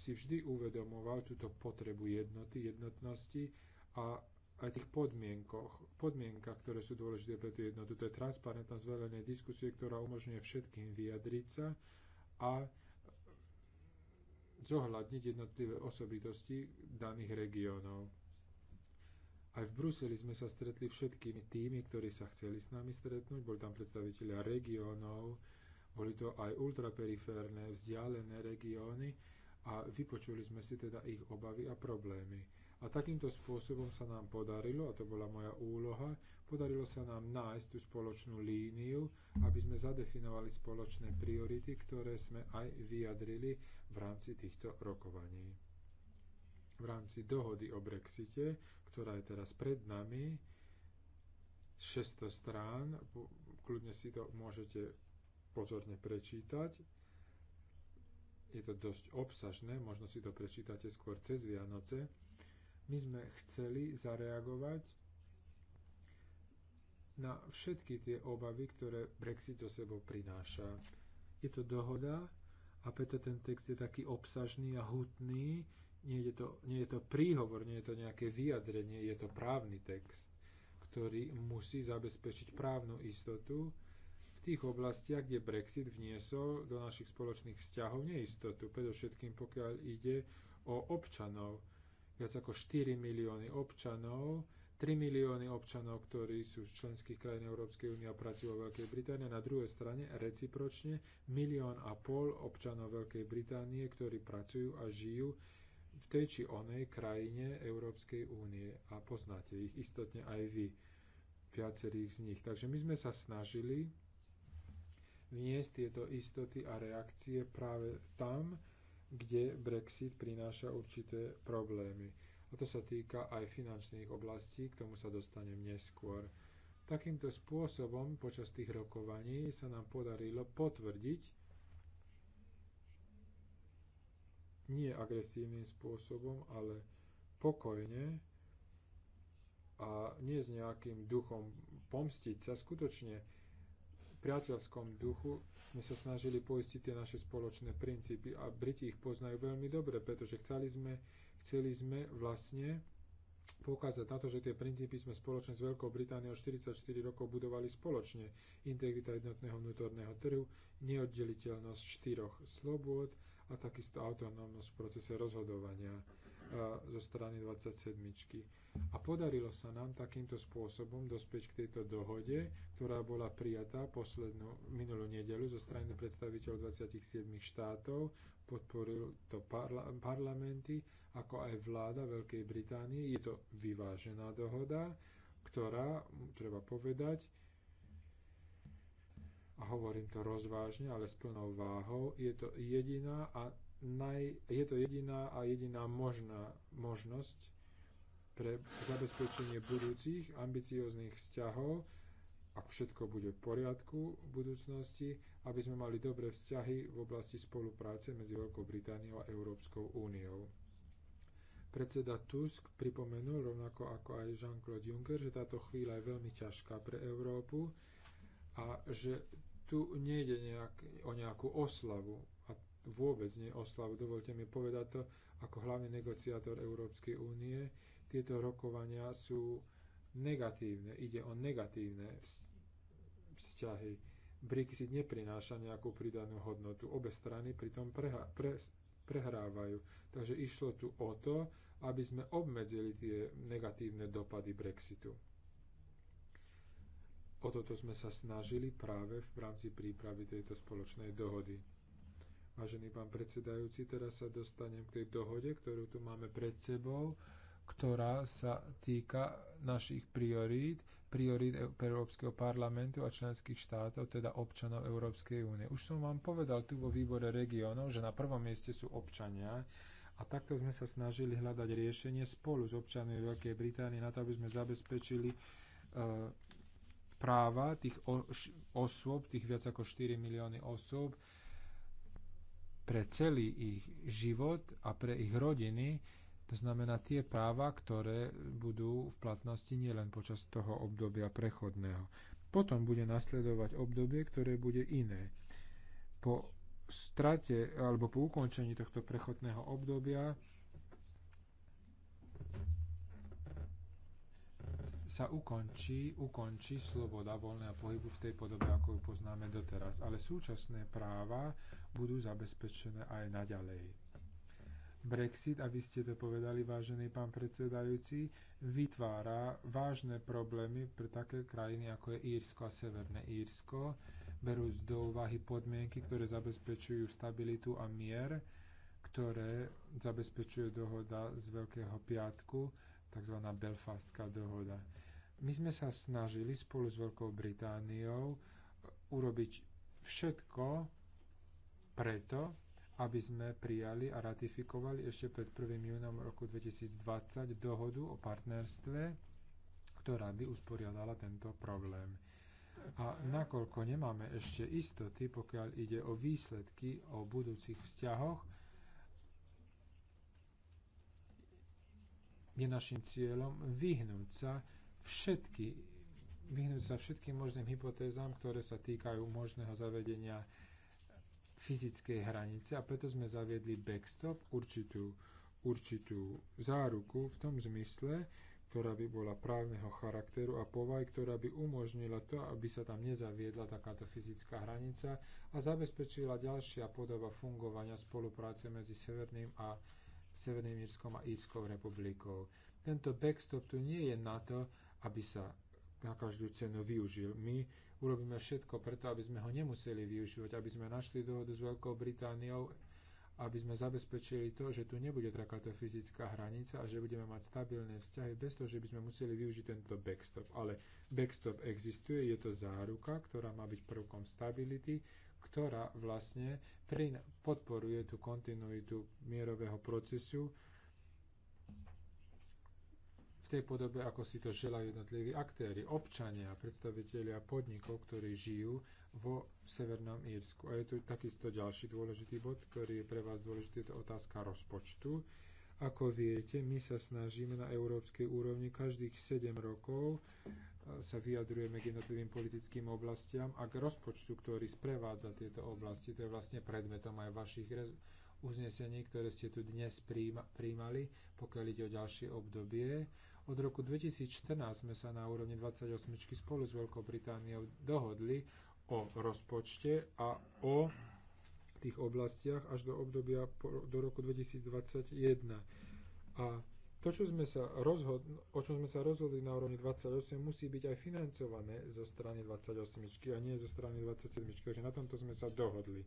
si vždy uvedomoval túto potrebu jednoty, jednotnosti a aj tých podmienkoch, podmienkach, ktoré sú dôležité pre tú jednotu. To je transparentnosť verejnej diskusie, ktorá umožňuje všetkým vyjadriť sa a zohľadniť jednotlivé osobitosti daných regiónov. Aj v Bruseli sme sa stretli všetkými tými, ktorí sa chceli s nami stretnúť. Boli tam predstavitelia regiónov, boli to aj ultraperiférne, vzdialené regióny a vypočuli sme si teda ich obavy a problémy. A takýmto spôsobom sa nám podarilo, a to bola moja úloha, podarilo sa nám nájsť tú spoločnú líniu, aby sme zadefinovali spoločné priority, ktoré sme aj vyjadrili v rámci týchto rokovaní. V rámci dohody o Brexite, ktorá je teraz pred nami, 600 strán, kľudne si to môžete pozorne prečítať, je to dosť obsažné, možno si to prečítate skôr cez Vianoce, my sme chceli zareagovať na všetky tie obavy, ktoré Brexit so sebou prináša. Je to dohoda a preto ten text je taký obsažný a hutný. Nie je, to, nie je to príhovor, nie je to nejaké vyjadrenie, je to právny text, ktorý musí zabezpečiť právnu istotu v tých oblastiach, kde Brexit vniesol do našich spoločných vzťahov neistotu, predovšetkým pokiaľ ide o občanov viac ako 4 milióny občanov, 3 milióny občanov, ktorí sú z členských krajín Európskej únie a pracujú vo Veľkej Británii. Na druhej strane recipročne milión a pol občanov Veľkej Británie, ktorí pracujú a žijú v tej či onej krajine Európskej únie a poznáte ich istotne aj vy, viacerých z nich. Takže my sme sa snažili vniesť tieto istoty a reakcie práve tam, kde Brexit prináša určité problémy. A to sa týka aj finančných oblastí, k tomu sa dostanem neskôr. Takýmto spôsobom počas tých rokovaní sa nám podarilo potvrdiť nie agresívnym spôsobom, ale pokojne a nie s nejakým duchom pomstiť sa, skutočne priateľskom duchu sme sa snažili poistiť tie naše spoločné princípy a Briti ich poznajú veľmi dobre, pretože chceli sme, chceli sme vlastne poukázať na to, že tie princípy sme spoločne s Veľkou Britániou 44 rokov budovali spoločne. Integrita jednotného vnútorného trhu, neoddeliteľnosť štyroch slobôd a takisto autonómnosť v procese rozhodovania zo strany 27. A podarilo sa nám takýmto spôsobom dospieť k tejto dohode, ktorá bola prijatá poslednú minulú nedelu zo strany predstaviteľov 27 štátov, podporil to parla parlamenty, ako aj vláda Veľkej Británie. Je to vyvážená dohoda, ktorá, treba povedať, a hovorím to rozvážne, ale s plnou váhou, je to jediná a naj, je to jediná a jediná možná možnosť pre zabezpečenie budúcich ambicióznych vzťahov, ak všetko bude v poriadku v budúcnosti, aby sme mali dobré vzťahy v oblasti spolupráce medzi Veľkou Britániou a Európskou úniou. Predseda Tusk pripomenul, rovnako ako aj Jean-Claude Juncker, že táto chvíľa je veľmi ťažká pre Európu a že tu nejde nejak, o nejakú oslavu vôbec nie Dovolte mi povedať to ako hlavný negociátor Európskej únie. Tieto rokovania sú negatívne, ide o negatívne vzťahy. Brexit neprináša nejakú pridanú hodnotu. Obe strany pritom pre- prehrávajú. Takže išlo tu o to, aby sme obmedzili tie negatívne dopady Brexitu. O toto sme sa snažili práve v rámci prípravy tejto spoločnej dohody. Vážený pán predsedajúci, teraz sa dostanem k tej dohode, ktorú tu máme pred sebou, ktorá sa týka našich priorít, priorít e- Európskeho parlamentu a členských štátov, teda občanov Európskej únie. Už som vám povedal tu vo výbore regiónov, že na prvom mieste sú občania, a takto sme sa snažili hľadať riešenie spolu s občanmi Veľkej Británie na to, aby sme zabezpečili e, práva tých osôb, tých viac ako 4 milióny osôb, pre celý ich život a pre ich rodiny, to znamená tie práva, ktoré budú v platnosti nielen počas toho obdobia prechodného. Potom bude nasledovať obdobie, ktoré bude iné. Po strate alebo po ukončení tohto prechodného obdobia sa ukončí, ukončí sloboda voľného pohybu v tej podobe, ako ju poznáme doteraz. Ale súčasné práva budú zabezpečené aj naďalej. Brexit, aby ste to povedali, vážený pán predsedajúci, vytvára vážne problémy pre také krajiny, ako je Írsko a Severné Írsko, berúc do úvahy podmienky, ktoré zabezpečujú stabilitu a mier, ktoré zabezpečuje dohoda z Veľkého piatku, tzv. Belfastská dohoda. My sme sa snažili spolu s Veľkou Britániou urobiť všetko preto, aby sme prijali a ratifikovali ešte pred 1. júnom roku 2020 dohodu o partnerstve, ktorá by usporiadala tento problém. A nakoľko nemáme ešte istoty, pokiaľ ide o výsledky o budúcich vzťahoch, je našim cieľom vyhnúť sa všetky, vyhnúť sa všetkým možným hypotézám, ktoré sa týkajú možného zavedenia fyzickej hranice a preto sme zaviedli backstop, určitú, určitú záruku v tom zmysle, ktorá by bola právneho charakteru a povaj, ktorá by umožnila to, aby sa tam nezaviedla takáto fyzická hranica a zabezpečila ďalšia podoba fungovania spolupráce medzi Severným a Severným Írskom a Írskou republikou. Tento backstop tu nie je na to, aby sa na každú cenu využil. My urobíme všetko preto, aby sme ho nemuseli využívať, aby sme našli dohodu s Veľkou Britániou, aby sme zabezpečili to, že tu nebude takáto fyzická hranica a že budeme mať stabilné vzťahy bez toho, že by sme museli využiť tento backstop. Ale backstop existuje, je to záruka, ktorá má byť prvkom stability, ktorá vlastne podporuje tú kontinuitu mierového procesu, v tej podobe, ako si to želajú jednotliví aktéry, občania, predstavitelia podnikov, ktorí žijú vo Severnom Írsku. A je tu takisto ďalší dôležitý bod, ktorý je pre vás dôležitý, je to otázka rozpočtu. Ako viete, my sa snažíme na európskej úrovni každých 7 rokov e, sa vyjadrujeme k jednotlivým politickým oblastiam a k rozpočtu, ktorý sprevádza tieto oblasti. To je vlastne predmetom aj vašich uznesení, ktoré ste tu dnes príjmali, pokiaľ ide o ďalšie obdobie. Od roku 2014 sme sa na úrovni 28 spolu s Veľkou Britániou dohodli o rozpočte a o tých oblastiach až do obdobia do roku 2021. A to, čo sme sa rozhod- o čom sme sa rozhodli na úrovni 28, musí byť aj financované zo strany 28 a nie zo strany 27. Takže na tomto sme sa dohodli.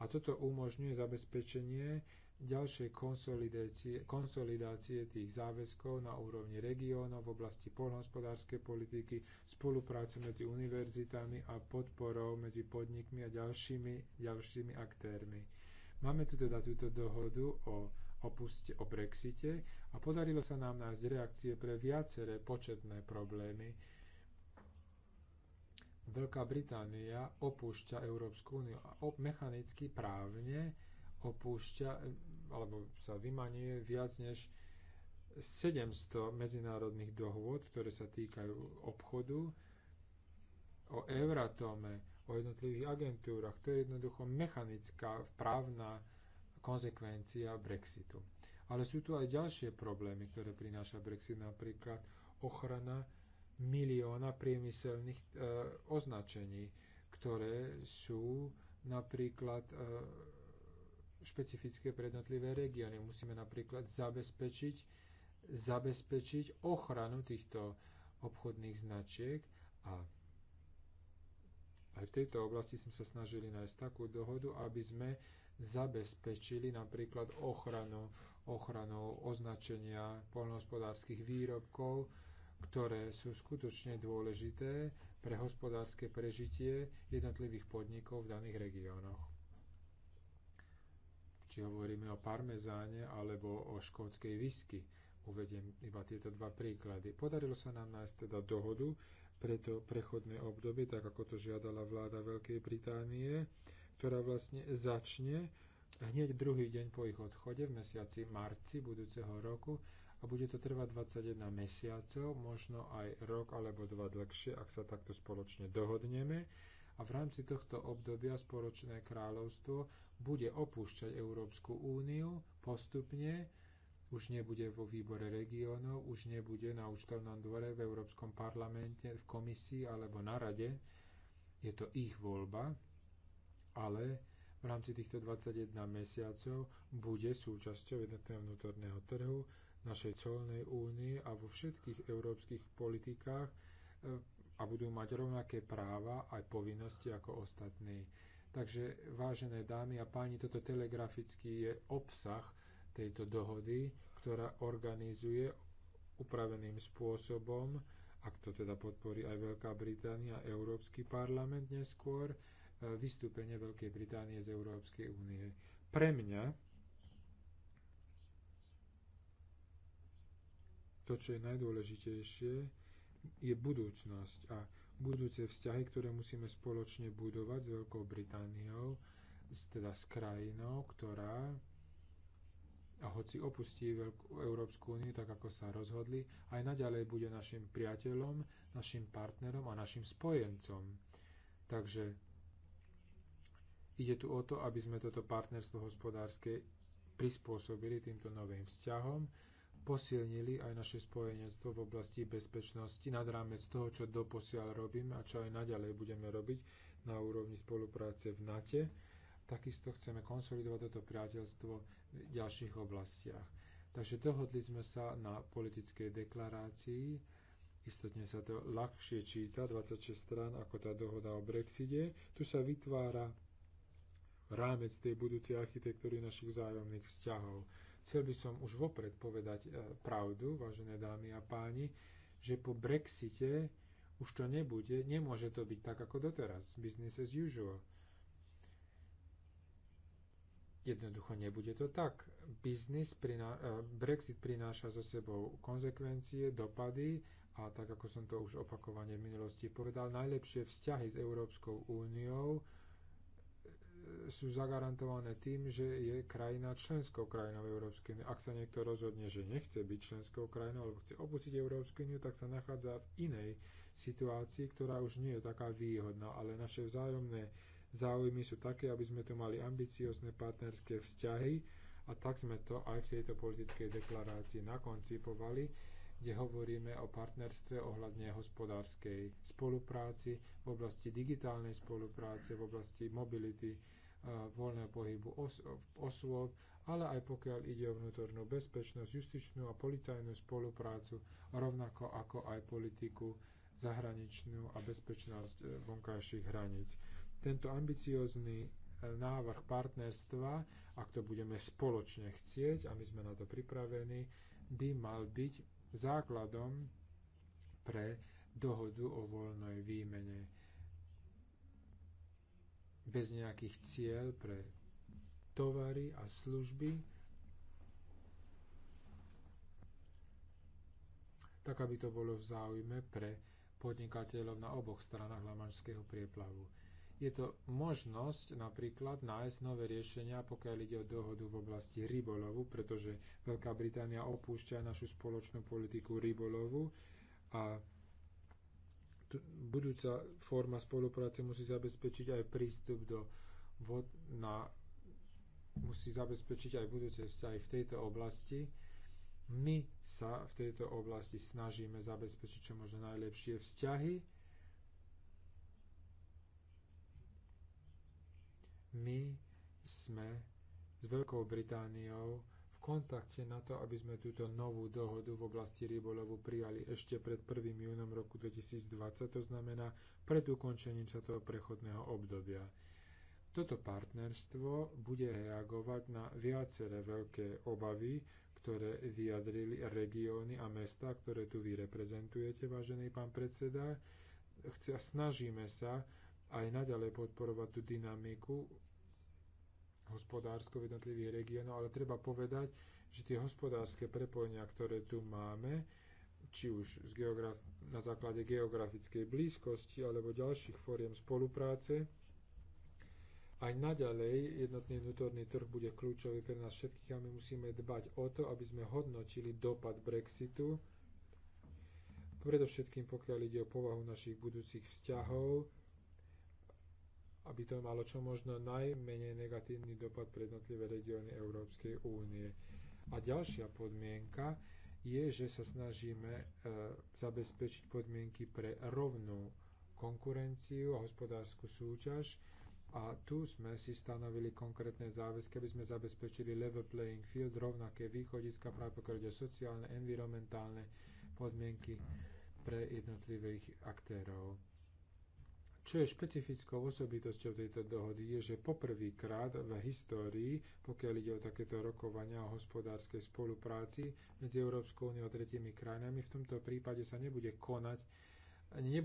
A toto umožňuje zabezpečenie ďalšej konsolidácie, konsolidácie tých záväzkov na úrovni regiónov v oblasti poľnohospodárskej politiky, spolupráce medzi univerzitami a podporou medzi podnikmi a ďalšími, ďalšími aktérmi. Máme tu teda túto dohodu o, opuste, o Brexite a podarilo sa nám nájsť reakcie pre viaceré početné problémy. Veľká Británia opúšťa Európsku úniu a mechanicky právne opúšťa alebo sa vymaňuje viac než 700 medzinárodných dohôd, ktoré sa týkajú obchodu, o Euratome, o jednotlivých agentúrach. To je jednoducho mechanická právna konsekvencia Brexitu. Ale sú tu aj ďalšie problémy, ktoré prináša Brexit, napríklad ochrana milióna priemyselných e, označení, ktoré sú napríklad e, špecifické pre jednotlivé regióny. Musíme napríklad zabezpečiť, zabezpečiť ochranu týchto obchodných značiek a aj v tejto oblasti sme sa snažili nájsť takú dohodu, aby sme zabezpečili napríklad ochranu, ochranu označenia poľnohospodárskych výrobkov, ktoré sú skutočne dôležité pre hospodárske prežitie jednotlivých podnikov v daných regiónoch či hovoríme o parmezáne alebo o škótskej whisky. Uvediem iba tieto dva príklady. Podarilo sa nám nájsť teda dohodu pre to prechodné obdobie, tak ako to žiadala vláda Veľkej Británie, ktorá vlastne začne hneď druhý deň po ich odchode v mesiaci marci budúceho roku a bude to trvať 21 mesiacov, možno aj rok alebo dva dlhšie, ak sa takto spoločne dohodneme a v rámci tohto obdobia spoločné kráľovstvo bude opúšťať Európsku úniu postupne, už nebude vo výbore regiónov, už nebude na účtovnom dvore, v Európskom parlamente, v komisii alebo na rade. Je to ich voľba, ale v rámci týchto 21 mesiacov bude súčasťou jednotného vnútorného trhu, našej colnej únie a vo všetkých európskych politikách eh, a budú mať rovnaké práva aj povinnosti ako ostatní. Takže, vážené dámy a páni, toto telegraficky je obsah tejto dohody, ktorá organizuje upraveným spôsobom, ak to teda podporí aj Veľká Británia a Európsky parlament neskôr, e, vystúpenie Veľkej Británie z Európskej únie. Pre mňa to, čo je najdôležitejšie, je budúcnosť a budúce vzťahy, ktoré musíme spoločne budovať s Veľkou Britániou, teda s krajinou, ktorá a hoci opustí Veľkú Európsku úniu, tak ako sa rozhodli, aj naďalej bude našim priateľom, našim partnerom a našim spojencom. Takže ide tu o to, aby sme toto partnerstvo hospodárske prispôsobili týmto novým vzťahom, posilnili aj naše spojenectvo v oblasti bezpečnosti nad rámec toho, čo doposiaľ robíme a čo aj naďalej budeme robiť na úrovni spolupráce v NATE. Takisto chceme konsolidovať toto priateľstvo v ďalších oblastiach. Takže dohodli sme sa na politickej deklarácii. Istotne sa to ľahšie číta, 26 strán, ako tá dohoda o Brexite. Tu sa vytvára rámec tej budúcej architektúry našich vzájomných vzťahov Chcel by som už vopred povedať e, pravdu, vážené dámy a páni, že po Brexite už to nebude, nemôže to byť tak ako doteraz, business as usual. Jednoducho nebude to tak. Business priná, e, Brexit prináša so sebou konzekvencie, dopady a tak ako som to už opakovane v minulosti povedal, najlepšie vzťahy s Európskou úniou sú zagarantované tým, že je krajina členskou krajinou Európskej únie. Ak sa niekto rozhodne, že nechce byť členskou krajinou alebo chce opustiť Európsku úniu, tak sa nachádza v inej situácii, ktorá už nie je taká výhodná, ale naše vzájomné záujmy sú také, aby sme tu mali ambiciozne partnerské vzťahy a tak sme to aj v tejto politickej deklarácii nakoncipovali kde hovoríme o partnerstve ohľadne hospodárskej spolupráci, v oblasti digitálnej spolupráce, v oblasti mobility, e, voľného pohybu osôb, ale aj pokiaľ ide o vnútornú bezpečnosť, justičnú a policajnú spoluprácu, rovnako ako aj politiku zahraničnú a bezpečnosť e, vonkajších hraníc. Tento ambiciózny e, návrh partnerstva, ak to budeme spoločne chcieť, a my sme na to pripravení, by mal byť základom pre dohodu o voľnej výmene. Bez nejakých cieľ pre tovary a služby, tak aby to bolo v záujme pre podnikateľov na oboch stranách Lamanšského prieplavu je to možnosť napríklad nájsť nové riešenia, pokiaľ ide o dohodu v oblasti rybolovu, pretože Veľká Británia opúšťa našu spoločnú politiku rybolovu a budúca forma spolupráce musí zabezpečiť aj prístup do vod na musí zabezpečiť aj budúce vzťahy v tejto oblasti. My sa v tejto oblasti snažíme zabezpečiť čo možno najlepšie vzťahy My sme s Veľkou Britániou v kontakte na to, aby sme túto novú dohodu v oblasti rybolovu prijali ešte pred 1. júnom roku 2020, to znamená pred ukončením sa toho prechodného obdobia. Toto partnerstvo bude reagovať na viaceré veľké obavy, ktoré vyjadrili regióny a mestá, ktoré tu vy reprezentujete, vážený pán predseda. Chce, snažíme sa aj naďalej podporovať tú dynamiku hospodársko v jednotlivých regiónoch, ale treba povedať, že tie hospodárske prepojenia, ktoré tu máme, či už na základe geografickej blízkosti alebo ďalších fóriem spolupráce, aj naďalej jednotný vnútorný trh bude kľúčový pre nás všetkých a my musíme dbať o to, aby sme hodnotili dopad Brexitu, predovšetkým pokiaľ ide o povahu našich budúcich vzťahov aby to malo čo možno najmenej negatívny dopad pre jednotlivé regióny Európskej únie. A ďalšia podmienka je, že sa snažíme e, zabezpečiť podmienky pre rovnú konkurenciu a hospodárskú súťaž. A tu sme si stanovili konkrétne záväzky, aby sme zabezpečili level playing field, rovnaké východiska, práve pokiaľ ide sociálne, environmentálne podmienky pre jednotlivých aktérov čo je špecifickou osobitosťou tejto dohody je, že poprvýkrát v histórii, pokiaľ ide o takéto rokovania o hospodárskej spolupráci medzi Európskou úniou a tretími krajinami, v tomto prípade sa nebude konať,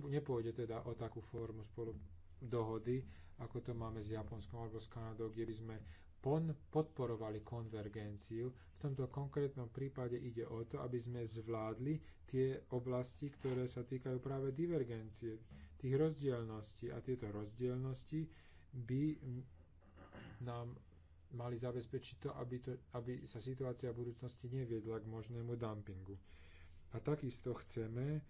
nepôjde teda o takú formu spolu dohody, ako to máme s Japonskom alebo s Kanadou, kde by sme pon podporovali konvergenciu. V tomto konkrétnom prípade ide o to, aby sme zvládli tie oblasti, ktoré sa týkajú práve divergencie, tých rozdielností. A tieto rozdielnosti by nám mali zabezpečiť to, aby, to, aby sa situácia v budúcnosti neviedla k možnému dumpingu. A takisto chceme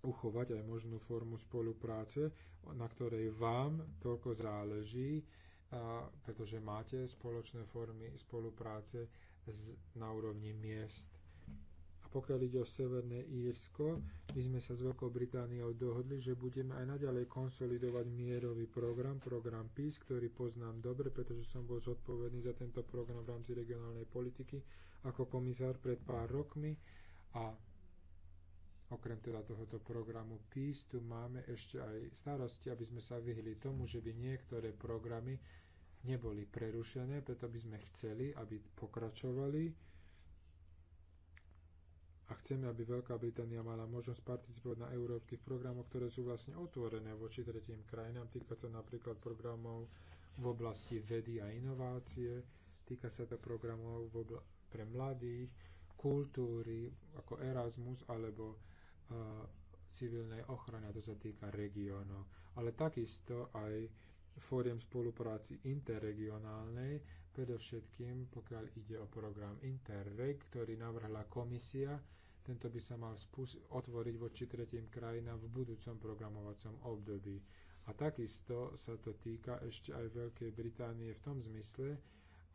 uchovať aj možnú formu spolupráce, na ktorej vám toľko záleží, a, pretože máte spoločné formy spolupráce z, na úrovni miest pokiaľ ide o Severné Írsko, my sme sa s Veľkou Britániou dohodli, že budeme aj naďalej konsolidovať mierový program, program PIS, ktorý poznám dobre, pretože som bol zodpovedný za tento program v rámci regionálnej politiky ako komisár pred pár rokmi. A okrem teda tohoto programu PIS, tu máme ešte aj starosti, aby sme sa vyhli tomu, že by niektoré programy neboli prerušené, preto by sme chceli, aby pokračovali a chceme, aby Veľká Británia mala možnosť participovať na európskych programoch, ktoré sú vlastne otvorené voči tretím krajinám. Týka sa napríklad programov v oblasti vedy a inovácie, týka sa to programov pre mladých, kultúry ako Erasmus alebo uh, civilnej ochrany, a to sa týka regiónov. Ale takisto aj fóriem spolupráci interregionálnej, predovšetkým pokiaľ ide o program Interreg, ktorý navrhla komisia tento by sa mal otvoriť voči tretím krajinám v budúcom programovacom období. A takisto sa to týka ešte aj Veľkej Británie v tom zmysle,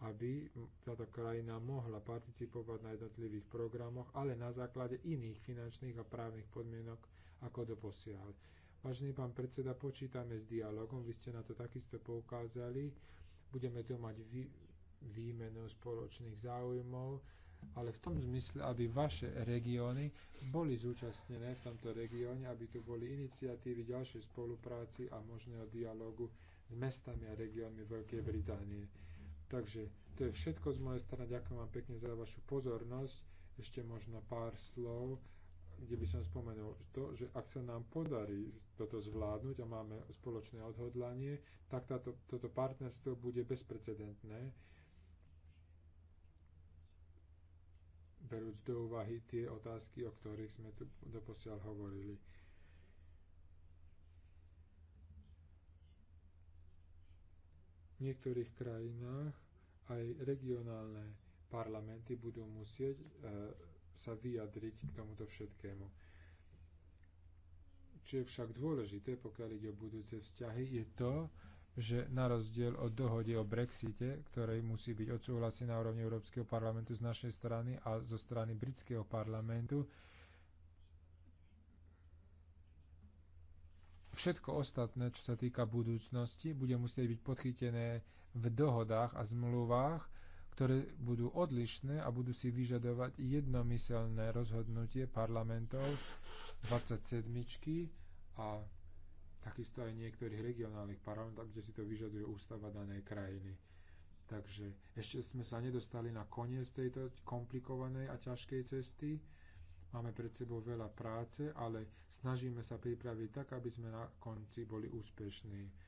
aby táto krajina mohla participovať na jednotlivých programoch, ale na základe iných finančných a právnych podmienok ako doposiaľ. Vážený pán predseda, počítame s dialogom, vy ste na to takisto poukázali. Budeme tu mať výmenu spoločných záujmov, ale v tom zmysle, aby vaše regióny boli zúčastnené v tomto regióne, aby tu boli iniciatívy ďalšej spolupráci a možného dialogu s mestami a regiónmi Veľkej Británie. Takže to je všetko z mojej strany. Ďakujem vám pekne za vašu pozornosť. Ešte možno pár slov, kde by som spomenul to, že ak sa nám podarí toto zvládnuť a máme spoločné odhodlanie, tak táto, toto partnerstvo bude bezprecedentné berúc do úvahy tie otázky, o ktorých sme tu doposiaľ hovorili. V niektorých krajinách aj regionálne parlamenty budú musieť e, sa vyjadriť k tomuto všetkému. Čo je však dôležité, pokiaľ ide o budúce vzťahy, je to, že na rozdiel od dohode o Brexite, ktorej musí byť odsúhlasená na úrovni Európskeho parlamentu z našej strany a zo strany britského parlamentu, všetko ostatné, čo sa týka budúcnosti, bude musieť byť podchytené v dohodách a zmluvách, ktoré budú odlišné a budú si vyžadovať jednomyselné rozhodnutie parlamentov 27 a takisto aj niektorých regionálnych parlamentov, kde si to vyžaduje ústava danej krajiny. Takže ešte sme sa nedostali na koniec tejto komplikovanej a ťažkej cesty. Máme pred sebou veľa práce, ale snažíme sa pripraviť tak, aby sme na konci boli úspešní.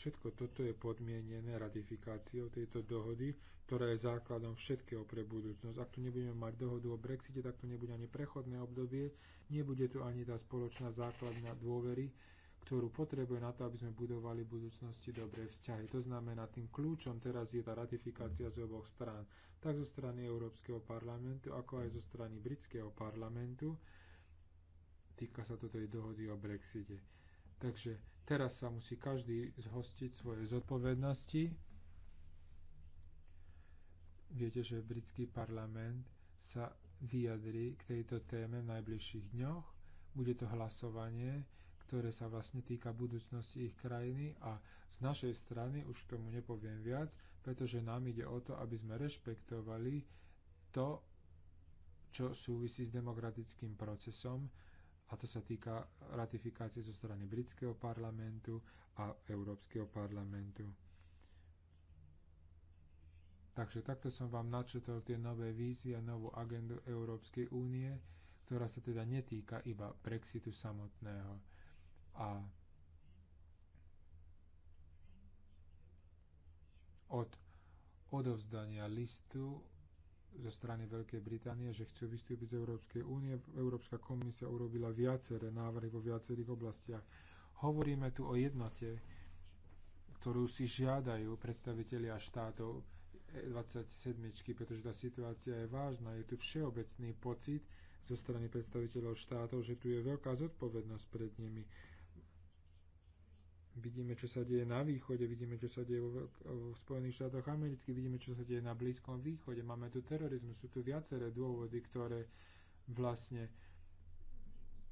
Všetko toto je podmienené ratifikáciou tejto dohody, ktorá je základom všetkého pre budúcnosť. Ak tu nebudeme mať dohodu o Brexite, tak tu nebude ani prechodné obdobie, nebude tu ani tá spoločná základná dôvery, ktorú potrebuje na to, aby sme budovali v budúcnosti dobré vzťahy. To znamená, tým kľúčom teraz je tá ratifikácia z oboch strán, tak zo strany Európskeho parlamentu, ako aj zo strany Britského parlamentu. Týka sa to tej dohody o Brexite. Takže teraz sa musí každý zhostiť svoje zodpovednosti. Viete, že britský parlament sa vyjadri k tejto téme v najbližších dňoch. Bude to hlasovanie, ktoré sa vlastne týka budúcnosti ich krajiny a z našej strany už k tomu nepoviem viac, pretože nám ide o to, aby sme rešpektovali to, čo súvisí s demokratickým procesom, a to sa týka ratifikácie zo strany britského parlamentu a európskeho parlamentu. Takže takto som vám načetol tie nové vízie, a novú agendu Európskej únie, ktorá sa teda netýka iba Brexitu samotného. A od odovzdania listu zo strany Veľkej Británie, že chcú vystúpiť z Európskej únie. Európska komisia urobila viaceré návrhy vo viacerých oblastiach. Hovoríme tu o jednote, ktorú si žiadajú predstavitelia štátov 27, e pretože tá situácia je vážna. Je tu všeobecný pocit zo strany predstaviteľov štátov, že tu je veľká zodpovednosť pred nimi Vidíme, čo sa deje na východe, vidíme, čo sa deje vo, v Spojených štátoch amerických, vidíme, čo sa deje na Blízkom východe. Máme tu terorizmus, sú tu viaceré dôvody, ktoré vlastne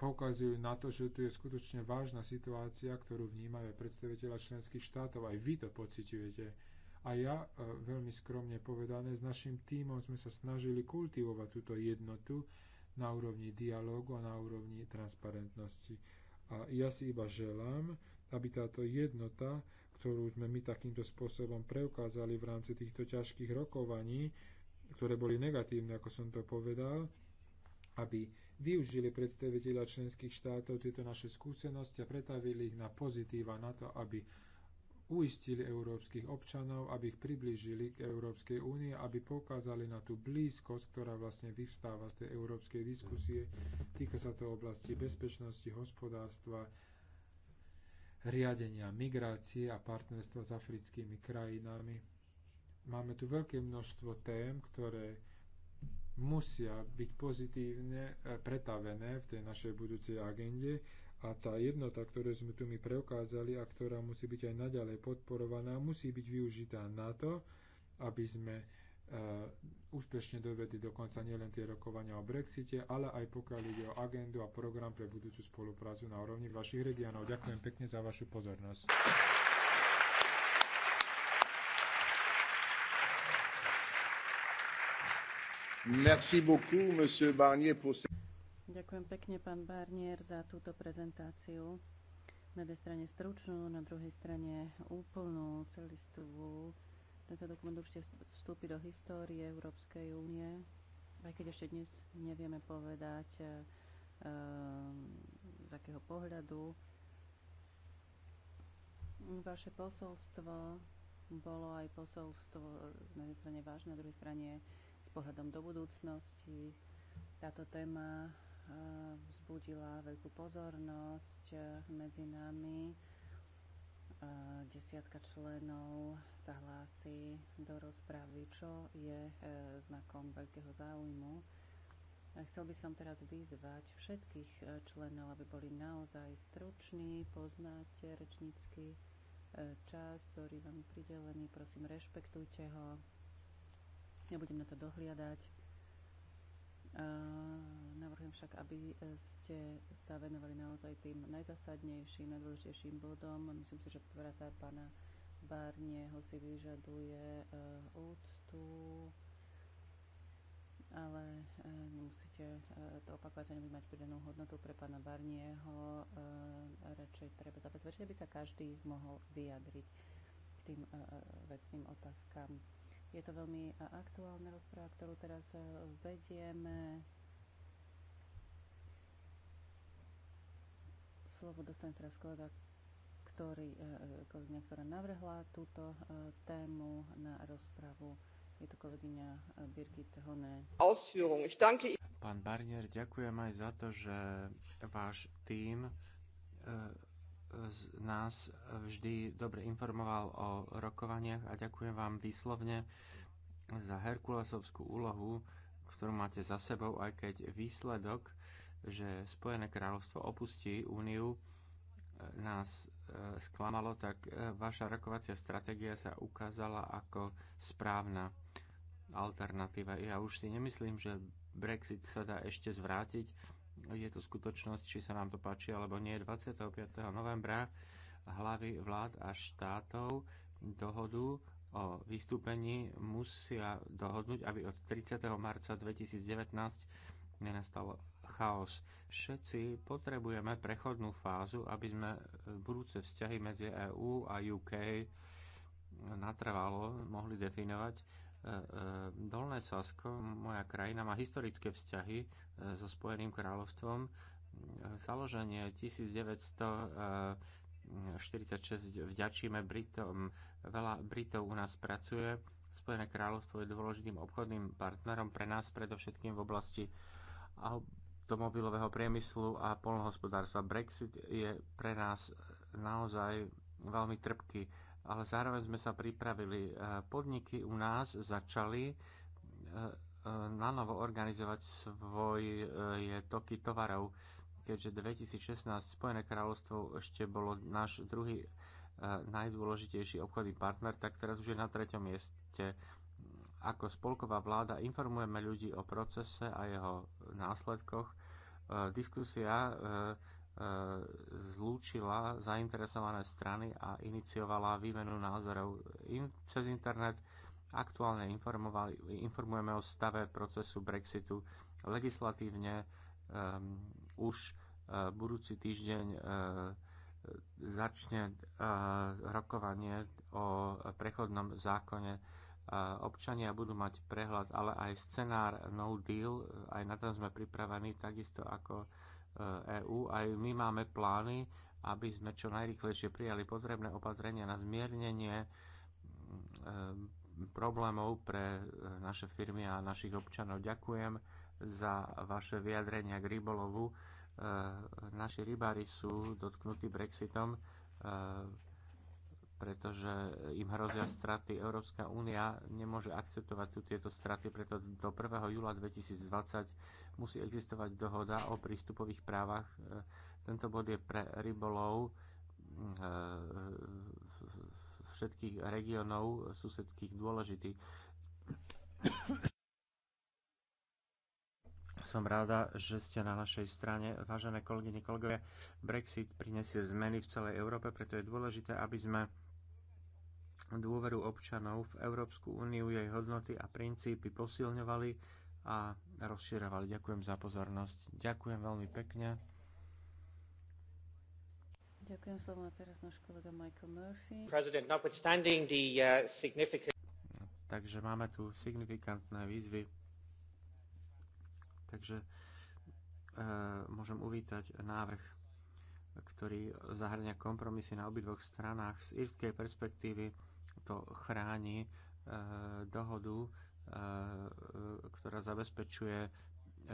poukazujú na to, že tu je skutočne vážna situácia, ktorú vnímajú predstaviteľa členských štátov. Aj vy to pociťujete. A ja, e, veľmi skromne povedané, s našim tímom sme sa snažili kultivovať túto jednotu na úrovni dialógu a na úrovni transparentnosti. A ja si iba želám, aby táto jednota, ktorú sme my takýmto spôsobom preukázali v rámci týchto ťažkých rokovaní, ktoré boli negatívne, ako som to povedal, aby využili predstaviteľa členských štátov tieto naše skúsenosti a pretavili ich na pozitíva na to, aby uistili európskych občanov, aby ich priblížili k Európskej únie, aby poukázali na tú blízkosť, ktorá vlastne vyvstáva z tej európskej diskusie. Týka sa to oblasti bezpečnosti, hospodárstva, riadenia migrácie a partnerstva s africkými krajinami. Máme tu veľké množstvo tém, ktoré musia byť pozitívne eh, pretavené v tej našej budúcej agende a tá jednota, ktorú sme tu my preukázali a ktorá musí byť aj naďalej podporovaná, musí byť využitá na to, aby sme E, úspešne dovedli dokonca nielen tie rokovania o Brexite, ale aj pokiaľ ide o agendu a program pre budúcu spoluprácu na úrovni vašich regiónov. Ďakujem pekne za vašu pozornosť. Merci beaucoup, monsieur Barnier, pour... Ďakujem pekne, pán Barnier, za túto prezentáciu. Na jednej strane stručnú, na druhej strane úplnú, celistvú tento dokument určite vstúpi do histórie Európskej únie, aj keď ešte dnes nevieme povedať, e, e, z akého pohľadu. Vaše posolstvo bolo aj posolstvo na jednej strane vážne, na druhej strane s pohľadom do budúcnosti. Táto téma e, vzbudila veľkú pozornosť medzi nami. Desiatka členov sa hlási do rozpravy, čo je e, znakom veľkého záujmu. E, chcel by som teraz vyzvať všetkých e, členov, aby boli naozaj struční, poznáte rečnícky čas, ktorý vám je pridelený. Prosím, rešpektujte ho. Ja budem na to dohliadať. Uh, navrhujem však, aby ste sa venovali naozaj tým najzasadnejším, najdôležitejším bodom. Myslím si, že práca pána Barnieho si vyžaduje eh, úctu, ale eh, musíte eh, to opakovať, nebude mať pridanú hodnotu pre pána Barnieho. Radšej treba zabezpečiť, aby sa každý mohol vyjadriť k tým vecným otázkam. Je to veľmi aktuálna rozpráva, ktorú teraz vedieme. Slovo dostane teraz kolega ktorý, e, e, kolegyňa, ktorá navrhla túto e, tému na rozpravu. Je to kolegyňa Birgit Honé. Pán Barnier, ďakujem aj za to, že váš tím z nás vždy dobre informoval o rokovaniach a ďakujem vám výslovne za Herkulesovskú úlohu, ktorú máte za sebou, aj keď výsledok, že Spojené kráľovstvo opustí úniu, nás E, sklamalo, tak e, vaša rokovacia stratégia sa ukázala ako správna alternatíva. Ja už si nemyslím, že Brexit sa dá ešte zvrátiť. Je to skutočnosť, či sa nám to páči alebo nie. 25. novembra hlavy vlád a štátov dohodu o vystúpení musia dohodnúť, aby od 30. marca 2019 nenastal chaos. Všetci potrebujeme prechodnú fázu, aby sme e, budúce vzťahy medzi EÚ a UK natrvalo mohli definovať. E, e, Dolné Sasko, moja krajina, má historické vzťahy so Spojeným kráľovstvom. Založenie 1946 vďačíme Britom. Veľa Britov u nás pracuje. Spojené kráľovstvo je dôležitým obchodným partnerom pre nás, predovšetkým v oblasti automobilového priemyslu a polnohospodárstva. Brexit je pre nás naozaj veľmi trpký, ale zároveň sme sa pripravili. E, podniky u nás začali e, e, na novo organizovať svoje toky tovarov, keďže 2016 Spojené kráľovstvo ešte bolo náš druhý najdôležitejší obchodný partner, tak teraz už je na treťom mieste ako spolková vláda informujeme ľudí o procese a jeho následkoch. E, diskusia e, e, zlúčila zainteresované strany a iniciovala výmenu názorov cez internet. Aktuálne informujeme o stave procesu Brexitu legislatívne. už budúci týždeň začne rokovanie o prechodnom zákone občania budú mať prehľad, ale aj scenár no deal, aj na to sme pripravení, takisto ako EÚ. E aj my máme plány, aby sme čo najrychlejšie prijali potrebné opatrenia na zmiernenie e, problémov pre e, naše firmy a našich občanov. Ďakujem za vaše vyjadrenia k rybolovu. Naši rybári sú dotknutí Brexitom pretože im hrozia straty. Európska únia nemôže akceptovať tu tieto straty, preto do 1. júla 2020 musí existovať dohoda o prístupových právach. E, tento bod je pre rybolov e, všetkých regiónov susedských dôležitý. Som ráda, že ste na našej strane. Vážené kolegyne, kolegovia, Brexit prinesie zmeny v celej Európe, preto je dôležité, aby sme dôveru občanov v Európsku úniu, jej hodnoty a princípy posilňovali a rozširovali. Ďakujem za pozornosť. Ďakujem veľmi pekne. Ďakujem slovo a teraz náš kolega Michael Murphy. President, notwithstanding the uh, significant... Takže máme tu signifikantné výzvy. Takže uh, môžem uvítať návrh, ktorý zahrňa kompromisy na obidvoch stranách. Z írskej perspektívy to chráni e, dohodu, e, ktorá zabezpečuje,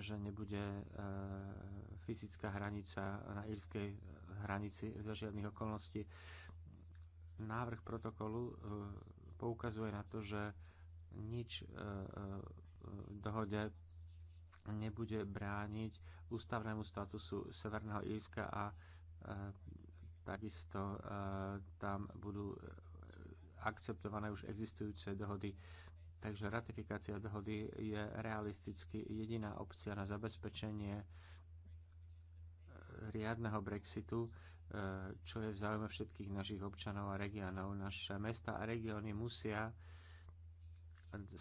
že nebude e, fyzická hranica na írskej hranici za žiadnych okolností. Návrh protokolu poukazuje na to, že nič v dohode nebude brániť ústavnému statusu Severného Írska a takisto tam budú akceptované už existujúce dohody. Takže ratifikácia dohody je realisticky jediná opcia na zabezpečenie eh, riadneho Brexitu, eh, čo je v záujme všetkých našich občanov a regiónov. Naše mesta a regióny musia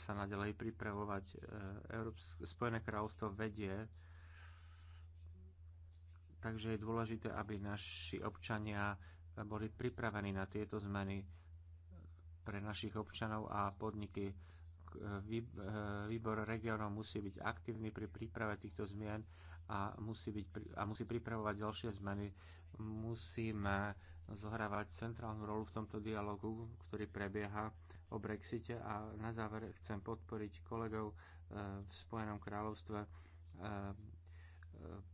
sa naďalej pripravovať. Eh, Európske, Spojené kráľovstvo vedie, takže je dôležité, aby naši občania boli pripravení na tieto zmeny pre našich občanov a podniky. E, e, výbor regionov musí byť aktívny pri príprave týchto zmien a musí, byť, a musí pripravovať ďalšie zmeny. Musíme zohrávať centrálnu rolu v tomto dialogu, ktorý prebieha o Brexite a na záver chcem podporiť kolegov e, v Spojenom kráľovstve,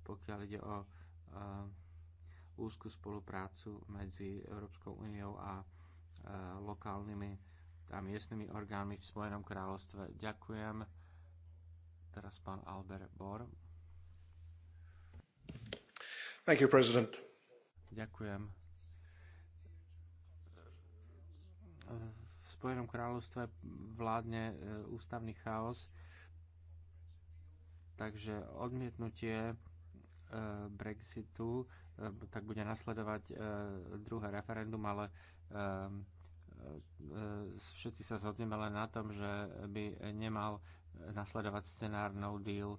pokiaľ ide o úzkú spoluprácu medzi Európskou úniou a E, lokálnymi a miestnymi orgánmi v Spojenom kráľovstve. Ďakujem. Teraz pán Albert Bor. Thank you, President. Ďakujem. V Spojenom kráľovstve vládne e, ústavný chaos, takže odmietnutie e, Brexitu Ehm, tak bude nasledovať ehm, druhé referendum, ale ehm, všetci sa zhodneme len na tom, že by nemal nasledovať scenár no deal.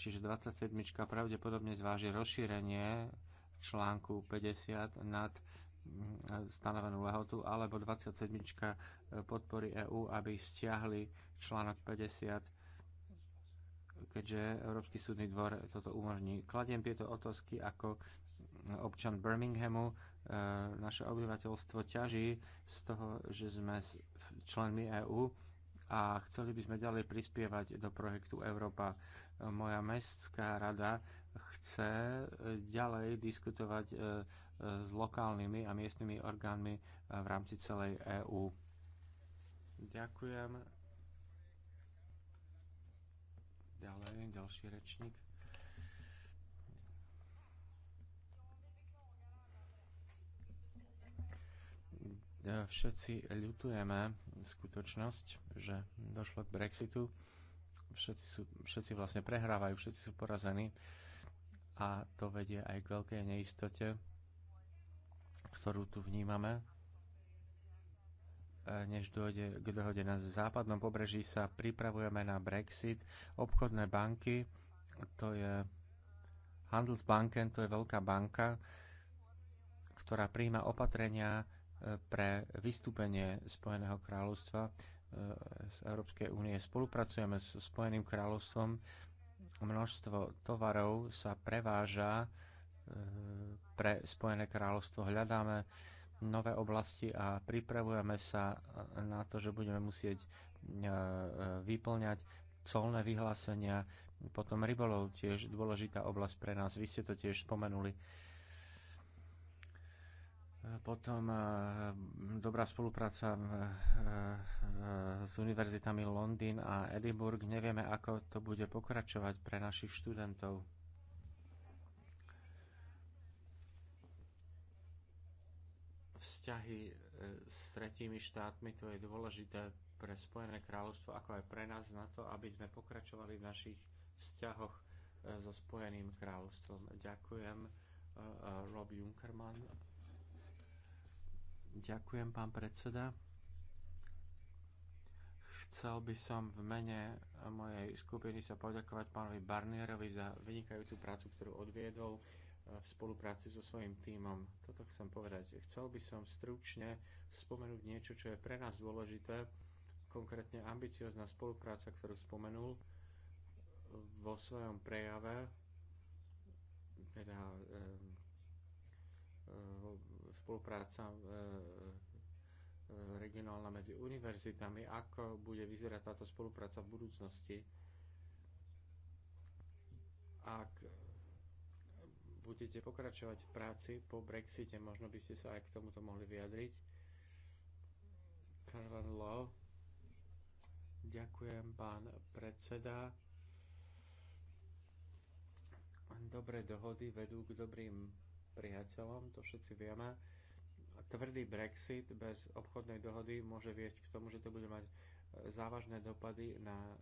Čiže 27. pravdepodobne zváži rozšírenie článku 50 nad mm, stanovenú lehotu, alebo 27. podpory EÚ, aby stiahli článok 50 keďže Európsky súdny dvor toto umožní. Kladiem tieto otázky ako občan Birminghamu. E, naše obyvateľstvo ťaží z toho, že sme členmi EÚ a chceli by sme ďalej prispievať do projektu Európa. E, moja mestská rada chce ďalej diskutovať e, s lokálnymi a miestnymi orgánmi v rámci celej EÚ. Ďakujem Ďalej, ďalší rečník. Všetci ľutujeme skutočnosť, že došlo k Brexitu. Všetci, sú, všetci vlastne prehrávajú, všetci sú porazení a to vedie aj k veľkej neistote, ktorú tu vnímame než dojde k dohode na západnom pobreží, sa pripravujeme na Brexit. Obchodné banky, to je Handelsbanken, to je veľká banka, ktorá príjma opatrenia e, pre vystúpenie Spojeného kráľovstva e, z Európskej únie. Spolupracujeme s Spojeným kráľovstvom. Množstvo tovarov sa preváža e, pre Spojené kráľovstvo. Hľadáme nové oblasti a pripravujeme sa e, na to, že budeme musieť e, e, vyplňať colné vyhlásenia, potom rybolov tiež dôležitá oblasť pre nás, vy ste to tiež spomenuli. Potom dobrá spolupráca s univerzitami Londýn a Edinburgh. Nevieme, ako to bude pokračovať pre našich študentov. vzťahy e, s tretími štátmi, to je dôležité pre Spojené kráľovstvo, ako aj pre nás na to, aby sme pokračovali v našich vzťahoch e, so Spojeným kráľovstvom. Ďakujem, e, Rob Junkerman. Ďakujem, pán predseda. Chcel by som v mene mojej skupiny sa poďakovať pánovi Barnierovi za vynikajúcu prácu, ktorú odviedol v spolupráci so svojím tímom. Toto chcem povedať. Chcel by som stručne spomenúť niečo, čo je pre nás dôležité, konkrétne ambiciozná spolupráca, ktorú spomenul vo svojom prejave, teda e, e, spolupráca e, e regionálna medzi univerzitami, ako bude vyzerať táto spolupráca v budúcnosti, ak budete pokračovať v práci po Brexite. Možno by ste sa aj k tomuto mohli vyjadriť. Carvan Law. Ďakujem, pán predseda. Dobré dohody vedú k dobrým priateľom, to všetci vieme. Tvrdý Brexit bez obchodnej dohody môže viesť k tomu, že to bude mať e, závažné dopady na e,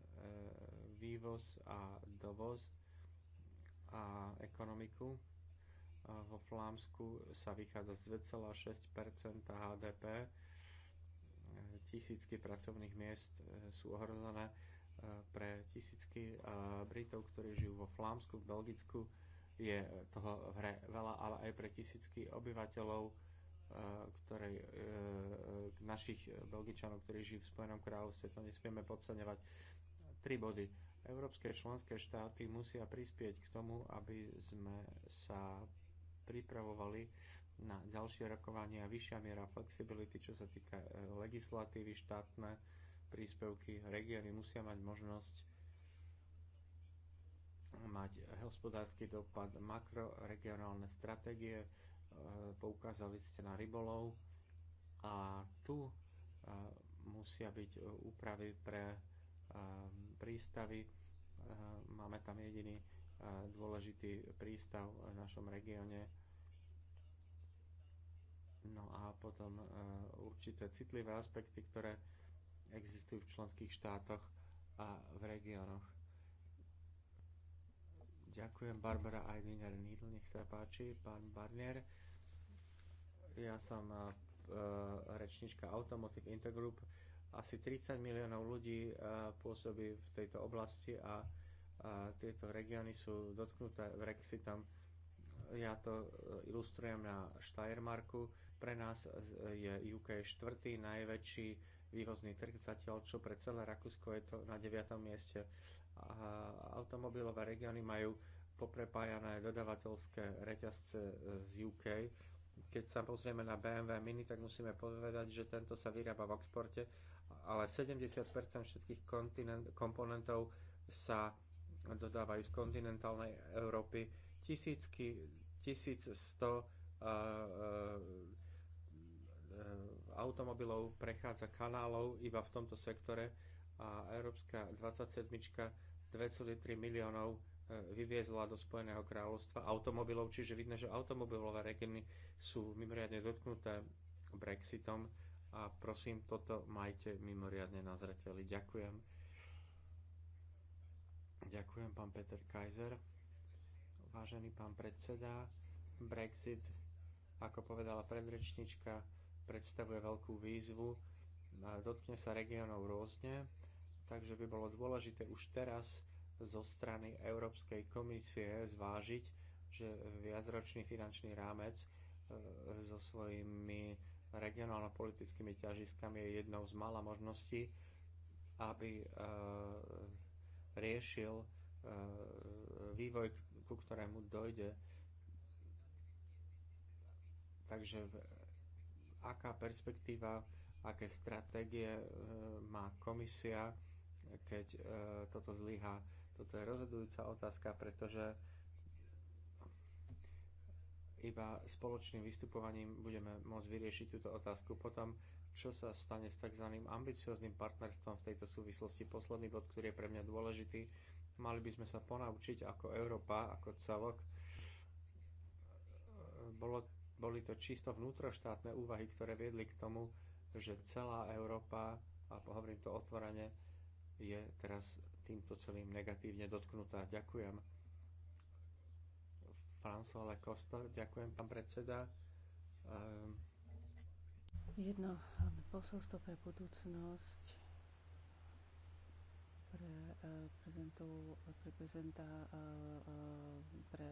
vývoz a dovoz a ekonomiku vo Flámsku sa vychádza z 2,6 HDP. Tisícky pracovných miest e, sú ohrozené e, pre tisícky e, Britov, ktorí žijú vo Flámsku, v Belgicku. Je toho v hre veľa, ale aj pre tisícky obyvateľov ktoré, našich Belgičanov, ktorí žijú v Spojenom kráľovstve. To nesmieme podceňovať. Tri body európske členské štáty musia prispieť k tomu, aby sme sa pripravovali na ďalšie rokovania vyššia miera flexibility, čo sa týka e, legislatívy, štátne príspevky. Regióny musia mať možnosť mať hospodársky dopad, makroregionálne stratégie, e, poukázali ste na rybolov a tu e, musia byť úpravy pre prístavy. Máme tam jediný dôležitý prístav v našom regióne. No a potom e, určité citlivé aspekty, ktoré existujú v členských štátoch a v regiónoch. Ďakujem Barbara Eidinger Needle, nech sa páči, pán Barnier. Ja som e, rečnička Automotive Intergroup. Asi 30 miliónov ľudí e, pôsobí v tejto oblasti a a tieto regióny sú dotknuté Brexitom. Ja to e, ilustrujem na Steiermarku. Pre nás e, je UK štvrtý najväčší vývozný trh, zatiaľ čo pre celé Rakúsko je to na 9. mieste. A automobilové regióny majú poprepájané dodavateľské reťazce e, z UK. Keď sa pozrieme na BMW Mini, tak musíme povedať, že tento sa vyrába v exporte, ale 70% všetkých komponentov sa dodávajú z kontinentálnej Európy tisícky, 1100 automobilov prechádza kanálov iba v tomto sektore a Európska 27 2,3 miliónov e, vyviezla do Spojeného kráľovstva automobilov, čiže vidno, že automobilové regióny sú mimoriadne dotknuté Brexitom a prosím, toto majte mimoriadne na zreteli. Ďakujem. Ďakujem, pán Peter Kaiser. Vážený pán predseda, Brexit, ako povedala predrečnička, predstavuje veľkú výzvu. Dotkne sa regiónov rôzne, takže by bolo dôležité už teraz zo strany Európskej komisie zvážiť, že viacročný finančný rámec e, so svojimi regionálno-politickými ťažiskami je jednou z mála možností, aby e, riešil e, vývoj, ku ktorému dojde. Takže aká perspektíva, aké stratégie e, má komisia, keď e, toto zlyhá. Toto je rozhodujúca otázka, pretože iba spoločným vystupovaním budeme môcť vyriešiť túto otázku. Potom čo sa stane s tzv. ambiciozným partnerstvom v tejto súvislosti. Posledný bod, ktorý je pre mňa dôležitý, mali by sme sa ponaučiť ako Európa, ako celok. Bolo, boli to čisto vnútroštátne úvahy, ktoré viedli k tomu, že celá Európa, a hovorím to otvorene, je teraz týmto celým negatívne dotknutá. Ďakujem. François Lecosta, ďakujem, pán predseda. Ehm. Jedno posolstvo pre budúcnosť pre e, prezentov, e, e, pre prezenta, pre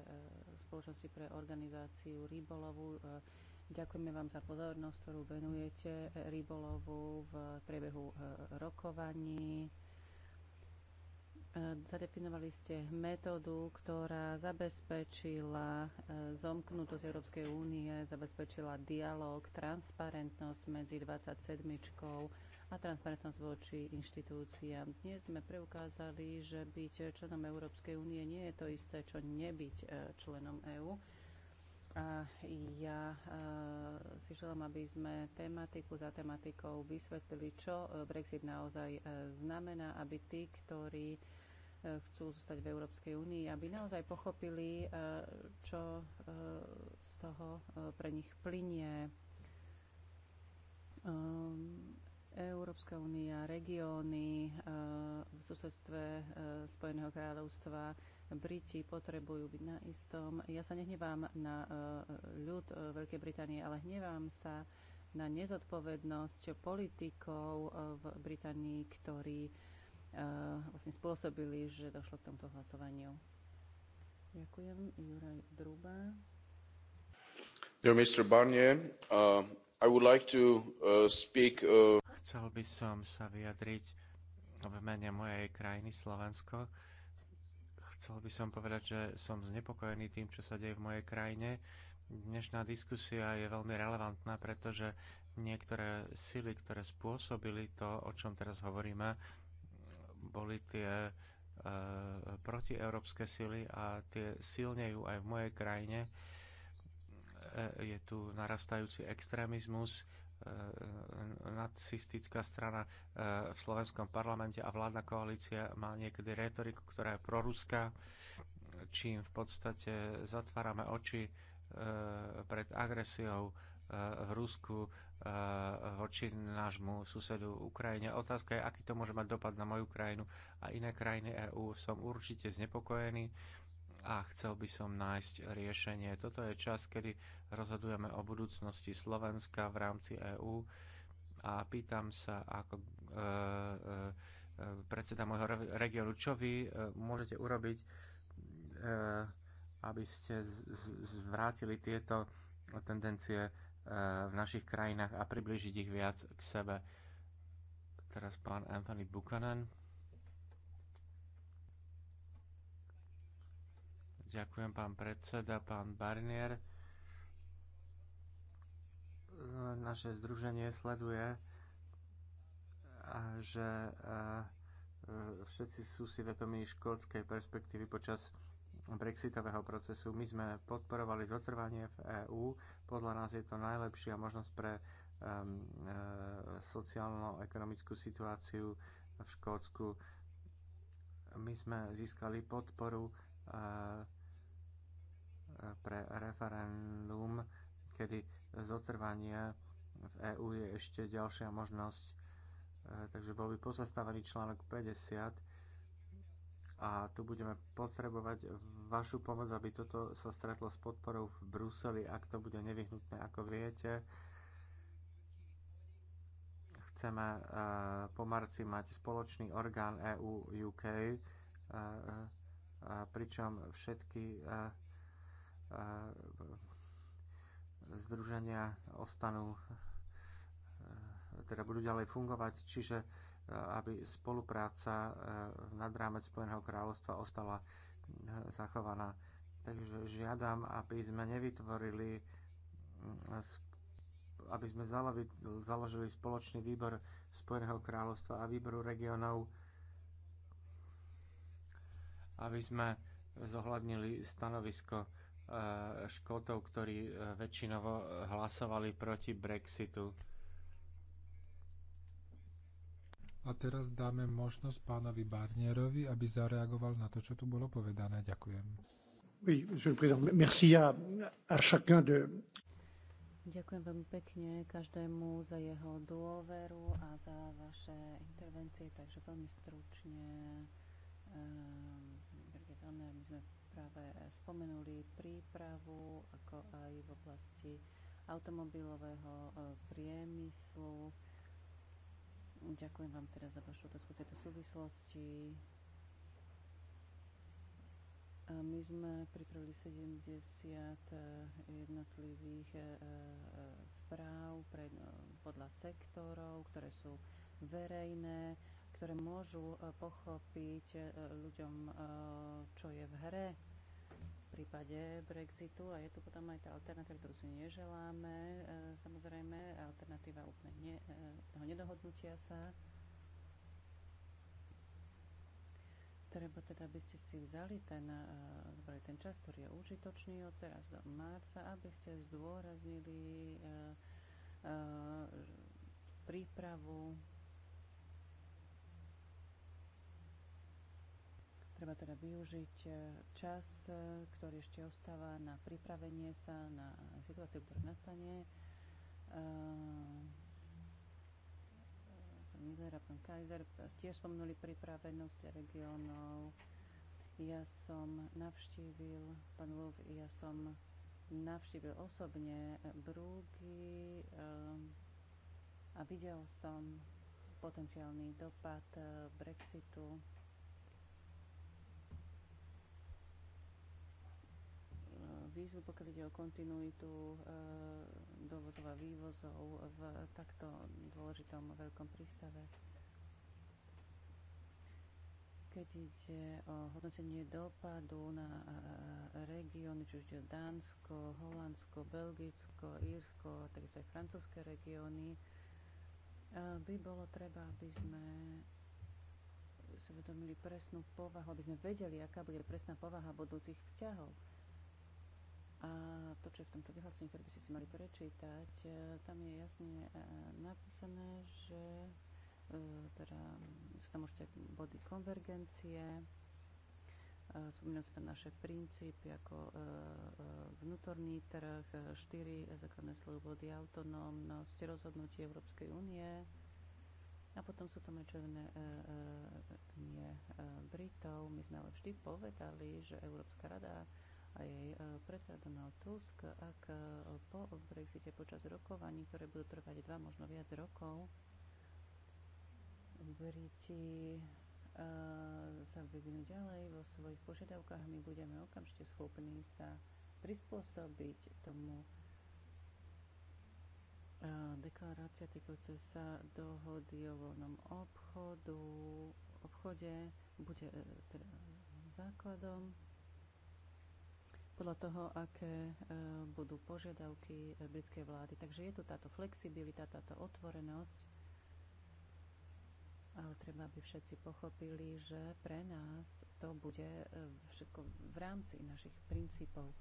spoločnosti pre organizáciu rybolovu. Ďakujeme vám za pozornosť, ktorú venujete rybolovu v priebehu rokovaní. Zadefinovali ste metódu, ktorá zabezpečila e, zomknutosť Európskej únie, zabezpečila dialog, transparentnosť medzi 27 a transparentnosť voči inštitúciám. Dnes sme preukázali, že byť členom Európskej únie nie je to isté, čo nebyť e, členom EÚ. A ja e, si želám, aby sme tematiku za tematikou vysvetlili, čo Brexit naozaj znamená, aby tí, ktorí chcú zostať v Európskej únii, aby naozaj pochopili, eh, čo eh, z toho eh, pre nich plinie. Ehm, Európska únia, regióny v susedstve Spojeného kráľovstva, Briti potrebujú byť na istom. Ja sa nehnevám na ľud Veľkej Británie, ale hnevám sa na nezodpovednosť politikov v Británii, ktorí Eh, vlastne spôsobili, že došlo k tomto hlasovaniu. Ďakujem. Juraj Druba. Dear Mr. Barnier, uh, I would like to uh, speak... Uh... Chcel by som sa vyjadriť v mene mojej krajiny Slovensko. Chcel by som povedať, že som znepokojený tým, čo sa deje v mojej krajine. Dnešná diskusia je veľmi relevantná, pretože niektoré sily, ktoré spôsobili to, o čom teraz hovoríme, boli tie e, protieurópske sily a tie silnejú aj v mojej krajine. E, je tu narastajúci extrémizmus, e, nacistická strana e, v slovenskom parlamente a vládna koalícia má niekedy retoriku, ktorá je proruská, čím v podstate zatvárame oči e, pred agresiou v Rusku voči nášmu susedu Ukrajine. Otázka je, aký to môže mať dopad na moju krajinu a iné krajiny EÚ. Som určite znepokojený a chcel by som nájsť riešenie. Toto je čas, kedy rozhodujeme o budúcnosti Slovenska v rámci EÚ a pýtam sa ako e, e, predseda môjho regiónu, čo vy e, môžete urobiť, e, aby ste zvrátili tieto tendencie v našich krajinách a približiť ich viac k sebe. Teraz pán Anthony Buchanan. Ďakujem pán predseda, pán Barnier. Naše združenie sleduje, že eh, všetci sú si vedomí škótskej perspektívy počas brexitového procesu. My sme podporovali zotrvanie v EÚ. Podľa nás je to najlepšia možnosť pre um, e, sociálno-ekonomickú situáciu v Škótsku. My sme získali podporu e, pre referendum, kedy zotrvanie v EÚ je ešte ďalšia možnosť. E, takže bol by pozastavený článok 50 a tu budeme potrebovať vašu pomoc, aby toto sa stretlo s podporou v Bruseli, ak to bude nevyhnutné, ako viete. Chceme eh, po marci mať spoločný orgán EU-UK, eh, eh, pričom všetky združenia ostanú, teda budú ďalej fungovať, čiže aby spolupráca e, nad rámec Spojeného kráľovstva ostala e, zachovaná. Takže žiadam, aby sme nevytvorili, mm, aby sme založili spoločný výbor Spojeného kráľovstva a výboru regionov, aby sme zohľadnili stanovisko e, Škótov, ktorí väčšinovo hlasovali proti Brexitu. A teraz dáme možnosť pánovi Barnierovi, aby zareagoval na to, čo tu bolo povedané. Ďakujem. Oui, monsieur le président, merci à, à chacun de... Ďakujem veľmi pekne každému za jeho dôveru a za vaše intervencie, takže veľmi stručne. Ehm, Birgit um, my sme práve spomenuli prípravu, ako aj v oblasti automobilového e, priemyslu Ďakujem vám teraz za vašu otázku tejto súvislosti. My sme pripravili 70 eh, jednotlivých eh, eh, správ podľa sektorov, ktoré sú verejné, ktoré môžu pochopiť ľuďom, čo je v hre prípade Brexitu a je tu potom aj tá alternatíva, ktorú si neželáme, e, samozrejme, alternatíva úplne ne, e, toho nedohodnutia sa. Treba teda, aby ste si vzali ten, vzali e, ten čas, ktorý je užitočný od teraz do marca, aby ste zdôraznili prípravu treba teda využiť e, čas, e, ktorý ešte ostáva na pripravenie sa na situáciu, ktorá nastane. E, pán Miller a pán Kaiser tiež spomenuli pripravenosť regionov. Ja som navštívil, pán Lov, ja som navštívil osobne Brúgy a videl som potenciálny dopad Brexitu výzvu, pokiaľ ide o kontinuitu eh, dovozov a vývozov v takto dôležitom veľkom prístave. Keď ide o hodnotenie dopadu na eh, regióny, či už Dánsko, Holandsko, Belgicko, Írsko, takisto aj francúzske regióny, eh, by bolo treba, aby sme si uvedomili presnú povahu, aby sme vedeli, aká bude presná povaha budúcich vzťahov. A to, čo je v tomto vyhlásení, ktoré by ste si mali prečítať, e, tam je jasne e, napísané, že e, teda, sú tam určite body konvergencie, spomínajú sa tam naše princípy ako vnútorný trh, štyri základné slobody, autonómnosť, rozhodnutie Európskej únie, a potom sú tam aj červené Britov. My sme ale vždy povedali, že Európska rada a jej e, predseda Donald Tusk, ak e, po Brexite počas rokovaní, ktoré budú trvať dva, možno viac rokov, Briti e, sa vyvinú ďalej vo svojich požiadavkách, my budeme okamžite schopní sa prispôsobiť tomu deklarácia týkajúca sa dohody o voľnom obchodu, obchode bude teda základom podľa toho, aké e, budú požiadavky e, britskej vlády. Takže je tu táto flexibilita, táto otvorenosť, ale treba, aby všetci pochopili, že pre nás to bude e, všetko v rámci našich princípov.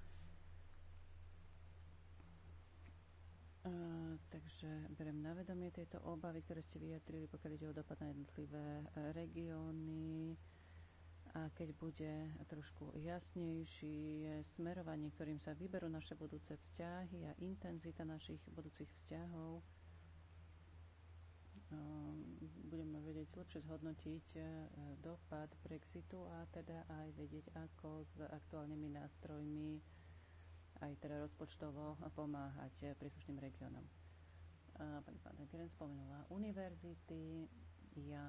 takže berem na vedomie tieto obavy, ktoré ste vyjadrili, pokiaľ ide o dopad na jednotlivé regióny, a keď bude trošku jasnejšie smerovanie, ktorým sa vyberú naše budúce vzťahy a intenzita našich budúcich vzťahov, um, budeme vedieť lepšie zhodnotiť eh, dopad Brexitu a teda aj vedieť, ako s aktuálnymi nástrojmi aj teda rozpočtovo pomáhať príslušným regiónom. Pani Pána Gren spomenula univerzity. Ja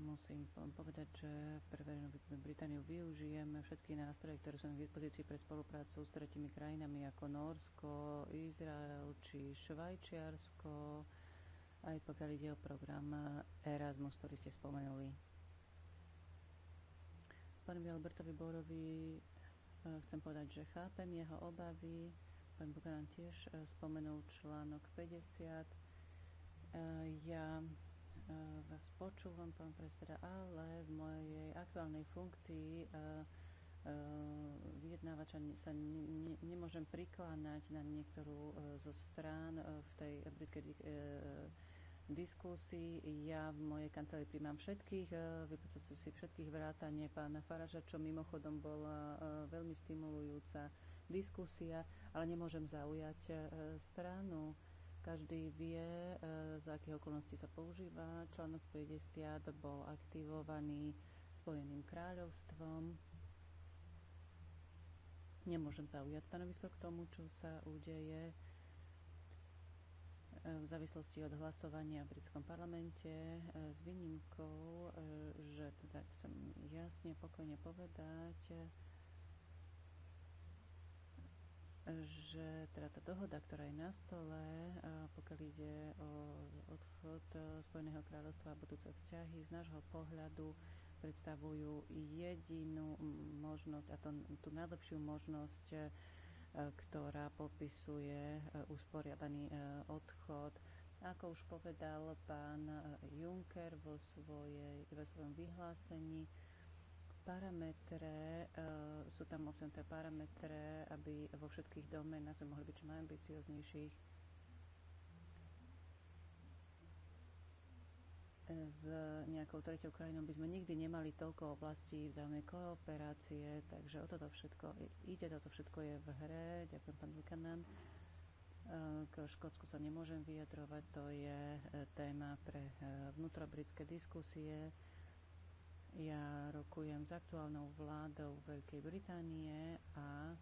Musím povedať, že pre verejnú Britániu využijeme všetky nástroje, ktoré sú k dispozícii pre spoluprácu s tretimi krajinami ako Norsko, Izrael či Švajčiarsko, aj pokiaľ ide o program Erasmus, ktorý ste spomenuli. Pánovi Albertovi Borovi e, chcem povedať, že chápem jeho obavy. Pán Bugan tiež e, spomenul článok 50. E, ja Eh, vás počúvam, pán predseda, ale v mojej aktuálnej funkcii eh, eh, vyjednávača sa nemôžem prikláňať na niektorú zo strán v tej britskej diskusii. Ja v mojej kancelárii príjmam všetkých, vypočujem si všetkých vrátane pána Faraža, čo mimochodom bola veľmi stimulujúca diskusia, ale nemôžem zaujať stranu. Každý vie, e, za aké okolnosti sa používa. Článok 50 bol aktivovaný Spojeným kráľovstvom. Nemôžem zaujať stanovisko k tomu, čo sa udeje e, v závislosti od hlasovania v britskom parlamente e, s výnimkou, že teda chcem jasne, pokojne povedať, že teda tá dohoda, ktorá je na stole, pokiaľ ide o odchod e, Spojeného kráľovstva a budúce vzťahy, z nášho pohľadu predstavujú jedinú možnosť, a to, tú najlepšiu možnosť, e, ktorá popisuje e, usporiadaný odchod. Ako už povedal pán Juncker vo, svojej, vo svojom vyhlásení, parametre, eh, sú tam obsahnuté parametre, aby vo všetkých domenách sme mohli byť čo najambicioznejších. S nejakou treťou krajinou by sme nikdy nemali toľko oblastí vzájomnej kooperácie, takže o toto všetko ide, toto všetko je v hre. Ďakujem, pán Vikanen. Eh, k Škótsku sa nemôžem vyjadrovať, to je eh, téma pre vnútrobritské diskusie. Ja rokujem s aktuálnou vládou Veľkej Británie a e,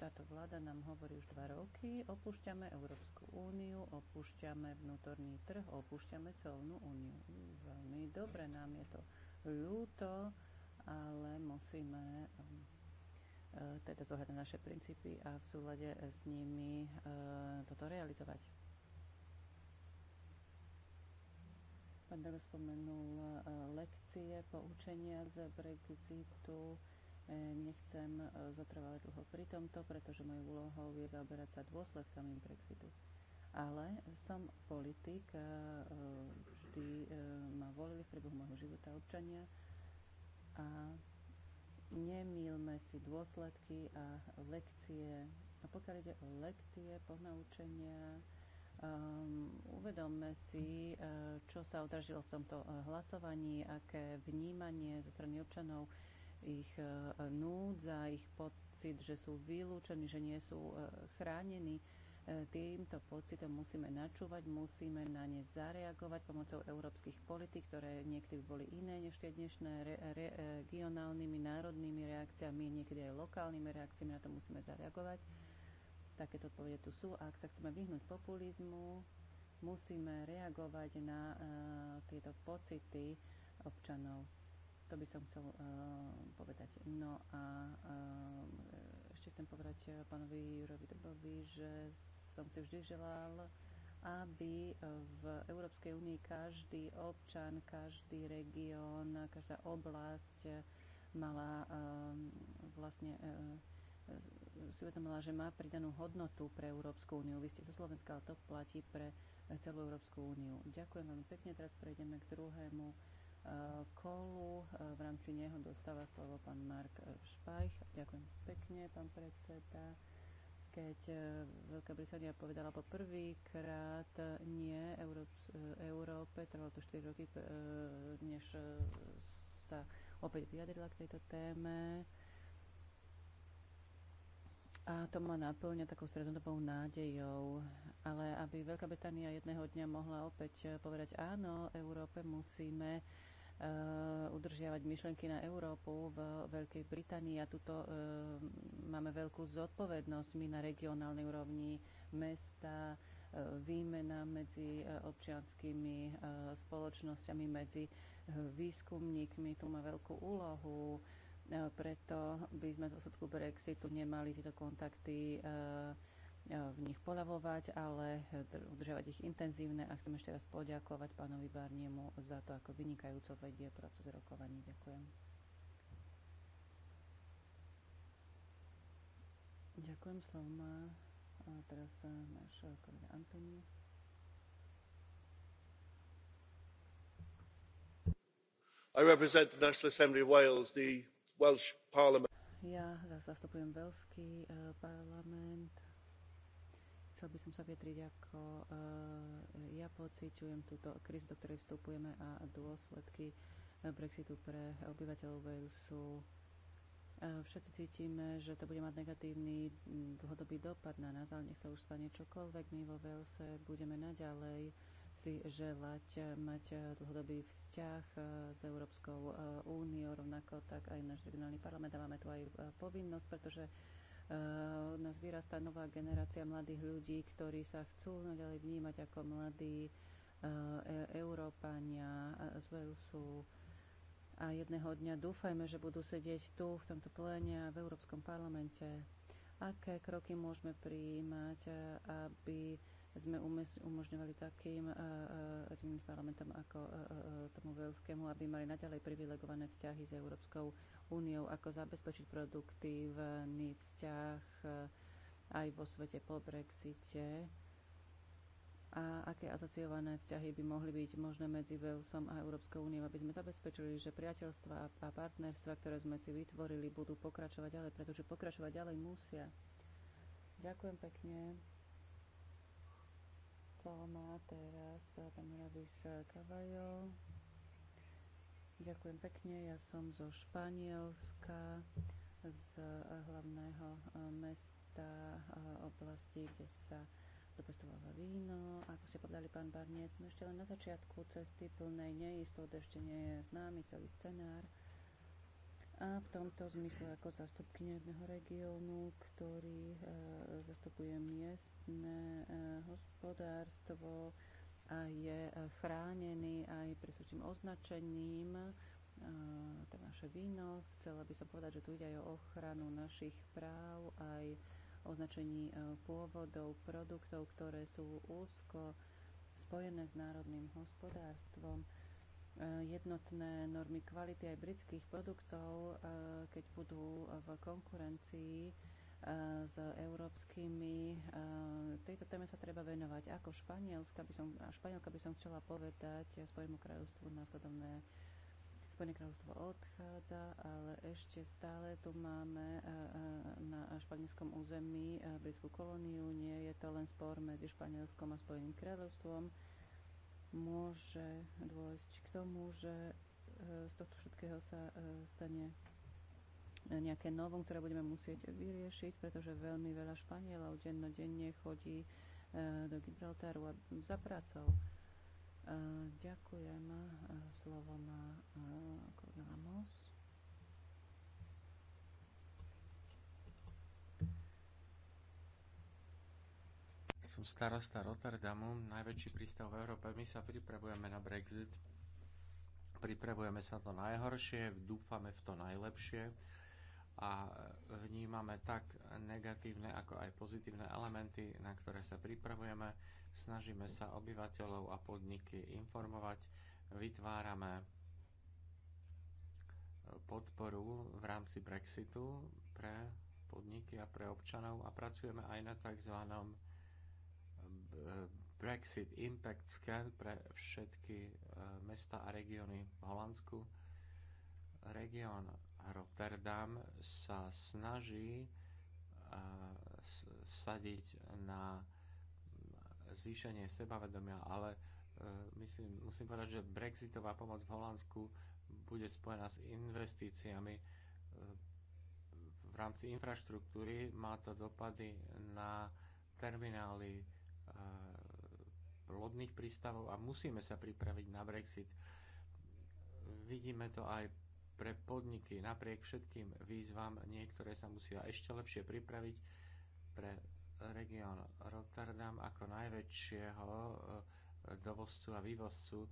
táto vláda nám hovorí už dva roky, opúšťame Európsku úniu, opúšťame vnútorný trh, opúšťame celnú úniu. Veľmi dobre nám je to ľúto, ale musíme e, e, teda zohľadať naše princípy a v súlade s nimi toto realizovať. Pán Daro spomenul eh, lekcie, poučenia z Brexitu. Eh, nechcem eh, zotrvať dlho pri tomto, pretože mojou úlohou je zaoberať sa dôsledkami Brexitu. Ale som politik, vždy ma volili v priebehu môjho života občania a nemýlme si dôsledky a lekcie. A pokiaľ ide o lekcie, ponaučenia, Um, uvedomme si, eh, čo sa odražilo v tomto eh, hlasovaní, aké vnímanie zo strany občanov ich eh, núdza, ich pocit, že sú vylúčení, že nie sú chránení. Týmto pocitom musíme načúvať, musíme na ne zareagovať pomocou európskych politik, ktoré niekedy boli iné než tie dnešné re, re, regionálnymi, národnými reakciami, niekedy aj lokálnymi reakciami, na to musíme zareagovať. Takéto odpovede tu sú a ak sa chceme vyhnúť populizmu, musíme reagovať na uh, tieto pocity občanov. To by som chcel uh, povedať. No a uh, ešte chcem povedať pánovi Jurovi Dobovi, že som si vždy želal, aby v Európskej únii každý občan, každý región, každá oblasť mala um, vlastne si uvedomila, že má pridanú hodnotu pre Európsku úniu. Vy ste zo Slovenska, ale to platí pre eh, celú Európsku úniu. Ďakujem veľmi pekne. Teraz prejdeme k druhému eh, kolu. Eh, v rámci neho dostáva slovo pán Mark Špajch. Ďakujem pekne, pán predseda. Keď Veľká Británia povedala po prvýkrát nie Európs- Európe, trvalo to 4 roky, než sa opäť vyjadrila k tejto téme. A to ma naplňa takou strednodobou nádejou. Ale aby Veľká Británia jedného dňa mohla opäť e, povedať áno, Európe musíme e, udržiavať myšlenky na Európu v Veľkej Británii a tuto e, máme veľkú zodpovednosť my na regionálnej úrovni mesta, e, výmena medzi e, občianskými spoločnosťami, medzi výskumníkmi, tu má veľkú úlohu E, preto by sme v dôsledku Brexitu nemali tieto kontakty e, e, v nich polavovať, ale udržiavať ich intenzívne a chcem ešte raz poďakovať pánovi Barniemu za to, ako vynikajúco vedie proces rokovaní. Ďakujem. Ďakujem, slovo má a teraz náš kolega Antonín. I represent the National Assembly of Wales, the Welsh Parliament. Ja zastupujem Velský e, parlament. Chcel by som sa vyjadriť, ako e, ja pociťujem túto krízu, do ktorej vstupujeme a dôsledky e, Brexitu pre obyvateľov Walesu. Všetci cítime, že to bude mať negatívny dlhodobý dopad na nás, ale nech sa už stane čokoľvek. My vo Walese budeme naďalej si želať mať eh, dlhodobý vzťah eh, s Európskou eh, úniou, rovnako tak aj náš regionálny parlament a máme tu aj povinnosť, pretože nás vyrastá nová generácia mladých ľudí, ktorí sa chcú naďalej vnímať ako mladí e, Európania z Walesu. A jedného dňa dúfajme, že budú sedieť tu, v tomto pléne a v Európskom parlamente. Aké kroky môžeme prijímať, aby sme umožňovali takým eh, eh, tým parlamentom ako eh, tomu veľskému, aby mali naďalej privilegované vzťahy s Európskou úniou, ako zabezpečiť produktívny vzťah aj vo svete po Brexite a aké asociované vzťahy by mohli byť možné medzi Walesom a Európskou úniou, aby sme zabezpečili, že priateľstva a partnerstva, ktoré sme si vytvorili, budú pokračovať ďalej, pretože pokračovať ďalej musia. Ďakujem pekne slovo má teraz pani Rabis Cavallo. Ďakujem pekne, ja som zo Španielska, z hlavného eh, mesta eh, oblasti, kde sa dopestovalo víno. Ako ste povedali, pán Barnier, sme ešte len na začiatku cesty plnej neistot, ešte nie je známy celý scenár a v tomto zmysle ako zastupkynia jedného regiónu, ktorý e, zastupuje miestne e, hospodárstvo a je e, chránený aj príslušným označením, to naše víno. Chcela by som povedať, že tu ide aj o ochranu našich práv, aj označení pôvodov, produktov, ktoré sú úzko spojené s národným hospodárstvom. E, jednotné normy kvality aj britských produktov, e, keď budú v konkurencii e, s európskymi. Tejto téme sa treba venovať. Ako Španielska by som, Španielka by som chcela povedať Spojenému kráľovstvu následovné Spojené kráľovstvo odchádza, ale ešte stále tu máme na španielskom území britskú kolóniu. Nie je to len spor medzi Španielskom a Spojeným kráľovstvom môže dôjsť k tomu, že e, z tohto všetkého sa e, stane e, nejaké novom, ktoré budeme musieť vyriešiť, pretože veľmi veľa Španielov dennodenne chodí do Gibraltaru a za prácou. Ďakujem. Slovo má kolega Ramos. Som starosta Rotterdamu, najväčší prístav v Európe. My sa pripravujeme na Brexit. Pripravujeme sa to najhoršie, dúfame v to najlepšie a vnímame tak negatívne ako aj pozitívne elementy, na ktoré sa pripravujeme. Snažíme sa obyvateľov a podniky informovať, vytvárame podporu v rámci Brexitu pre podniky a pre občanov a pracujeme aj na tzv. Brexit Impact Scan pre všetky e, mesta a regióny v Holandsku. Región Rotterdam sa snaží e, vsadiť na zvýšenie sebavedomia, ale e, myslím, musím povedať, že brexitová pomoc v Holandsku bude spojená s investíciami v rámci infraštruktúry. Má to dopady na terminály lodných prístavov a musíme sa pripraviť na Brexit. Vidíme to aj pre podniky. Napriek všetkým výzvam niektoré sa musia ešte lepšie pripraviť pre región Rotterdam ako najväčšieho eh, dovozcu a vývozcu eh,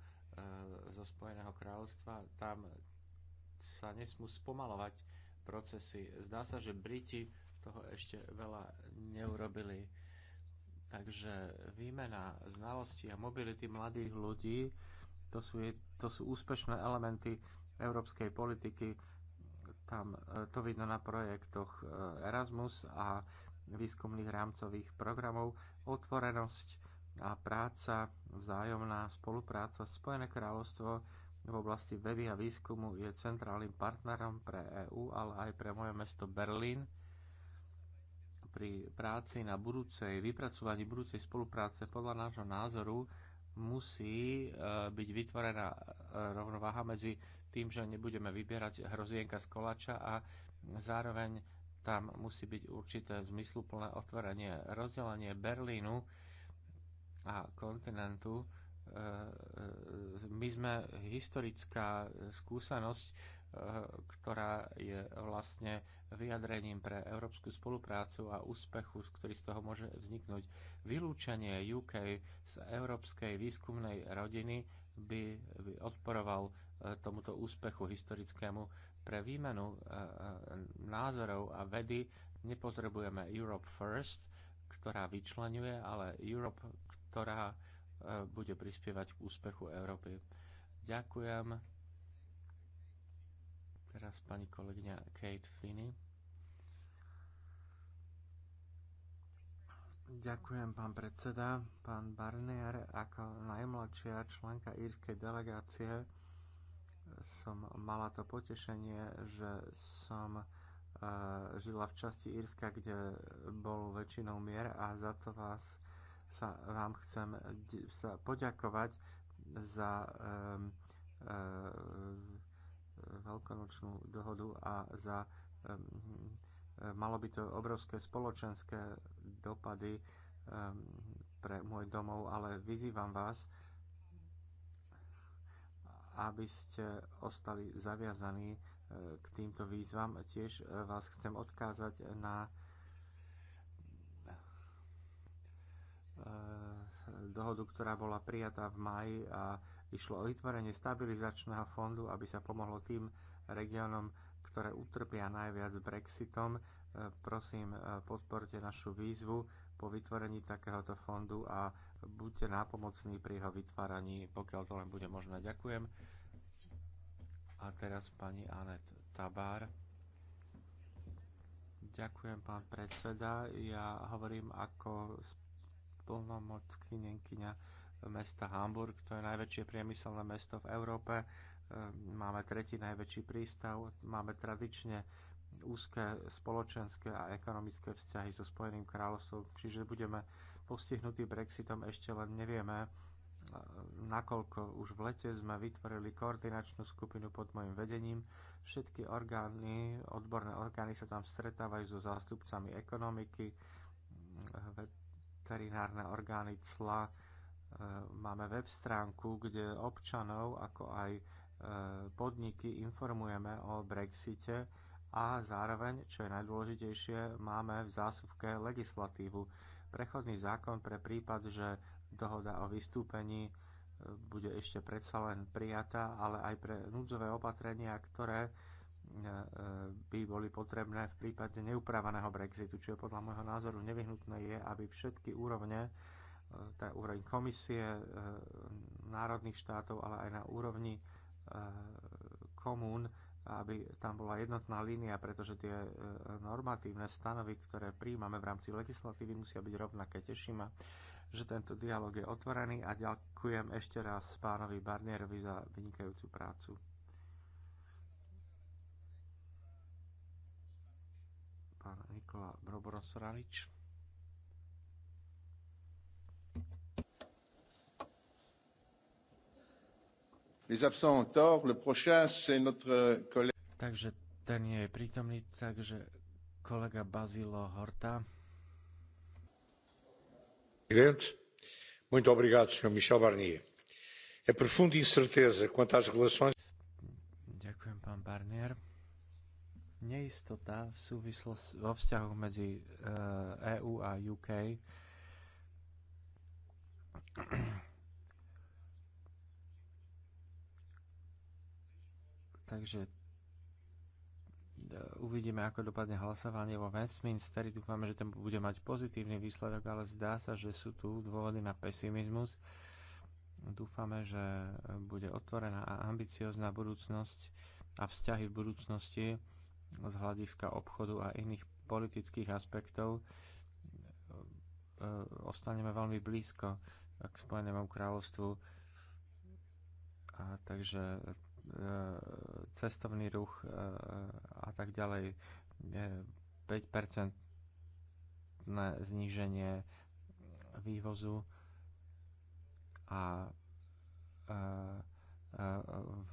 zo Spojeného kráľovstva. Tam sa nesmú spomalovať procesy. Zdá sa, že Briti toho ešte veľa neurobili Takže výmena znalostí a mobility mladých ľudí, to sú, to sú úspešné elementy európskej politiky. Tam e, to vidno na projektoch e, Erasmus a výskumných rámcových programov, otvorenosť a práca, vzájomná spolupráca. Spojené kráľovstvo v oblasti vedy a výskumu je centrálnym partnerom pre EÚ, ale aj pre moje mesto Berlín pri práci na budúcej, vypracovaní budúcej spolupráce podľa nášho názoru musí e, byť vytvorená e, rovnováha medzi tým, že nebudeme vybierať hrozienka z kolača a zároveň tam musí byť určité zmysluplné otvorenie, rozdelenie Berlínu a kontinentu. E, my sme historická skúsenosť ktorá je vlastne vyjadrením pre európsku spoluprácu a úspechu, ktorý z toho môže vzniknúť. Vylúčenie UK z európskej výskumnej rodiny by, by odporoval e, tomuto úspechu historickému. Pre výmenu e, e, názorov a vedy nepotrebujeme Europe First, ktorá vyčlenuje, ale Europe, ktorá bude prispievať k úspechu Európy. Ďakujem. Teraz pani kolegyňa Kate Finney. Ďakujem, pán predseda. Pán Barnier, ako najmladšia členka írskej delegácie, som mala to potešenie, že som uh, žila v časti Írska, kde bol väčšinou mier a za to vás sa, vám chcem sa poďakovať za um, uh, veľkonočnú dohodu a za malo by to obrovské spoločenské dopady pre môj domov, ale vyzývam vás, aby ste ostali zaviazaní eh, k týmto výzvam. Tiež eh, vás chcem odkázať na eh, dohodu, ktorá bola prijatá v maji a Išlo o vytvorenie stabilizačného fondu, aby sa pomohlo tým regiónom, ktoré utrpia najviac Brexitom. E, prosím, e, podporte našu výzvu po vytvorení takéhoto fondu a buďte nápomocní pri jeho vytváraní, pokiaľ to len bude možné. Ďakujem. A teraz pani Anet Tabár. Ďakujem, pán predseda. Ja hovorím ako plnomockyňa mesta Hamburg, to je najväčšie priemyselné mesto v Európe. E, máme tretí najväčší prístav, máme tradične úzke spoločenské a ekonomické vzťahy so Spojeným kráľovstvom, čiže budeme postihnutí Brexitom ešte len nevieme, e, nakoľko už v lete sme vytvorili koordinačnú skupinu pod mojim vedením. Všetky orgány, odborné orgány sa tam stretávajú so zástupcami ekonomiky, e, veterinárne orgány, cla, Eh, máme web stránku, kde občanov, ako aj eh, podniky informujeme o Brexite a zároveň, čo je najdôležitejšie, máme v zásuvke legislatívu. Prechodný zákon pre prípad, že dohoda o vystúpení eh, bude ešte predsa len prijatá, ale aj pre núdzové opatrenia, ktoré by boli potrebné v prípade neupraveného Brexitu, čo je podľa môjho názoru nevyhnutné je, aby všetky úrovne teda úroveň komisie e, národných štátov, ale aj na úrovni e, komún, aby tam bola jednotná línia, pretože tie e, normatívne stanovy, ktoré príjmame v rámci legislatívy, musia byť rovnaké. Teším ma, že tento dialog je otvorený a ďakujem ešte raz pánovi Barnierovi za vynikajúcu prácu. Pán Nikola Broborosoranič. Les absents ont tort. Le prochain, c'est notre euh, collègue. Takže ten nie je prítomný, takže kolega Bazilo Horta. Presidente, muito obrigado, Sr. Michel Barnier. A profunda e incerteza quanto às relações. Ďakujem, pán Barnier. Neistota v súvislosti vo vzťahoch medzi EU eh, e a UK Takže e, uvidíme, ako dopadne hlasovanie vo Westminsteri. Dúfame, že ten bude mať pozitívny výsledok, ale zdá sa, že sú tu dôvody na pesimizmus. Dúfame, že bude otvorená a ambiciozná budúcnosť a vzťahy v budúcnosti z hľadiska obchodu a iných politických aspektov e, e, ostaneme veľmi blízko k Spojenému kráľovstvu. A takže E, cestovný ruch e, a tak ďalej. 5% e, zníženie vývozu a v,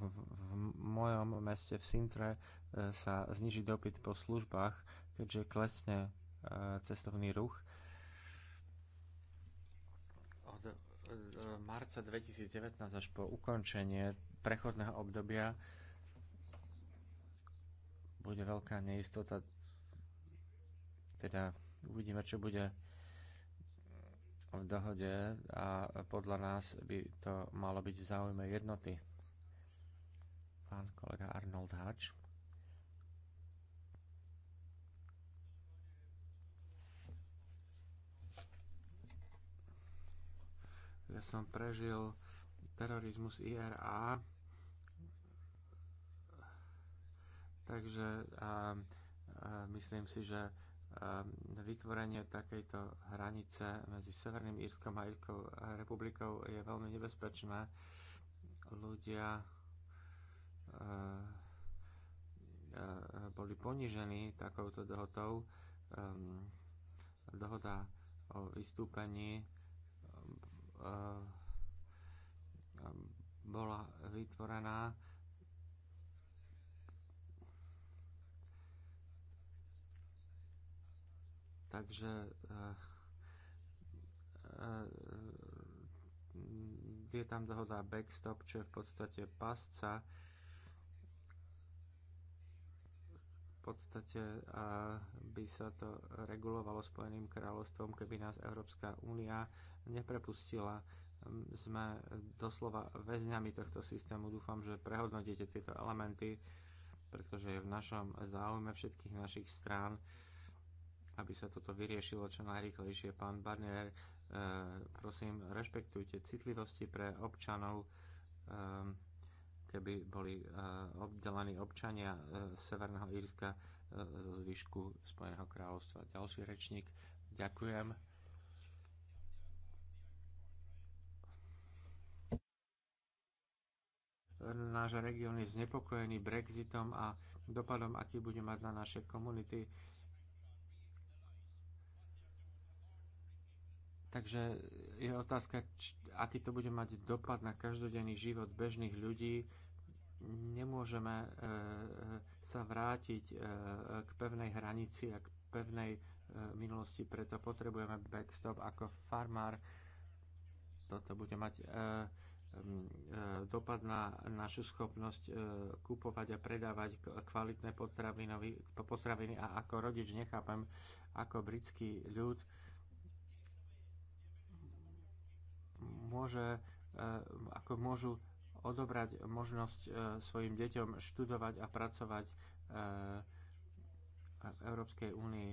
v, v mojom meste v Sintre sa zniží dopyt po službách, keďže klesne cestovný ruch E, marca 2019 až po ukončenie prechodného obdobia bude veľká neistota. Teda uvidíme, čo bude v dohode a podľa nás by to malo byť v záujme jednoty. Pán kolega Arnold Hač. Ja som prežil terorizmus IRA, takže a, a myslím si, že vytvorenie takejto hranice medzi Severným Írskom a Írskou republikou je veľmi nebezpečné. Ľudia a, a, boli ponižení takouto dohodou. a, ehm, dohoda o vystúpení bola vytvorená takže je tam dohoda backstop, čo je v podstate pasca. V podstate by sa to regulovalo Spojeným kráľovstvom, keby nás Európska únia neprepustila. Sme doslova väzňami tohto systému. Dúfam, že prehodnotíte tieto elementy, pretože je v našom záujme všetkých našich strán, aby sa toto vyriešilo čo najrychlejšie. Pán Barnier, eh, prosím, rešpektujte citlivosti pre občanov, keby boli eh, obdelení občania eh, Severného Írska zo zvyšku Spojeného kráľovstva. Ďalší rečník, ďakujem. náš región je znepokojený Brexitom a dopadom, aký bude mať na naše komunity. Takže je otázka, či, aký to bude mať dopad na každodenný život bežných ľudí. Nemôžeme e, e sa vrátiť e, e, k pevnej hranici a k pevnej e, minulosti, preto potrebujeme backstop ako farmár. Toto bude mať e, Ehm, e, dopad na našu schopnosť e, kupovať a predávať kvalitné potraviny a ako rodič nechápem, ako britský ľud môže, e, ako môžu odobrať možnosť svojim deťom študovať a pracovať v Európskej únii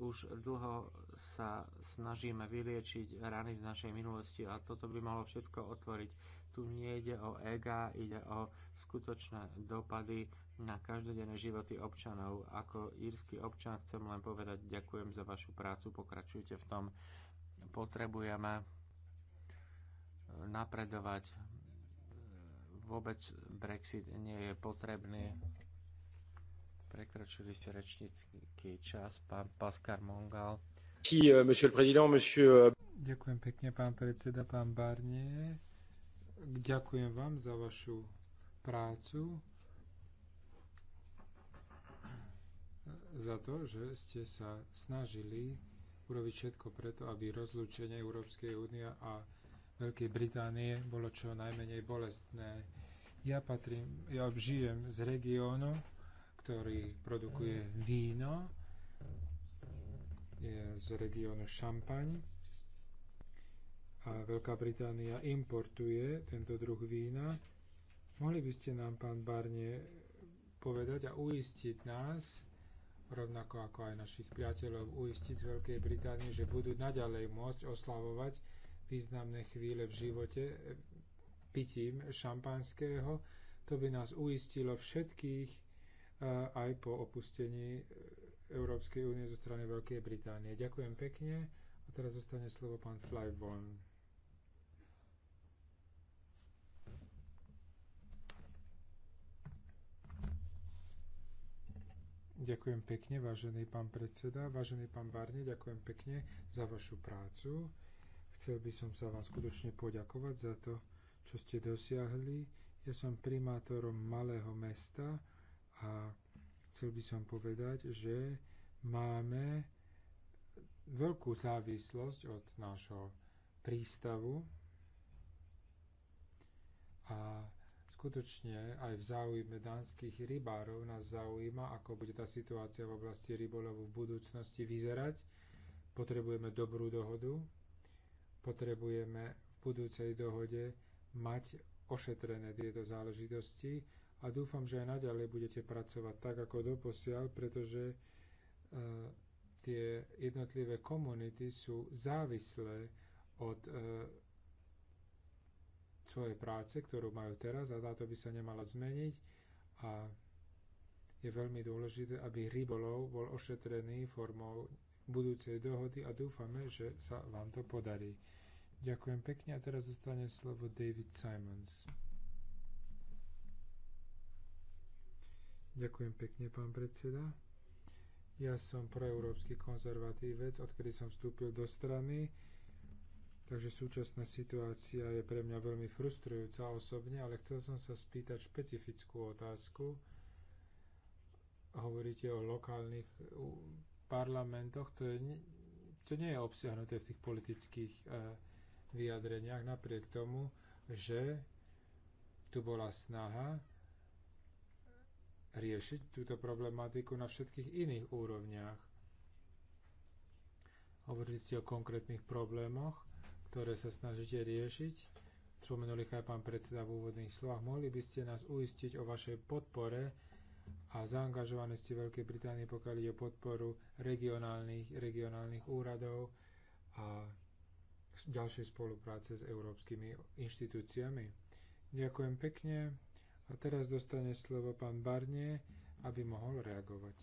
už dlho sa snažíme vyliečiť rany z našej minulosti a toto by malo všetko otvoriť. Tu nie ide o ega, ide o skutočné dopady na každodenné životy občanov. Ako írsky občan chcem len povedať ďakujem za vašu prácu, pokračujte v tom. Potrebujeme napredovať. Vôbec Brexit nie je potrebný. Prekročili ste rečnícky čas, pán Pascal Mongal. Euh, euh, Ďakujem pekne, pán predseda, pán Barnier. Ďakujem vám za vašu prácu, za to, že ste sa snažili urobiť všetko preto, aby rozlúčenie Európskej únie a Veľkej Británie bolo čo najmenej bolestné. Ja patrím, ja žijem z regiónu, ktorý produkuje víno je z regiónu Šampaň a Veľká Británia importuje tento druh vína. Mohli by ste nám, pán Barne, povedať a uistiť nás, rovnako ako aj našich priateľov, uistiť z Veľkej Británie, že budú naďalej môcť oslavovať významné chvíle v živote e, pitím šampanského. To by nás uistilo všetkých aj po opustení e, Európskej únie zo strany Veľkej Británie. Ďakujem pekne a teraz zostane slovo pán Flyborn. Ďakujem pekne, vážený pán predseda, vážený pán Barne, ďakujem pekne za vašu prácu. Chcel by som sa vám skutočne poďakovať za to, čo ste dosiahli. Ja som primátorom malého mesta, a chcel by som povedať, že máme veľkú závislosť od nášho prístavu a skutočne aj v záujme dánskych rybárov nás zaujíma, ako bude tá situácia v oblasti rybolovu v budúcnosti vyzerať. Potrebujeme dobrú dohodu, potrebujeme v budúcej dohode mať ošetrené tieto záležitosti a dúfam, že aj naďalej budete pracovať tak, ako doposiaľ, pretože e, tie jednotlivé komunity sú závislé od e, svojej práce, ktorú majú teraz a táto by sa nemala zmeniť a je veľmi dôležité, aby rybolov bol ošetrený formou budúcej dohody a dúfame, že sa vám to podarí. Ďakujem pekne a teraz zostane slovo David Simons. Ďakujem pekne, pán predseda. Ja som proeurópsky konzervatívec, odkedy som vstúpil do strany, takže súčasná situácia je pre mňa veľmi frustrujúca osobne, ale chcel som sa spýtať špecifickú otázku. Hovoríte o lokálnych parlamentoch, to, je, to nie je obsiahnuté v tých politických e, vyjadreniach, napriek tomu, že tu bola snaha riešiť túto problematiku na všetkých iných úrovniach. Hovorili ste o konkrétnych problémoch, ktoré sa snažíte riešiť. ich aj pán predseda v úvodných slovách. Mohli by ste nás uistiť o vašej podpore a zaangažovanosti Veľkej Británie, pokiaľ ide o podporu regionálnych, regionálnych úradov a ďalšej spolupráce s európskymi inštitúciami. Ďakujem pekne. A teraz dostane slovo pán Barnie, aby mohol reagovať.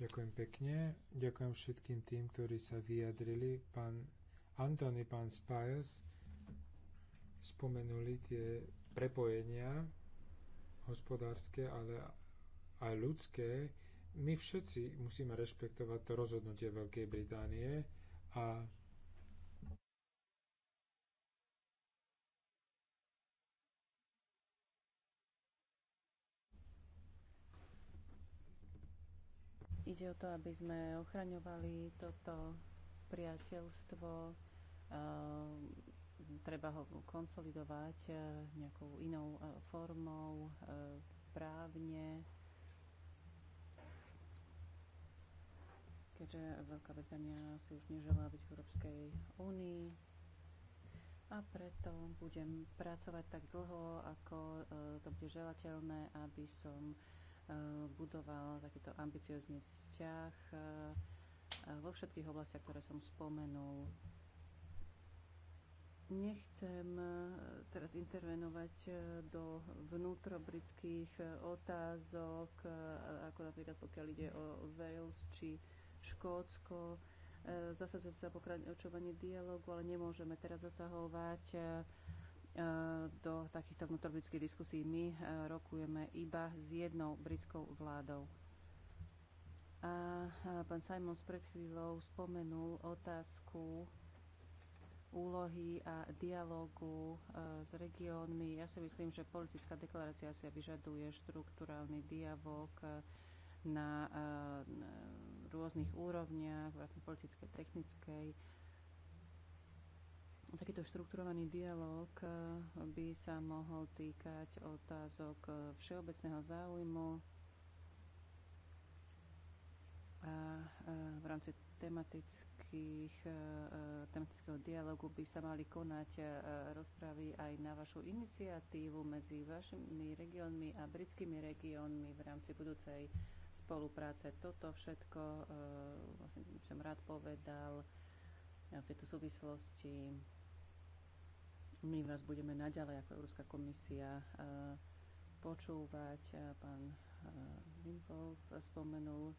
Ďakujem pekne. Ďakujem všetkým tým, ktorí sa vyjadrili. Pán Antony, pán Spajas spomenuli tie prepojenia hospodárske, ale aj ľudské. My všetci musíme rešpektovať to rozhodnutie Veľkej Británie a Ide o to, aby sme ochraňovali toto priateľstvo. Ehm, treba ho konsolidovať eh, nejakou inou eh, formou eh, právne, keďže Veľká Británia si už neželá byť v Európskej únii. A preto budem pracovať tak dlho, ako to bude želateľné, aby som Eh, budoval takýto ambiciozný vzťah eh, vo všetkých oblastiach, ktoré som spomenul. Nechcem eh, teraz intervenovať do vnútrobritských otázok, ako napríklad pokiaľ ide o Wales či Škótsko. Zasadzujem sa pokračovanie dialogu, ale nemôžeme teraz zasahovať Eh, do takýchto vnútrobritických diskusí. My eh, rokujeme iba s jednou britskou vládou. A pán Simons pred chvíľou spomenul otázku úlohy a dialogu eh, s regiónmi. Ja si myslím, že politická deklarácia si vyžaduje štruktúrálny dialog na rôznych úrovniach, vlastne politickej, technickej, Takýto štrukturovaný dialog eh, by sa mohol týkať otázok eh, všeobecného záujmu a eh, v rámci tematických, tematického dialogu by sa mali konať rozpravy aj na vašu iniciatívu medzi vašimi regiónmi a britskými regiónmi v rámci budúcej spolupráce. Toto všetko vlastne som rád povedal v tejto súvislosti. My vás budeme naďalej ako Európska komisia eh, počúvať. Eh, pán eh, Vinpov spomenul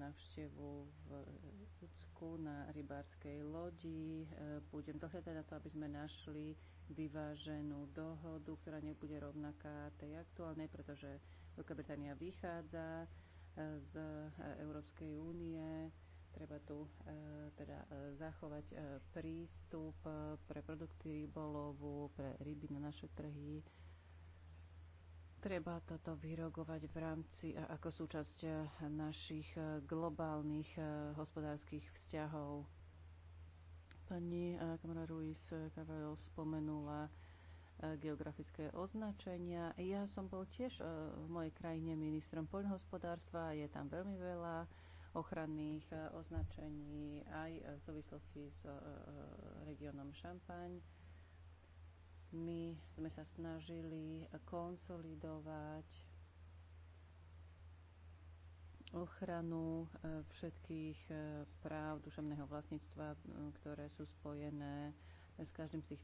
navštevu v Ľudsku na rybárskej lodi. Budem dohľadať na to, aby sme našli vyváženú dohodu, ktorá nebude rovnaká tej aktuálnej, pretože Veľká Británia vychádza z Európskej únie Treba tu e, teda e, zachovať e, prístup pre produkty rybolovu, pre ryby na naše trhy. Treba toto vyrogovať v rámci ako súčasť našich globálnych hospodárskych vzťahov. Pani Kamara Ruiz Carvalho spomenula geografické označenia. Ja som bol tiež v mojej krajine ministrom poľnohospodárstva, je tam veľmi veľa ochranných e, označení aj e, v súvislosti s e, regiónom Šampaň. My sme sa snažili konsolidovať ochranu všetkých práv duševného vlastníctva, ktoré sú spojené s každým z tých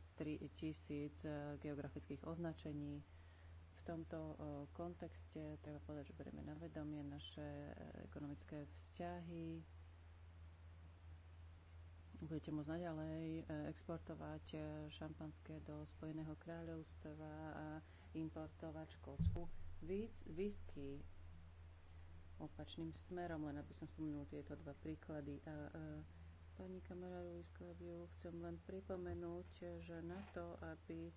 tisíc geografických označení tomto e, kontexte treba povedať, že berieme na vedomie naše e, ekonomické vzťahy. Budete môcť naďalej e, exportovať šampanské do Spojeného kráľovstva a importovať škótsku víc whisky opačným smerom, len aby som spomenul tieto dva príklady. A, a pani kamaráru Iskoviu chcem len pripomenúť, že na to, aby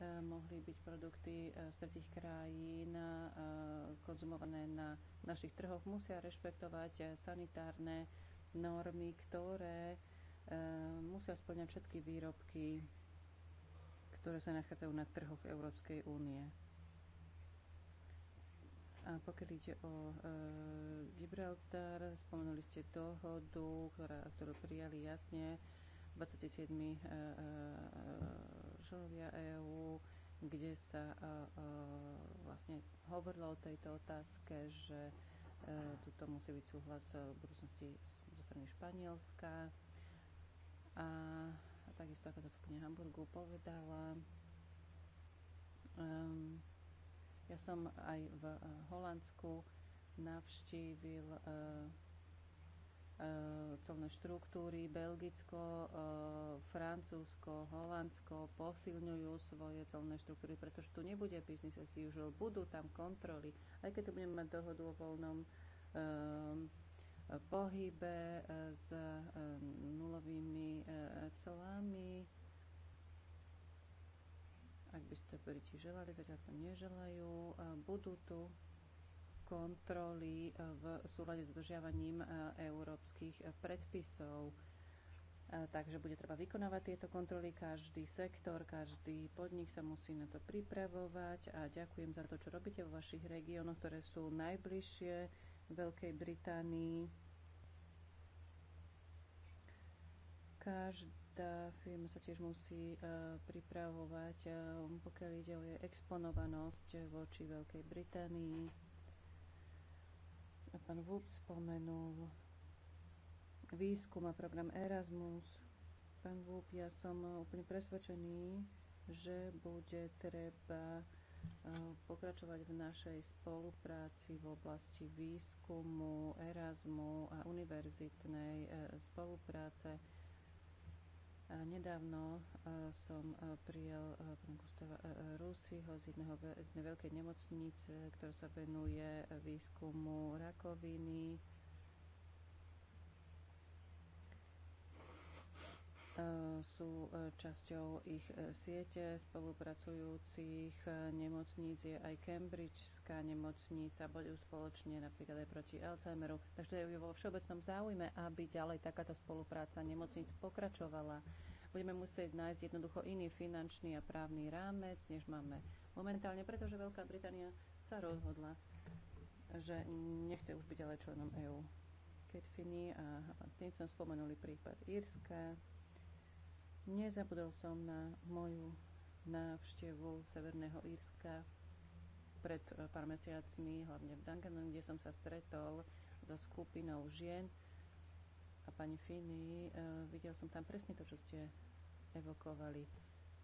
Eh, mohli byť produkty eh, z tretich krajín eh, konzumované na našich trhoch, musia rešpektovať sanitárne normy, ktoré musia splňať všetky výrobky, ktoré sa nachádzajú na trhoch Európskej únie. A pokiaľ ide o e, Gibraltar, spomenuli ste dohodu, ktorá, ktorú prijali jasne 27 členovia EÚ, kde sa e, e, vlastne hovorilo o tejto otázke, že e, tuto musí byť súhlas v budúcnosti zo strany Španielska. A, takisto ako zastupňa Hamburgu povedala, ja som aj v Holandsku navštívil uh, Eh, celné štruktúry Belgicko, eh, Francúzsko, Holandsko posilňujú svoje colné štruktúry, pretože tu nebude business as usual, budú tam kontroly, aj keď tu budeme mať dohodu o voľnom eh, pohybe s nulovými colami. Ak by ste Briti želali, zatiaľ to neželajú, budú tu kontroly e, v súlade s dodržiavaním e, európskych e, predpisov. Takže bude treba vykonávať tieto kontroly. Každý sektor, každý podnik sa musí na to pripravovať a ďakujem za to, čo robíte vo vašich regiónoch, ktoré sú najbližšie Veľkej Británii. Každá firma sa tiež musí pripravovať, pokiaľ ide o jej exponovanosť voči Veľkej Británii pán Vúb spomenul výskum a program Erasmus. Pán Vúb, ja som eh, úplne presvedčený, že bude treba eh, pokračovať v našej spolupráci v oblasti výskumu, Erasmu a univerzitnej eh, spolupráce Nedávno eh, som eh, prijal eh, pána Gustava Rusiho z jedného, jednej veľkej nemocnice, ktorá sa venuje výskumu rakoviny E, sú e, časťou ich e, siete spolupracujúcich nemocníc. Je aj Cambridgeská nemocnica, bojujú spoločne napríklad aj proti Alzheimeru. Takže je vo všeobecnom záujme, aby ďalej takáto spolupráca nemocníc pokračovala. Budeme musieť nájsť jednoducho iný finančný a právny rámec, než máme momentálne, pretože Veľká Británia sa rozhodla, že nechce už byť ďalej členom EÚ. Keď Fini a Stinson spomenuli prípad Írska, Nezabudol som na moju návštevu Severného Írska pred eh, pár mesiacmi, hlavne v Dungannon, kde som sa stretol so skupinou žien. A pani Finy, eh, videl som tam presne to, čo ste evokovali.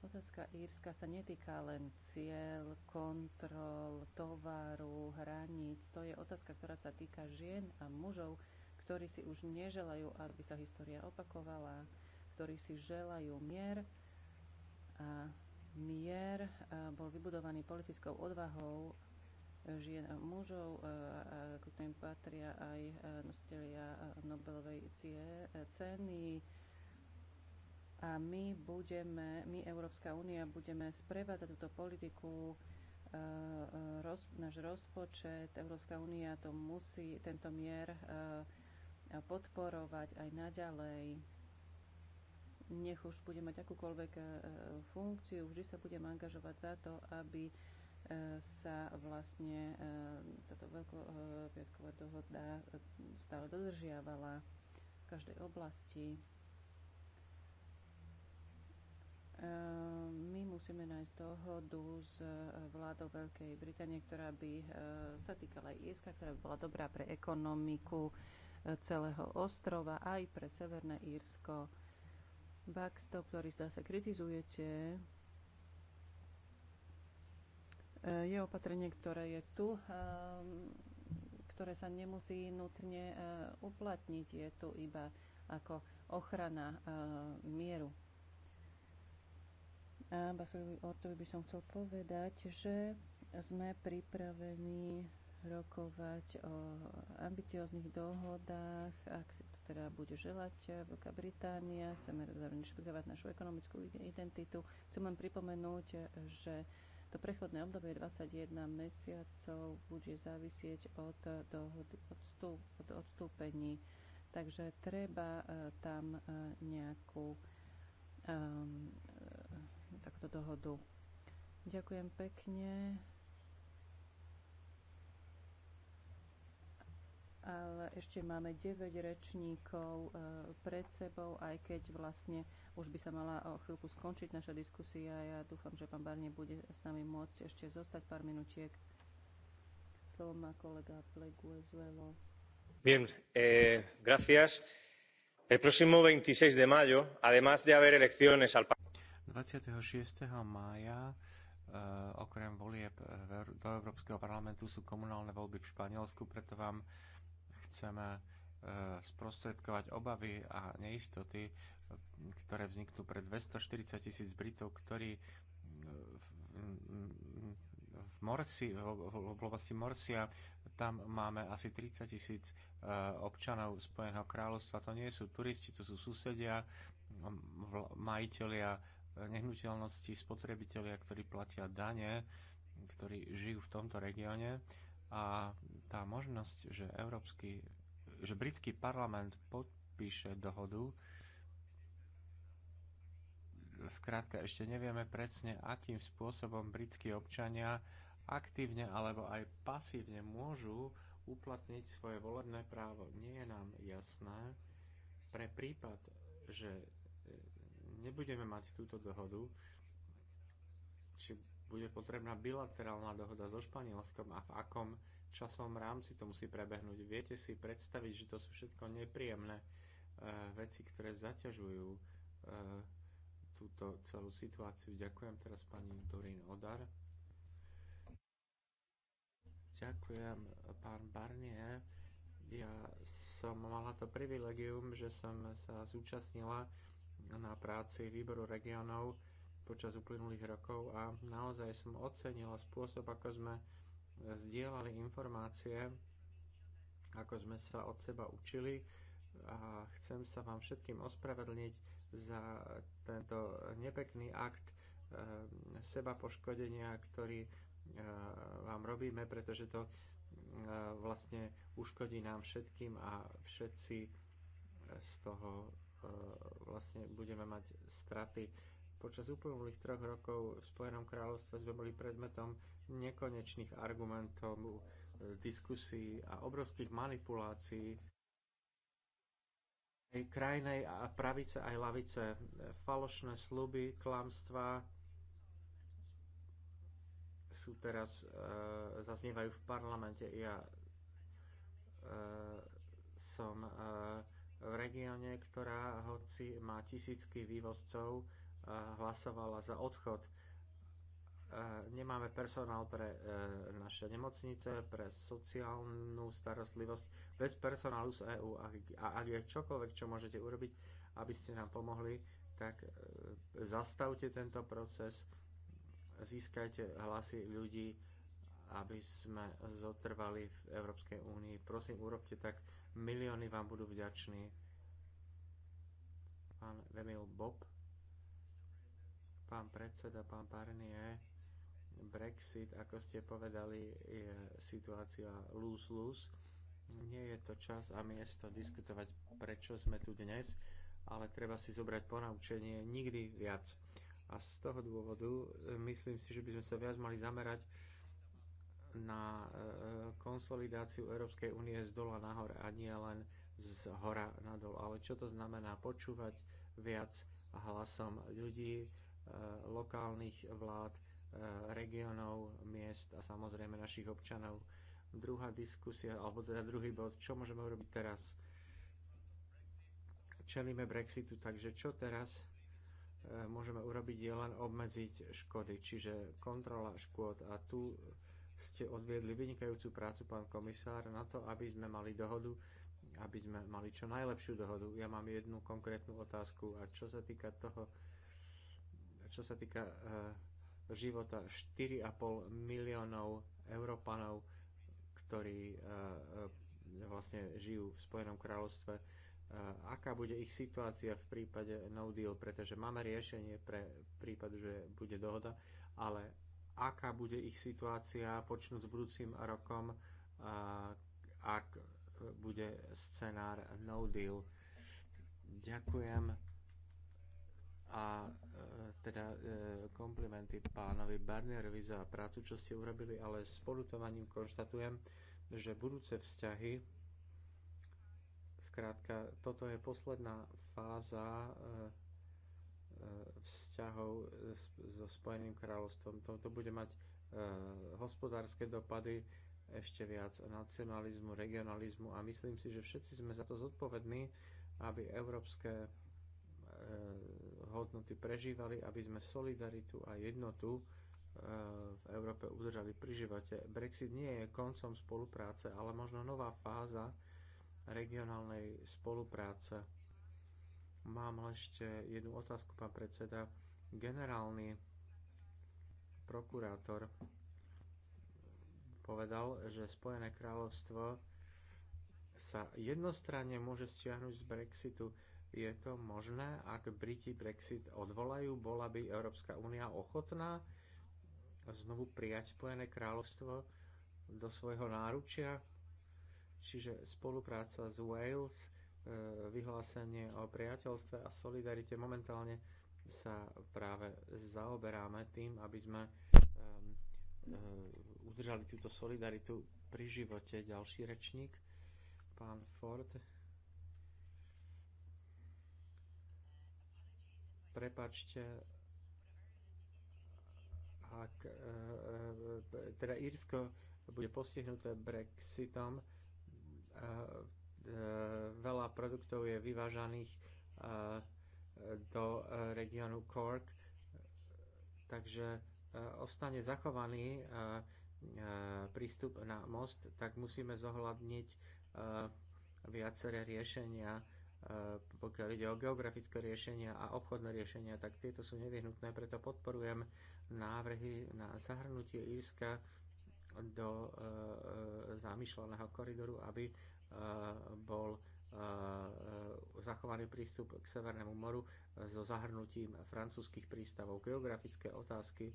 Otázka Írska sa netýka len cieľ, kontrol, tovaru, hraníc. To je otázka, ktorá sa týka žien a mužov, ktorí si už neželajú, aby sa história opakovala ktorí si želajú mier. A mier bol vybudovaný politickou odvahou žien a mužov, k ktorým patria aj nositeľia Nobelovej ceny. A my budeme, my Európska únia, budeme sprevádzať túto politiku roz, náš rozpočet. Európska únia to musí, tento mier podporovať aj naďalej nech už bude mať akúkoľvek e, funkciu, vždy sa budem angažovať za to, aby e, sa vlastne e, táto veľkopiatková dohoda stále dodržiavala v každej oblasti. My musíme nájsť dohodu s vládou Veľkej Británie, ktorá by sa týkala aj Írska, ktorá by bola dobrá pre ekonomiku celého ostrova, aj pre Severné Írsko backstop, ktorý zdá sa kritizujete, e, je opatrenie, ktoré je tu, e, ktoré sa nemusí nutne e, uplatniť. Je tu iba ako ochrana mieru. A Basovi Ortovi by som chcel povedať, že sme pripravení rokovať o ambicióznych dohodách, ak ktorá bude želať eh, Veľká Británia. Chceme zároveň našu ekonomickú identitu. Chcem len pripomenúť, eh, že to prechodné obdobie 21 mesiacov bude závisieť od eh, dohody odstup, od odstúpení. Takže treba tam nejakú um, ehm, takto dohodu. Ďakujem pekne. ale ešte máme 9 rečníkov e, pred sebou, aj keď vlastne už by sa mala o chvíľku skončiť naša diskusia. Ja dúfam, že pán Barne bude s nami môcť ešte zostať pár minutiek. Slovo má kolega Pleguezuelo. Bien, eh, gracias. El próximo 26 de mayo, además de haber elecciones al 26. mája eh, okrem volieb eh, do Európskeho parlamentu sú komunálne voľby v Španielsku, preto vám Chceme e, sprostredkovať obavy a neistoty, e, ktoré vzniknú pre 240 tisíc Britov, ktorí e, v, Morsi, v oblasti Morsia tam máme asi 30 tisíc občanov Spojeného kráľovstva. To nie sú turisti, to sú susedia, majiteľia nehnuteľnosti, spotrebitelia, ktorí platia dane, ktorí žijú v tomto regióne a tá možnosť, že, Európsky, že britský parlament podpíše dohodu, Skrátka, ešte nevieme presne, akým spôsobom britskí občania aktívne alebo aj pasívne môžu uplatniť svoje volebné právo. Nie je nám jasné, pre prípad, že e, nebudeme mať túto dohodu, či bude potrebná bilaterálna dohoda so Španielskom a v akom časovom rámci to musí prebehnúť. Viete si predstaviť, že to sú všetko nepríjemné e, veci, ktoré zaťažujú e, túto celú situáciu. Ďakujem teraz pani Dorin Odar. Ďakujem, pán Barnier. Ja som mala to privilegium, že som sa zúčastnila na práci výboru regionov počas uplynulých rokov a naozaj som ocenila spôsob, ako sme zdieľali informácie, ako sme sa od seba učili a chcem sa vám všetkým ospravedlniť za tento nepekný akt eh, seba poškodenia, ktorý eh, vám robíme, pretože to eh, vlastne uškodí nám všetkým a všetci z toho vlastne budeme mať straty. Počas uplynulých troch rokov v Spojenom kráľovstve sme boli predmetom nekonečných argumentov, e, diskusí a obrovských manipulácií aj krajnej a pravice aj lavice. E, falošné sluby, klamstvá sú teraz, e, zaznievajú v parlamente. Ja e, som e, v regióne, ktorá hoci má tisícky vývozcov, e, hlasovala za odchod nemáme personál pre e, naše nemocnice, pre sociálnu starostlivosť. Bez personálu z EÚ a ak je čokoľvek, čo môžete urobiť, aby ste nám pomohli, tak e, zastavte tento proces, získajte hlasy ľudí, aby sme zotrvali v Európskej únii. Prosím, urobte tak, milióny vám budú vďační. Pán Emil Bob, pán predseda, pán Parnie. Brexit, ako ste povedali, je situácia lose-lose. Nie je to čas a miesto diskutovať, prečo sme tu dnes, ale treba si zobrať ponaučenie nikdy viac. A z toho dôvodu e, myslím si, že by sme sa viac mali zamerať na e, konsolidáciu Európskej únie z dola nahor a nie len z hora nadol. Ale čo to znamená počúvať viac hlasom ľudí, e, lokálnych vlád, Eh, regionov, miest a samozrejme našich občanov. Druhá diskusia, alebo teda druhý bod, čo môžeme urobiť teraz? Čelíme Brexitu, takže čo teraz eh, môžeme urobiť je len obmedziť škody, čiže kontrola škôd. A tu ste odviedli vynikajúcu prácu, pán komisár, na to, aby sme mali dohodu, aby sme mali čo najlepšiu dohodu. Ja mám jednu konkrétnu otázku a čo sa týka toho, čo sa týka uh, života 4,5 miliónov Európanov, ktorí e, e, vlastne žijú v Spojenom kráľovstve. E, aká bude ich situácia v prípade no deal, pretože máme riešenie pre prípad, že bude dohoda, ale aká bude ich situácia počnúť s budúcim rokom, ak bude scenár no deal. Ďakujem a e, teda e, komplimenty pánovi Barnerovi za prácu, čo ste urobili, ale s polutovaním konštatujem, že budúce vzťahy, zkrátka, toto je posledná fáza e, vzťahov so Spojeným kráľovstvom. Toto bude mať hospodárske dopady ešte viac nacionalizmu, regionalizmu a myslím si, že všetci sme za to zodpovední, aby európske hodnoty prežívali, aby sme solidaritu a jednotu e, v Európe udržali pri živote. Brexit nie je koncom spolupráce, ale možno nová fáza regionálnej spolupráce. Mám ešte jednu otázku, pán predseda. Generálny prokurátor povedal, že Spojené kráľovstvo sa jednostranne môže stiahnuť z Brexitu. Je to možné, ak Briti Brexit odvolajú, bola by Európska únia ochotná znovu prijať Spojené kráľovstvo do svojho náručia? Čiže spolupráca s Wales, e, vyhlásenie o priateľstve a solidarite momentálne sa práve zaoberáme tým, aby sme e, udržali túto solidaritu pri živote. Ďalší rečník, pán Ford. prepačte, ak e, e, teda Írsko bude postihnuté Brexitom, e, veľa produktov je vyvážaných do regiónu Cork, takže ostane zachovaný prístup na most, tak musíme zohľadniť viaceré riešenia E, pokiaľ ide o geografické riešenia a obchodné riešenia, tak tieto sú nevyhnutné, preto podporujem návrhy na zahrnutie Írska do e, e, zamýšľaného koridoru, aby bol zachovaný prístup k Severnému moru so zahrnutím francúzskych prístavov. Geografické otázky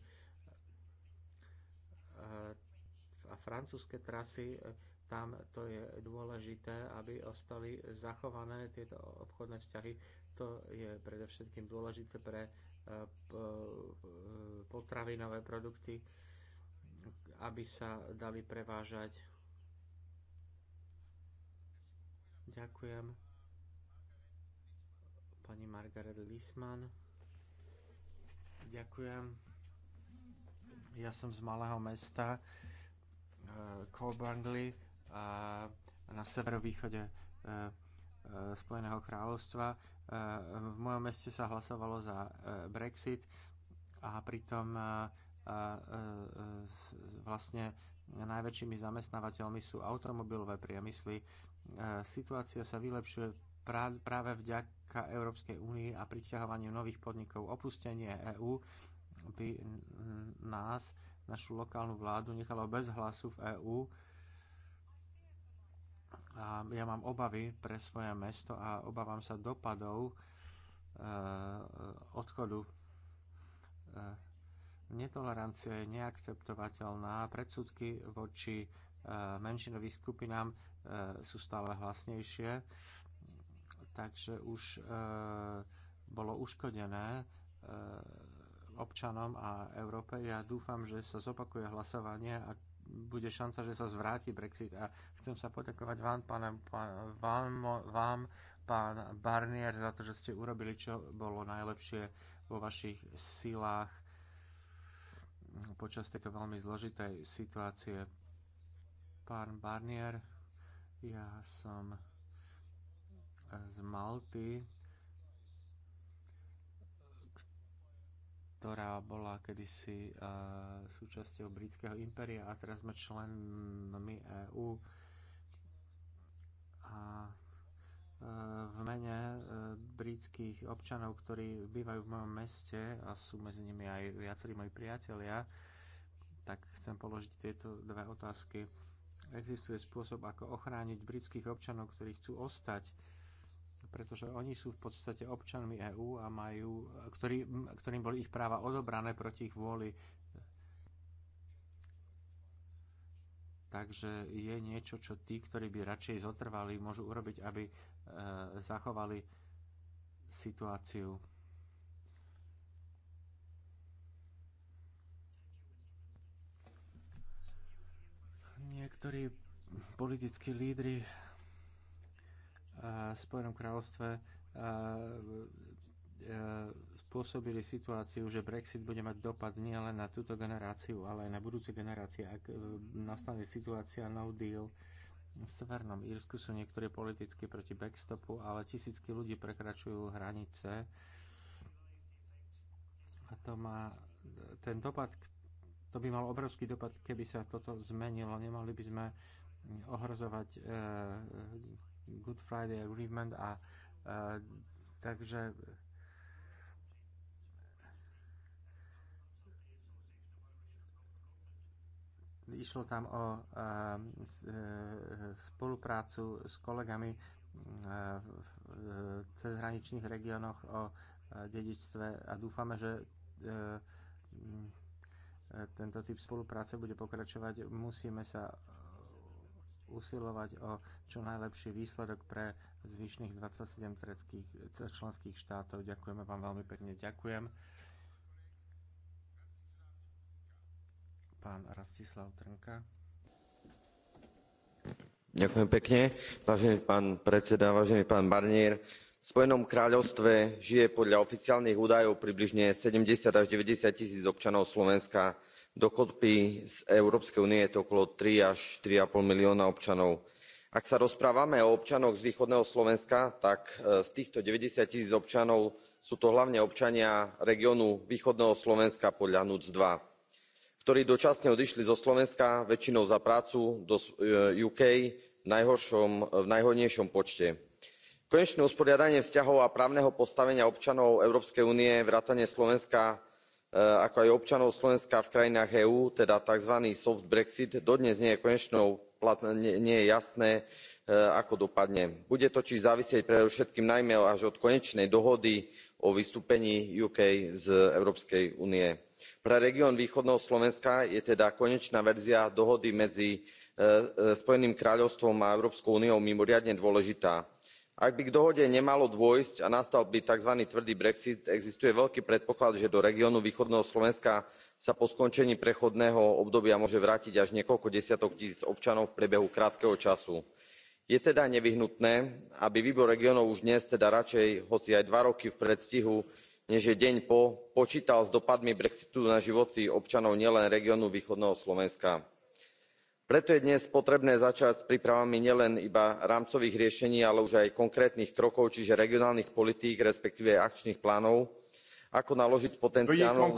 a francúzske trasy tam to je dôležité, aby ostali zachované tieto obchodné vzťahy. To je predovšetkým dôležité pre e, e, potravinové produkty, aby sa dali prevážať. Ďakujem. Pani Margaret Lisman. Ďakujem. Ja som z malého mesta e, Cobangley na severovýchode e, e, Spojeného kráľovstva. E, v mojom meste sa hlasovalo za Brexit a pritom vlastne najväčšími zamestnávateľmi sú automobilové priemysly. Situácia sa vylepšuje práve vďaka Európskej únii a priťahovaniu nových podnikov. Opustenie EÚ by nás, našu lokálnu vládu, nechalo bez hlasu v EÚ a ja mám obavy pre svoje mesto a obávam sa dopadov e, odchodu. E, netolerancia je neakceptovateľná, predsudky voči e, menšinovým skupinám e, sú stále hlasnejšie, takže už e, bolo uškodené e, občanom a Európe. Ja dúfam, že sa zopakuje hlasovanie a bude šanca, že sa zvráti Brexit. A chcem sa poďakovať vám, pána, pán, vám, vám, pán Barnier, za to, že ste urobili, čo bolo najlepšie vo vašich silách počas tejto veľmi zložitej situácie. Pán Barnier, ja som z Malty ktorá bola kedysi eh, súčasťou britského impéria a teraz sme členmi EÚ. A eh, v mene eh, britských občanov, ktorí bývajú v mojom meste a sú medzi nimi aj viacerí moji priatelia, tak chcem položiť tieto dve otázky. Existuje spôsob, ako ochrániť britských občanov, ktorí chcú ostať pretože oni sú v podstate občanmi EÚ a majú, ktorý, ktorým boli ich práva odobrané proti ich vôli. Takže je niečo, čo tí, ktorí by radšej zotrvali, môžu urobiť, aby e, zachovali situáciu. Niektorí politickí lídry Spojenom kráľovstve spôsobili situáciu, že Brexit bude mať dopad nie len na túto generáciu, ale aj na budúce generácie, ak e, nastane situácia no deal. V Severnom Írsku sú niektorí politicky proti backstopu, ale tisícky ľudí prekračujú hranice a to má ten dopad, to by mal obrovský dopad, keby sa toto zmenilo. Nemali by sme ohrozovať e, Good Friday Agreement a, uh, takže išlo tam o uh, spoluprácu s kolegami v cezhraničných regiónoch o dedičstve a dúfame, že tento typ spolupráce bude pokračovať. Musíme sa usilovať o čo najlepší výsledok pre zvyšných 27 tretských, členských štátov. Ďakujeme vám veľmi pekne. Ďakujem. Pán Rastislav Trnka. Ďakujem pekne. Vážený pán predseda, vážený pán Barnier, v Spojenom kráľovstve žije podľa oficiálnych údajov približne 70 až 90 tisíc občanov Slovenska Dokopy z Európskej únie je to okolo 3 až 3,5 milióna občanov. Ak sa rozprávame o občanoch z východného Slovenska, tak e, z týchto 90 tisíc občanov sú to hlavne občania regiónu východného Slovenska podľa NUC 2, ktorí dočasne odišli zo Slovenska väčšinou za prácu do e, UK v, najhoršom, e, v najhodnejšom počte. Konečné usporiadanie vzťahov a právneho postavenia občanov Európskej únie vrátane Slovenska Eh, ako aj občanov slovenska v krajinách eú teda takzvaný soft brexit dodnes nie je konečnou nie je jasné eh, ako dopadne. bude totiž závisieť predovšetkým najmä až od konečnej dohody o vystúpení uk z európskej únie. pre región východného slovenska je teda konečná verzia dohody medzi eh, spojeným kráľovstvom a európskou úniou mimoriadne dôležitá ak by k dohode nemalo dôjsť a nastal by takzvaný tvrdý brexit existuje veľký predpoklad že do regiónu východného slovenska sa po skončení prechodného obdobia môže vrátiť až niekoľko desiatok tisíc občanov v priebehu krátkeho času. je teda nevyhnutné aby výbor regiónov už dnes teda radšej hoci aj dva roky v predstihu než je deň po počítal s dopadmi brexitu na životy občanov nielen regiónu východného slovenska preto je dnes potrebné začať s prípravami nielen iba rámcových riešení ale už aj konkrétnych krokov čiže regionálnych politík respektíve akčných plánov ako naložiť s potenciálom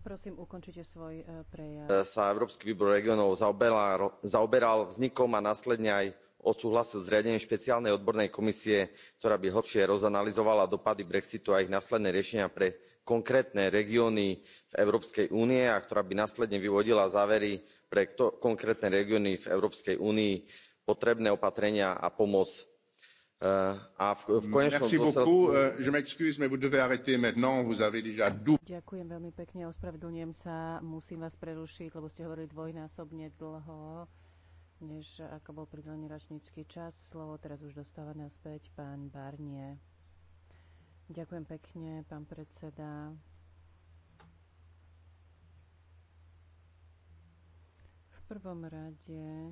Prosím, ukončite svoj e, prejav. E, sa Európsky výbor regiónov zaoberal, zaoberal vznikom a následne aj odsúhlasil zriadenie špeciálnej odbornej komisie, ktorá by hlbšie rozanalyzovala dopady brexitu a ich následné riešenia pre konkrétne regióny v európskej únie a ktorá by následne vyvodila závery pre konkrétne regióny v európskej únii potrebné opatrenia a pomoc. Eh, a v, v mm, konečnom dôsledku... Eh, Ďakujem veľmi pekne, ospravedlňujem sa, musím vás prerušiť, lebo ste hovorili dvojnásobne dlho, než ako bol pridelený ročnícky čas. Slovo teraz už dostáva naspäť pán Barnier. Ďakujem pekne, pán predseda. V prvom rade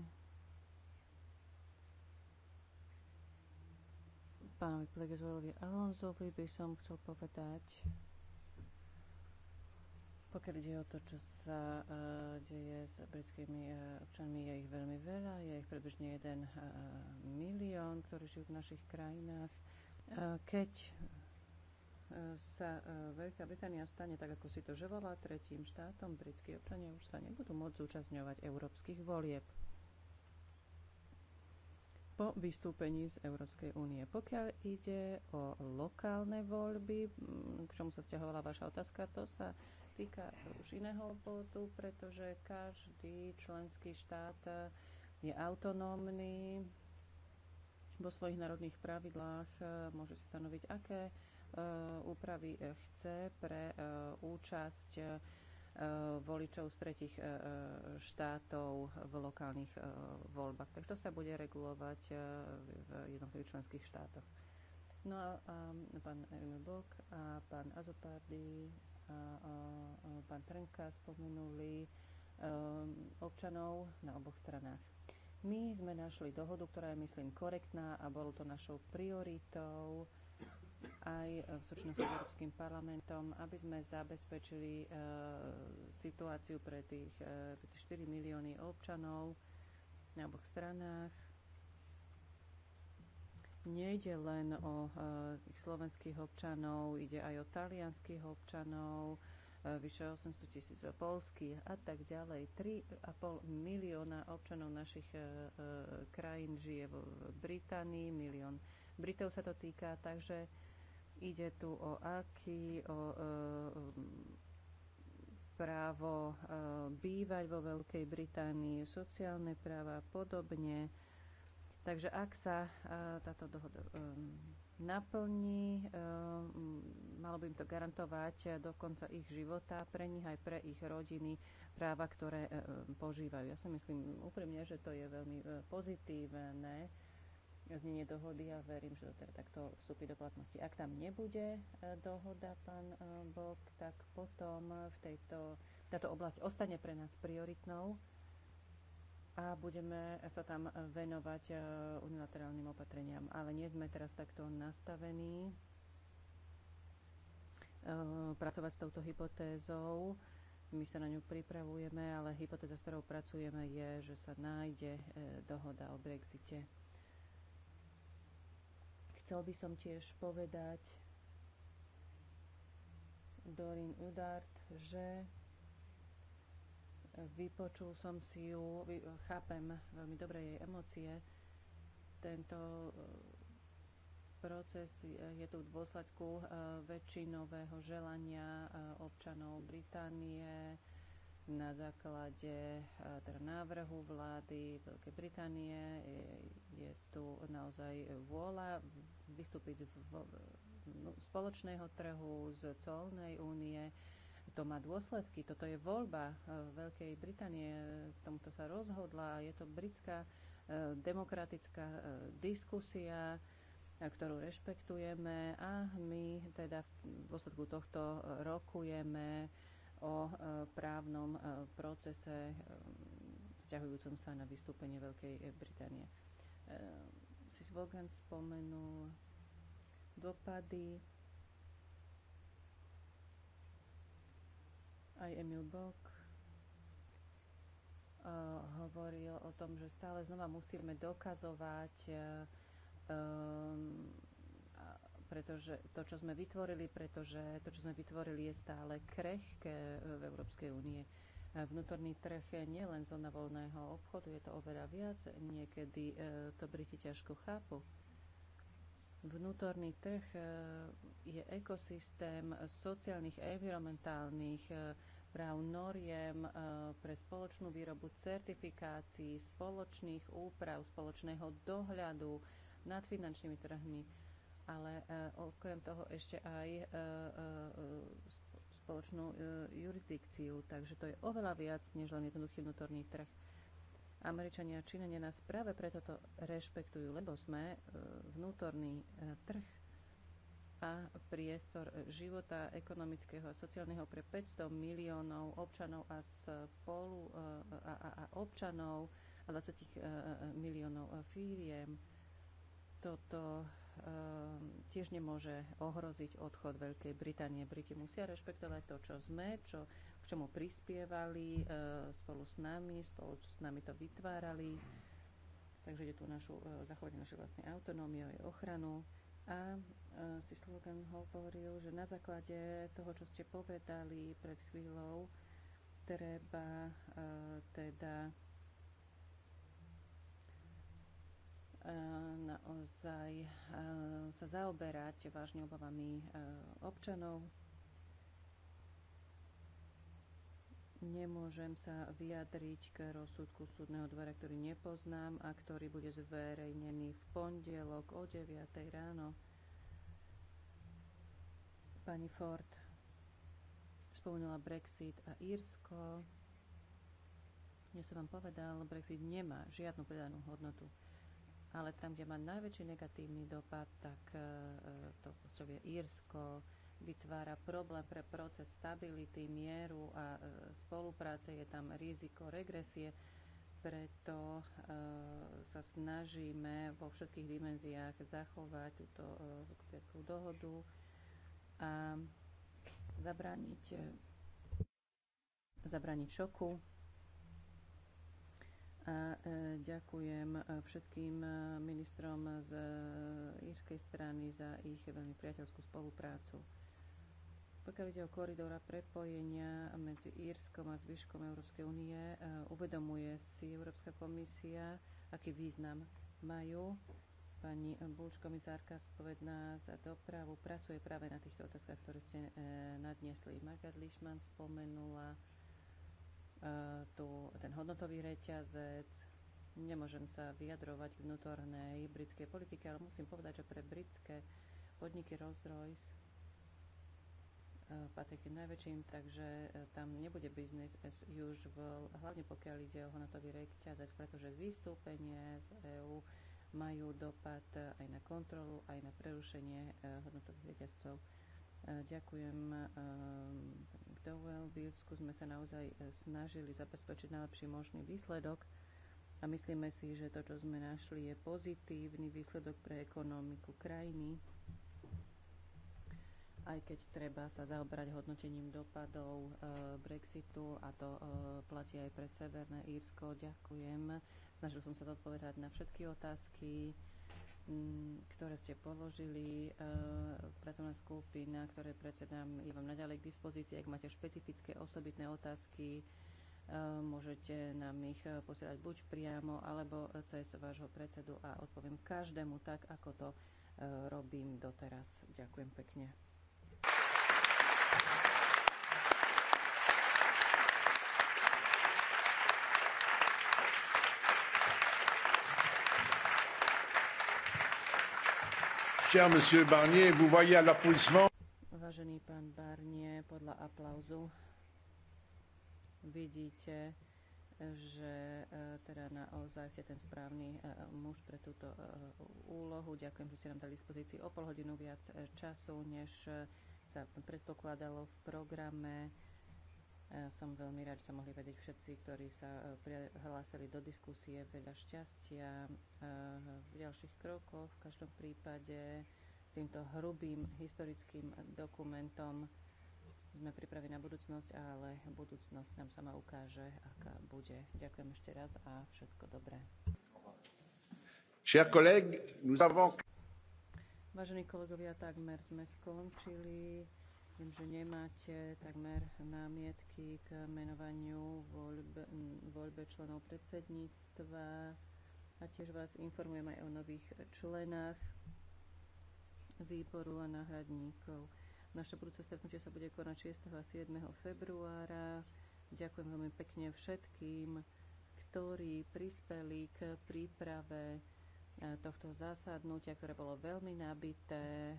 pánovi Plegezorovi Alonzovi by som chcel povedať, pokiaľ ide o to, čo sa uh, deje s britskými uh, občanmi, je ich veľmi veľa, je ich približne 1 uh, e, milión, ktorí žijú v našich krajinách. Uh, keď sa e, Veľká Británia stane, tak ako si to želala, tretím štátom, britskí občania už sa nebudú môcť zúčastňovať európskych volieb po vystúpení z Európskej únie. Pokiaľ ide o lokálne voľby, k čomu sa stiahovala vaša otázka, to sa týka už iného bodu, pretože každý členský štát e, je autonómny vo svojich národných pravidlách, e, môže si stanoviť, aké E, úpravy chce pre e, účasť e, voličov z tretich štátov v lokálnych voľbách. Takže to sa bude regulovať v jednotlivých členských štátoch. No a, a pán Emil Bok a pán Azopardy a, a, a pán Trnka spomenuli občanov na oboch stranách. My sme našli dohodu, ktorá je, myslím, korektná a bolo to našou prioritou aj e, v súčinnosti s Európskym parlamentom, aby sme zabezpečili e, situáciu pre tých, e, pre tých 4 milióny občanov na oboch stranách. Nejde len o tých slovenských občanov, ide aj o talianských občanov, vyše 800 tisíc polských a tak ďalej. 3,5 milióna občanov našich krajín žije v Británii, milión Britov sa to týka, takže Ide tu o aký, o e, právo e, bývať vo Veľkej Británii, sociálne práva a podobne. Takže ak sa e, táto dohoda e, naplní, e, malo by im to garantovať do konca ich života, pre nich aj pre ich rodiny, práva, ktoré e, e požívajú. Ja si myslím úprimne, že to je veľmi e, pozitívne znenie dohody a verím, že to teda takto vstúpi do platnosti. Ak tam nebude e, dohoda, pán e, Bok, tak potom v tejto, táto oblasť ostane pre nás prioritnou a budeme sa tam venovať e, unilaterálnym opatreniam. Ale nie sme teraz takto nastavení pracovať s touto hypotézou. My sa na ňu pripravujeme, ale hypotéza, s ktorou pracujeme, je, že sa nájde dohoda o Brexite. Chcel by som tiež povedať Dorin Udart, že vypočul som si ju, chápem veľmi dobre jej emócie. Tento e, proces je tu v dôsledku e, väčšinového želania e, občanov Británie, na základe e, teda návrhu vlády Veľkej Británie. E, je, tu naozaj vôľa vystúpiť z no, spoločného trhu, z colnej únie. To má dôsledky. Toto je voľba e, Veľkej Británie. Tomuto sa rozhodla. Je to britská demokratická diskusia ktorú rešpektujeme a my teda v dôsledku tohto rokujeme o e, právnom e, procese e, vzťahujúcom sa na vystúpenie Veľkej Británie. Sis Volgan spomenul dopady aj Emil Bok hovoril o tom, že stále znova musíme dokazovať um, pretože to, čo sme vytvorili, pretože to, čo sme vytvorili, je stále krehké v Európskej únie. Vnútorný trh nie len zóna voľného obchodu, je to oveľa viac. Niekedy e, to Briti ťažko chápu. Vnútorný trh e, je ekosystém sociálnych, environmentálnych e, práv noriem pre spoločnú výrobu certifikácií, spoločných úprav, spoločného dohľadu nad finančnými trhmi ale e, okrem toho ešte aj e, e, spoločnú jurisdikciu, takže to je oveľa viac než len jednoduchý vnútorný trh. Američania a Čínenia nás práve preto to rešpektujú, lebo sme vnútorný trh a priestor života ekonomického a sociálneho pre 500 miliónov občanov a, spolu, a, a, a občanov a 20 miliónov firiem. Toto Ehm, tiež nemôže ohroziť odchod Veľkej Británie. Briti musia rešpektovať to, čo sme, čo, k čomu prispievali ehm, spolu s nami, spolu s nami to vytvárali. Takže ide tu našu, e, zachovať našu vlastnej autonómiu a ochranu. A e, si slogan hovoril, že na základe toho, čo ste povedali pred chvíľou, treba e, teda E, naozaj e, sa zaoberať vážne obavami e, občanov. Nemôžem sa vyjadriť k rozsudku súdneho dvora, ktorý nepoznám a ktorý bude zverejnený v pondelok o 9. ráno. Pani Ford spomenula Brexit a Írsko. Ja som vám povedal, Brexit nemá žiadnu pridanú hodnotu ale tam, kde má najväčší negatívny dopad, tak e, e, to pôsobie Írsko, vytvára problém pre proces stability, mieru a e, spolupráce, je tam riziko regresie, preto sa snažíme vo všetkých dimenziách zachovať túto kvetú dohodu a zabrániť, zabrániť šoku a e, ďakujem e, všetkým e, ministrom z írskej strany za ich veľmi priateľskú spoluprácu. Pokiaľ ide o koridora prepojenia medzi Írskom a zvyškom Európskej únie, uvedomuje si Európska komisia, aký význam majú. Pani Bulč, komisárka spovedná za dopravu, pracuje práve na týchto otázkach, ktoré ste nadnesli. Margaret Lišman spomenula E, tu ten hodnotový reťazec. Nemôžem sa vyjadrovať k vnútornej britskej politike, ale musím povedať, že pre britské podniky Rolls-Royce e, patrí k najväčším, takže e, tam nebude business as usual, hlavne pokiaľ ide o hodnotový reťazec, pretože vystúpenie z EÚ majú dopad aj na kontrolu, aj na prerušenie hodnotových reťazcov. E, ďakujem e, Dowell. V Írsku sme sa naozaj e, snažili zabezpečiť najlepší možný výsledok a myslíme si, že to, čo sme našli, je pozitívny výsledok pre ekonomiku krajiny, aj keď treba sa zaobrať hodnotením dopadov Brexitu a to platí aj pre Severné Írsko. Ďakujem. Snažil som sa zodpovedať na všetky otázky ktoré ste položili. E, pracovná skupina, ktoré predsedám, je vám naďalej k dispozícii. Ak máte špecifické osobitné otázky, e, môžete nám ich e, posielať buď priamo, alebo cez vášho predsedu a odpoviem každému tak, ako to robím doteraz. Ďakujem pekne. Vážený pán Barnier, podľa aplauzu vidíte, že e, teda naozaj ste ten správny e, muž pre túto e, úlohu. Ďakujem, že ste nám dali dispozícii o pol hodinu viac času, než sa predpokladalo v programe. Som veľmi rád, že sa mohli vedieť všetci, ktorí sa e, prihlásili do diskusie. Veľa šťastia e, v ďalších krokoch. V každom prípade s týmto hrubým historickým dokumentom sme pripravení na budúcnosť, ale budúcnosť nám sama ukáže, aká bude. Ďakujem ešte raz a všetko dobré. Vážení kolegovia, takmer sme skončili. Viem, že nemáte takmer námietky k menovaniu voľbe, voľbe členov predsedníctva a tiež vás informujem aj o nových členách výboru a náhradníkov. Naše budúce stretnutie sa bude konať 6. a 7. februára. Ďakujem veľmi pekne všetkým, ktorí prispeli k príprave E, tohto zásadnutia, ktoré bolo veľmi nabité, e,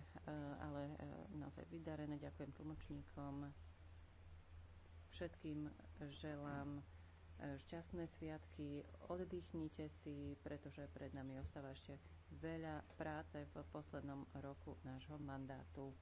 ale e, naozaj vydarené. Ďakujem tlmočníkom. Všetkým želám šťastné sviatky. Oddychnite si, pretože pred nami ostáva ešte veľa práce v poslednom roku nášho mandátu.